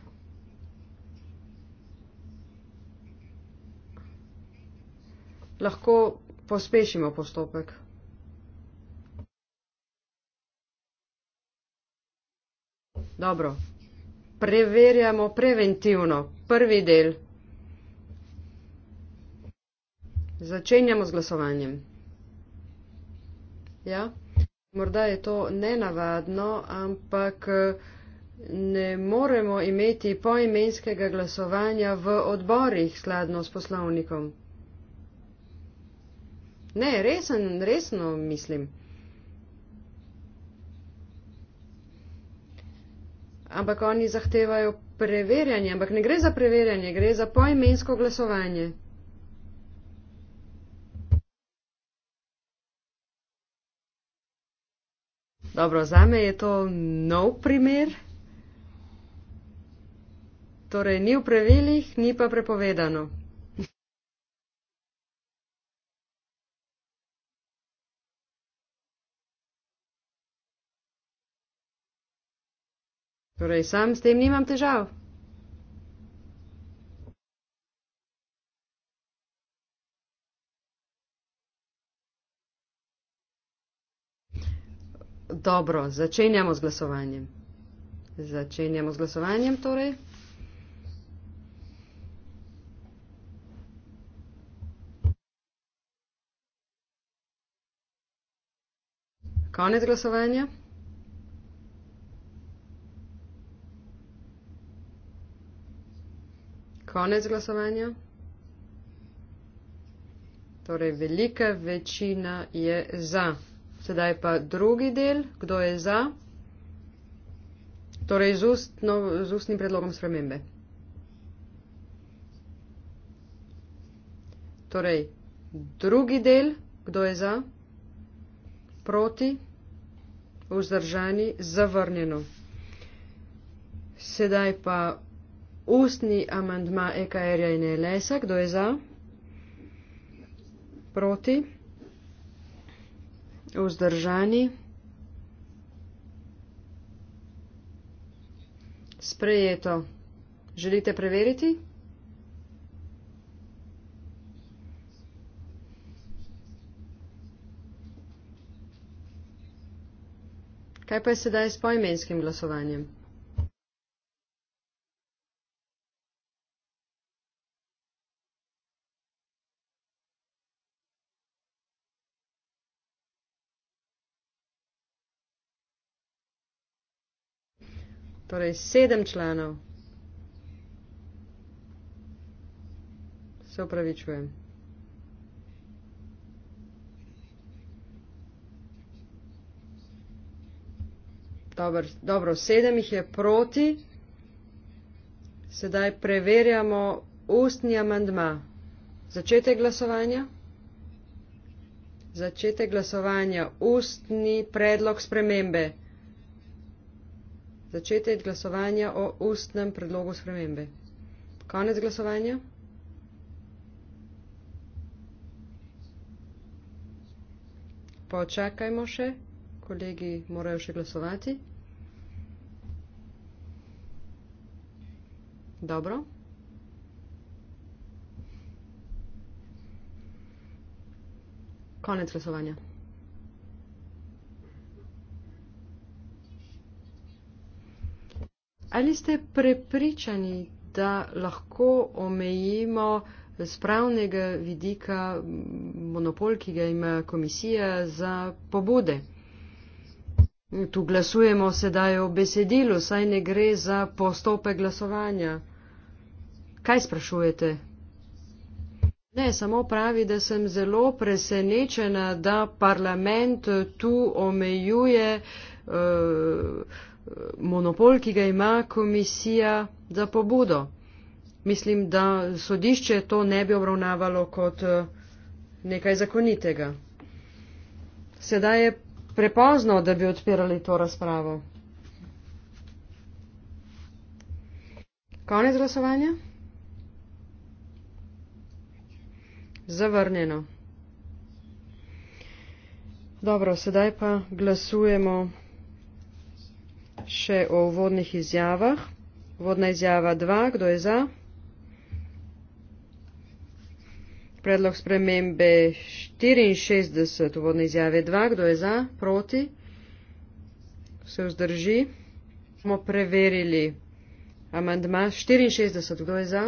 Lahko pospešimo postopek. Dobro. Preverjamo preventivno prvi del. Začenjamo z glasovanjem. Ja, morda je to nenavadno, ampak ne moremo imeti poimenskega glasovanja v odborih skladno s poslovnikom. Ne, resen, resno mislim. ampak oni zahtevajo preverjanje, ampak ne gre za preverjanje, gre za poimensko glasovanje. Dobro, za me je to nov primer. Torej, ni v pravilih, ni pa prepovedano. Torej, sam s tem nimam težav. Dobro, začenjamo z glasovanjem. Začenjamo z glasovanjem, torej. Konec glasovanja. konec glasovanja. Torej, velika večina je za. Sedaj pa drugi del, kdo je za. Torej, z, ustno, z ustnim predlogom spremembe. Torej, drugi del, kdo je za, proti, vzdržani, zavrnjeno. Sedaj pa ustni amandma EKR-ja in e LS-a. Kdo je za? Proti? Vzdržani? Sprejeto. Želite preveriti? Kaj pa je sedaj s poimenskim glasovanjem? torej sedem članov. Se upravičujem. Dobar, dobro, sedem jih je proti. Sedaj preverjamo ustni amandma. Začetek glasovanja. Začetek glasovanja. Ustni predlog spremembe. Začetek glasovanja o ustnem predlogu spremembe. Konec glasovanja. Počakajmo še, kolegi morajo še glasovati. Dobro. Konec glasovanja. Ali ste prepričani, da lahko omejimo z pravnega vidika monopol, ki ga ima komisija za pobude? Tu glasujemo sedaj o besedilu, saj ne gre za postope glasovanja. Kaj sprašujete? Ne, samo pravi, da sem zelo presenečena, da parlament tu omejuje. Uh, monopol, ki ga ima komisija za pobudo. Mislim, da sodišče to ne bi obravnavalo kot eh, nekaj zakonitega. Sedaj je prepozno, da bi odpirali to razpravo. Konec glasovanja? Zavrnjeno. Dobro, sedaj pa glasujemo še o vodnih izjavah. Vodna izjava 2, kdo je za? Predlog spremembe 64 v vodni izjave 2, kdo je za? Proti? Se vzdrži? Smo preverili amandma 64, kdo je za?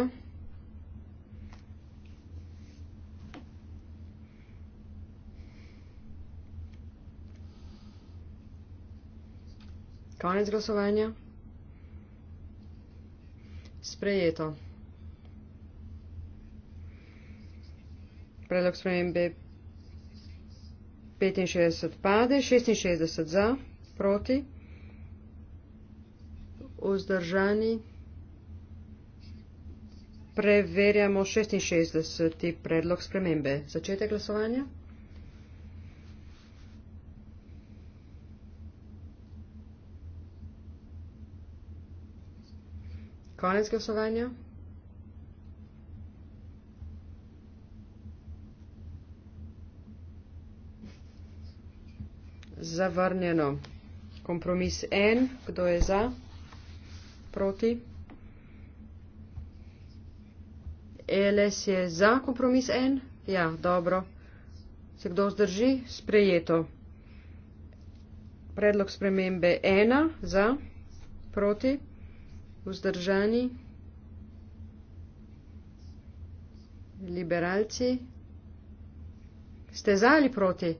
Konec glasovanja. Sprejeto. Predlog spremembe 65 pade, 66 za, proti, vzdržani. Preverjamo 66. predlog spremembe. Začetek glasovanja. Konec glasovanja. Zavrnjeno. Kompromis en. Kdo je za? Proti. LS je za kompromis en. Ja, dobro. Se kdo zdrži? Sprejeto. Predlog spremembe ena. Za. Proti vzdržani, liberalci, ste za ali proti?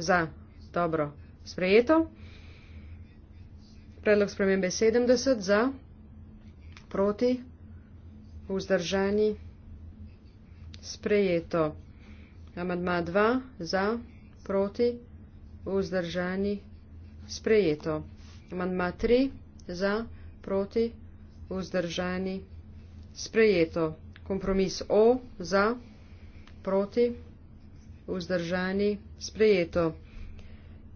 Za, dobro, sprejeto. Predlog spremembe 70 za, proti, vzdržani, sprejeto. Amadma 2 za, proti, vzdržani, sprejeto. Amadma 3 za, proti proti, vzdržani, sprejeto. Kompromis O za, proti, vzdržani, sprejeto.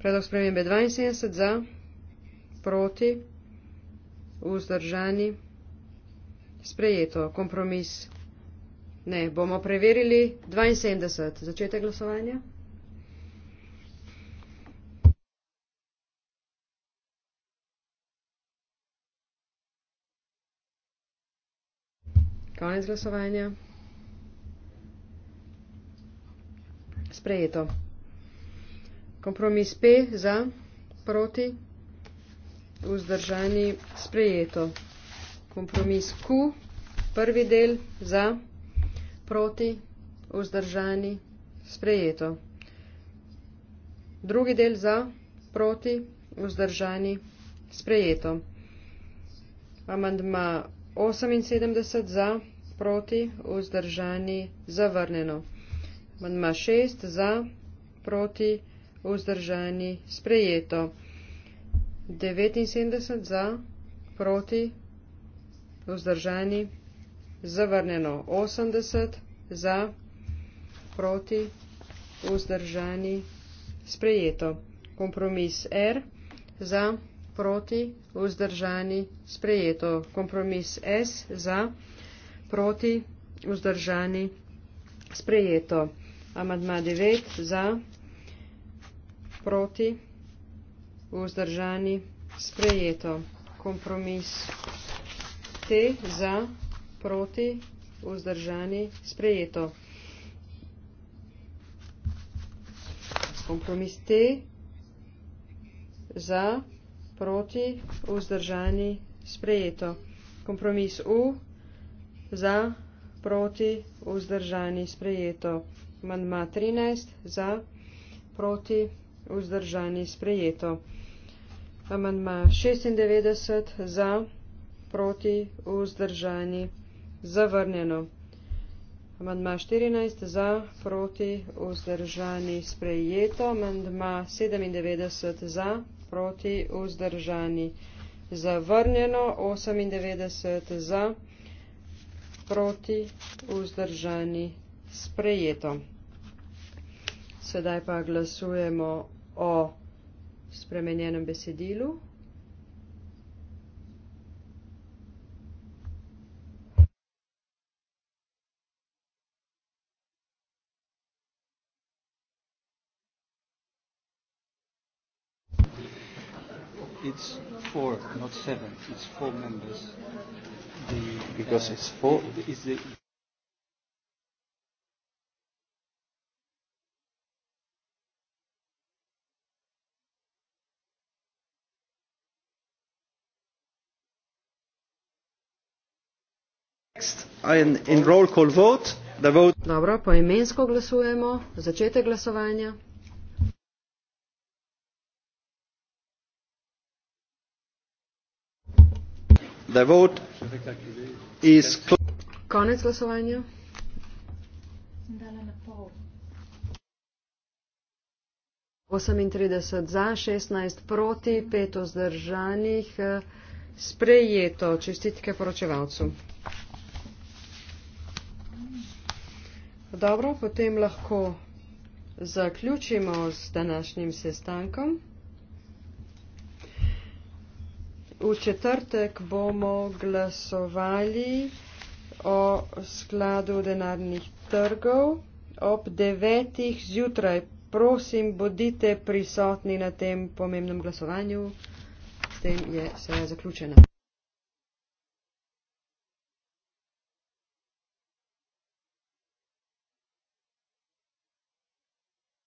Predlog spremembe 72 za, proti, vzdržani, sprejeto. Kompromis ne. Bomo preverili 72. Začetek glasovanja. Konec glasovanja. Sprejeto. Kompromis P za, proti, vzdržani, sprejeto. Kompromis Q, prvi del, za, proti, vzdržani, sprejeto. Drugi del za, proti, vzdržani, sprejeto. Amandma 78 za, proti, vzdržani, zavrnjeno. Amandma 6 za, proti, vzdržani, sprejeto. 79 za, proti, vzdržani, zavrnjeno. 80 za, proti, vzdržani, sprejeto. Kompromis R za, proti, vzdržani, sprejeto proti, vzdržani, sprejeto. Kompromis S za, proti, vzdržani, sprejeto. Amadma 9 za, proti, vzdržani, sprejeto. Kompromis T za, proti, vzdržani, sprejeto. Kompromis T za, proti, vzdržani, sprejeto. Kompromis T za, proti, vzdržani, sprejeto proti, vzdržani, sprejeto. Kompromis U, za, proti, vzdržani, sprejeto. Manma 13, za, proti, vzdržani, sprejeto. Manma 96, za, proti, vzdržani, zavrnjeno. Amandma 14 za, proti, vzdržani, sprejeto. Amandma 97 za, proti, vzdržani. Zavrnjeno 98 za, proti, vzdržani, sprejeto. Sedaj pa glasujemo o spremenjenem besedilu. it's four, not seven. It's four members. The, because uh, it's four. The, is the In, in roll call vote, the vote. Dobro, poimensko glasujemo, začetek glasovanja. the vote is konec glasovanja osemintrideset za šestnajst proti pet vzdržanih sprejeto čestitke poročevalcu dobro potem lahko zaključimo s današnjim sestankom V četrtek bomo glasovali o skladu denarnih trgov ob devetih zjutraj. Prosim, bodite prisotni na tem pomembnem glasovanju. S tem je seja zaključena.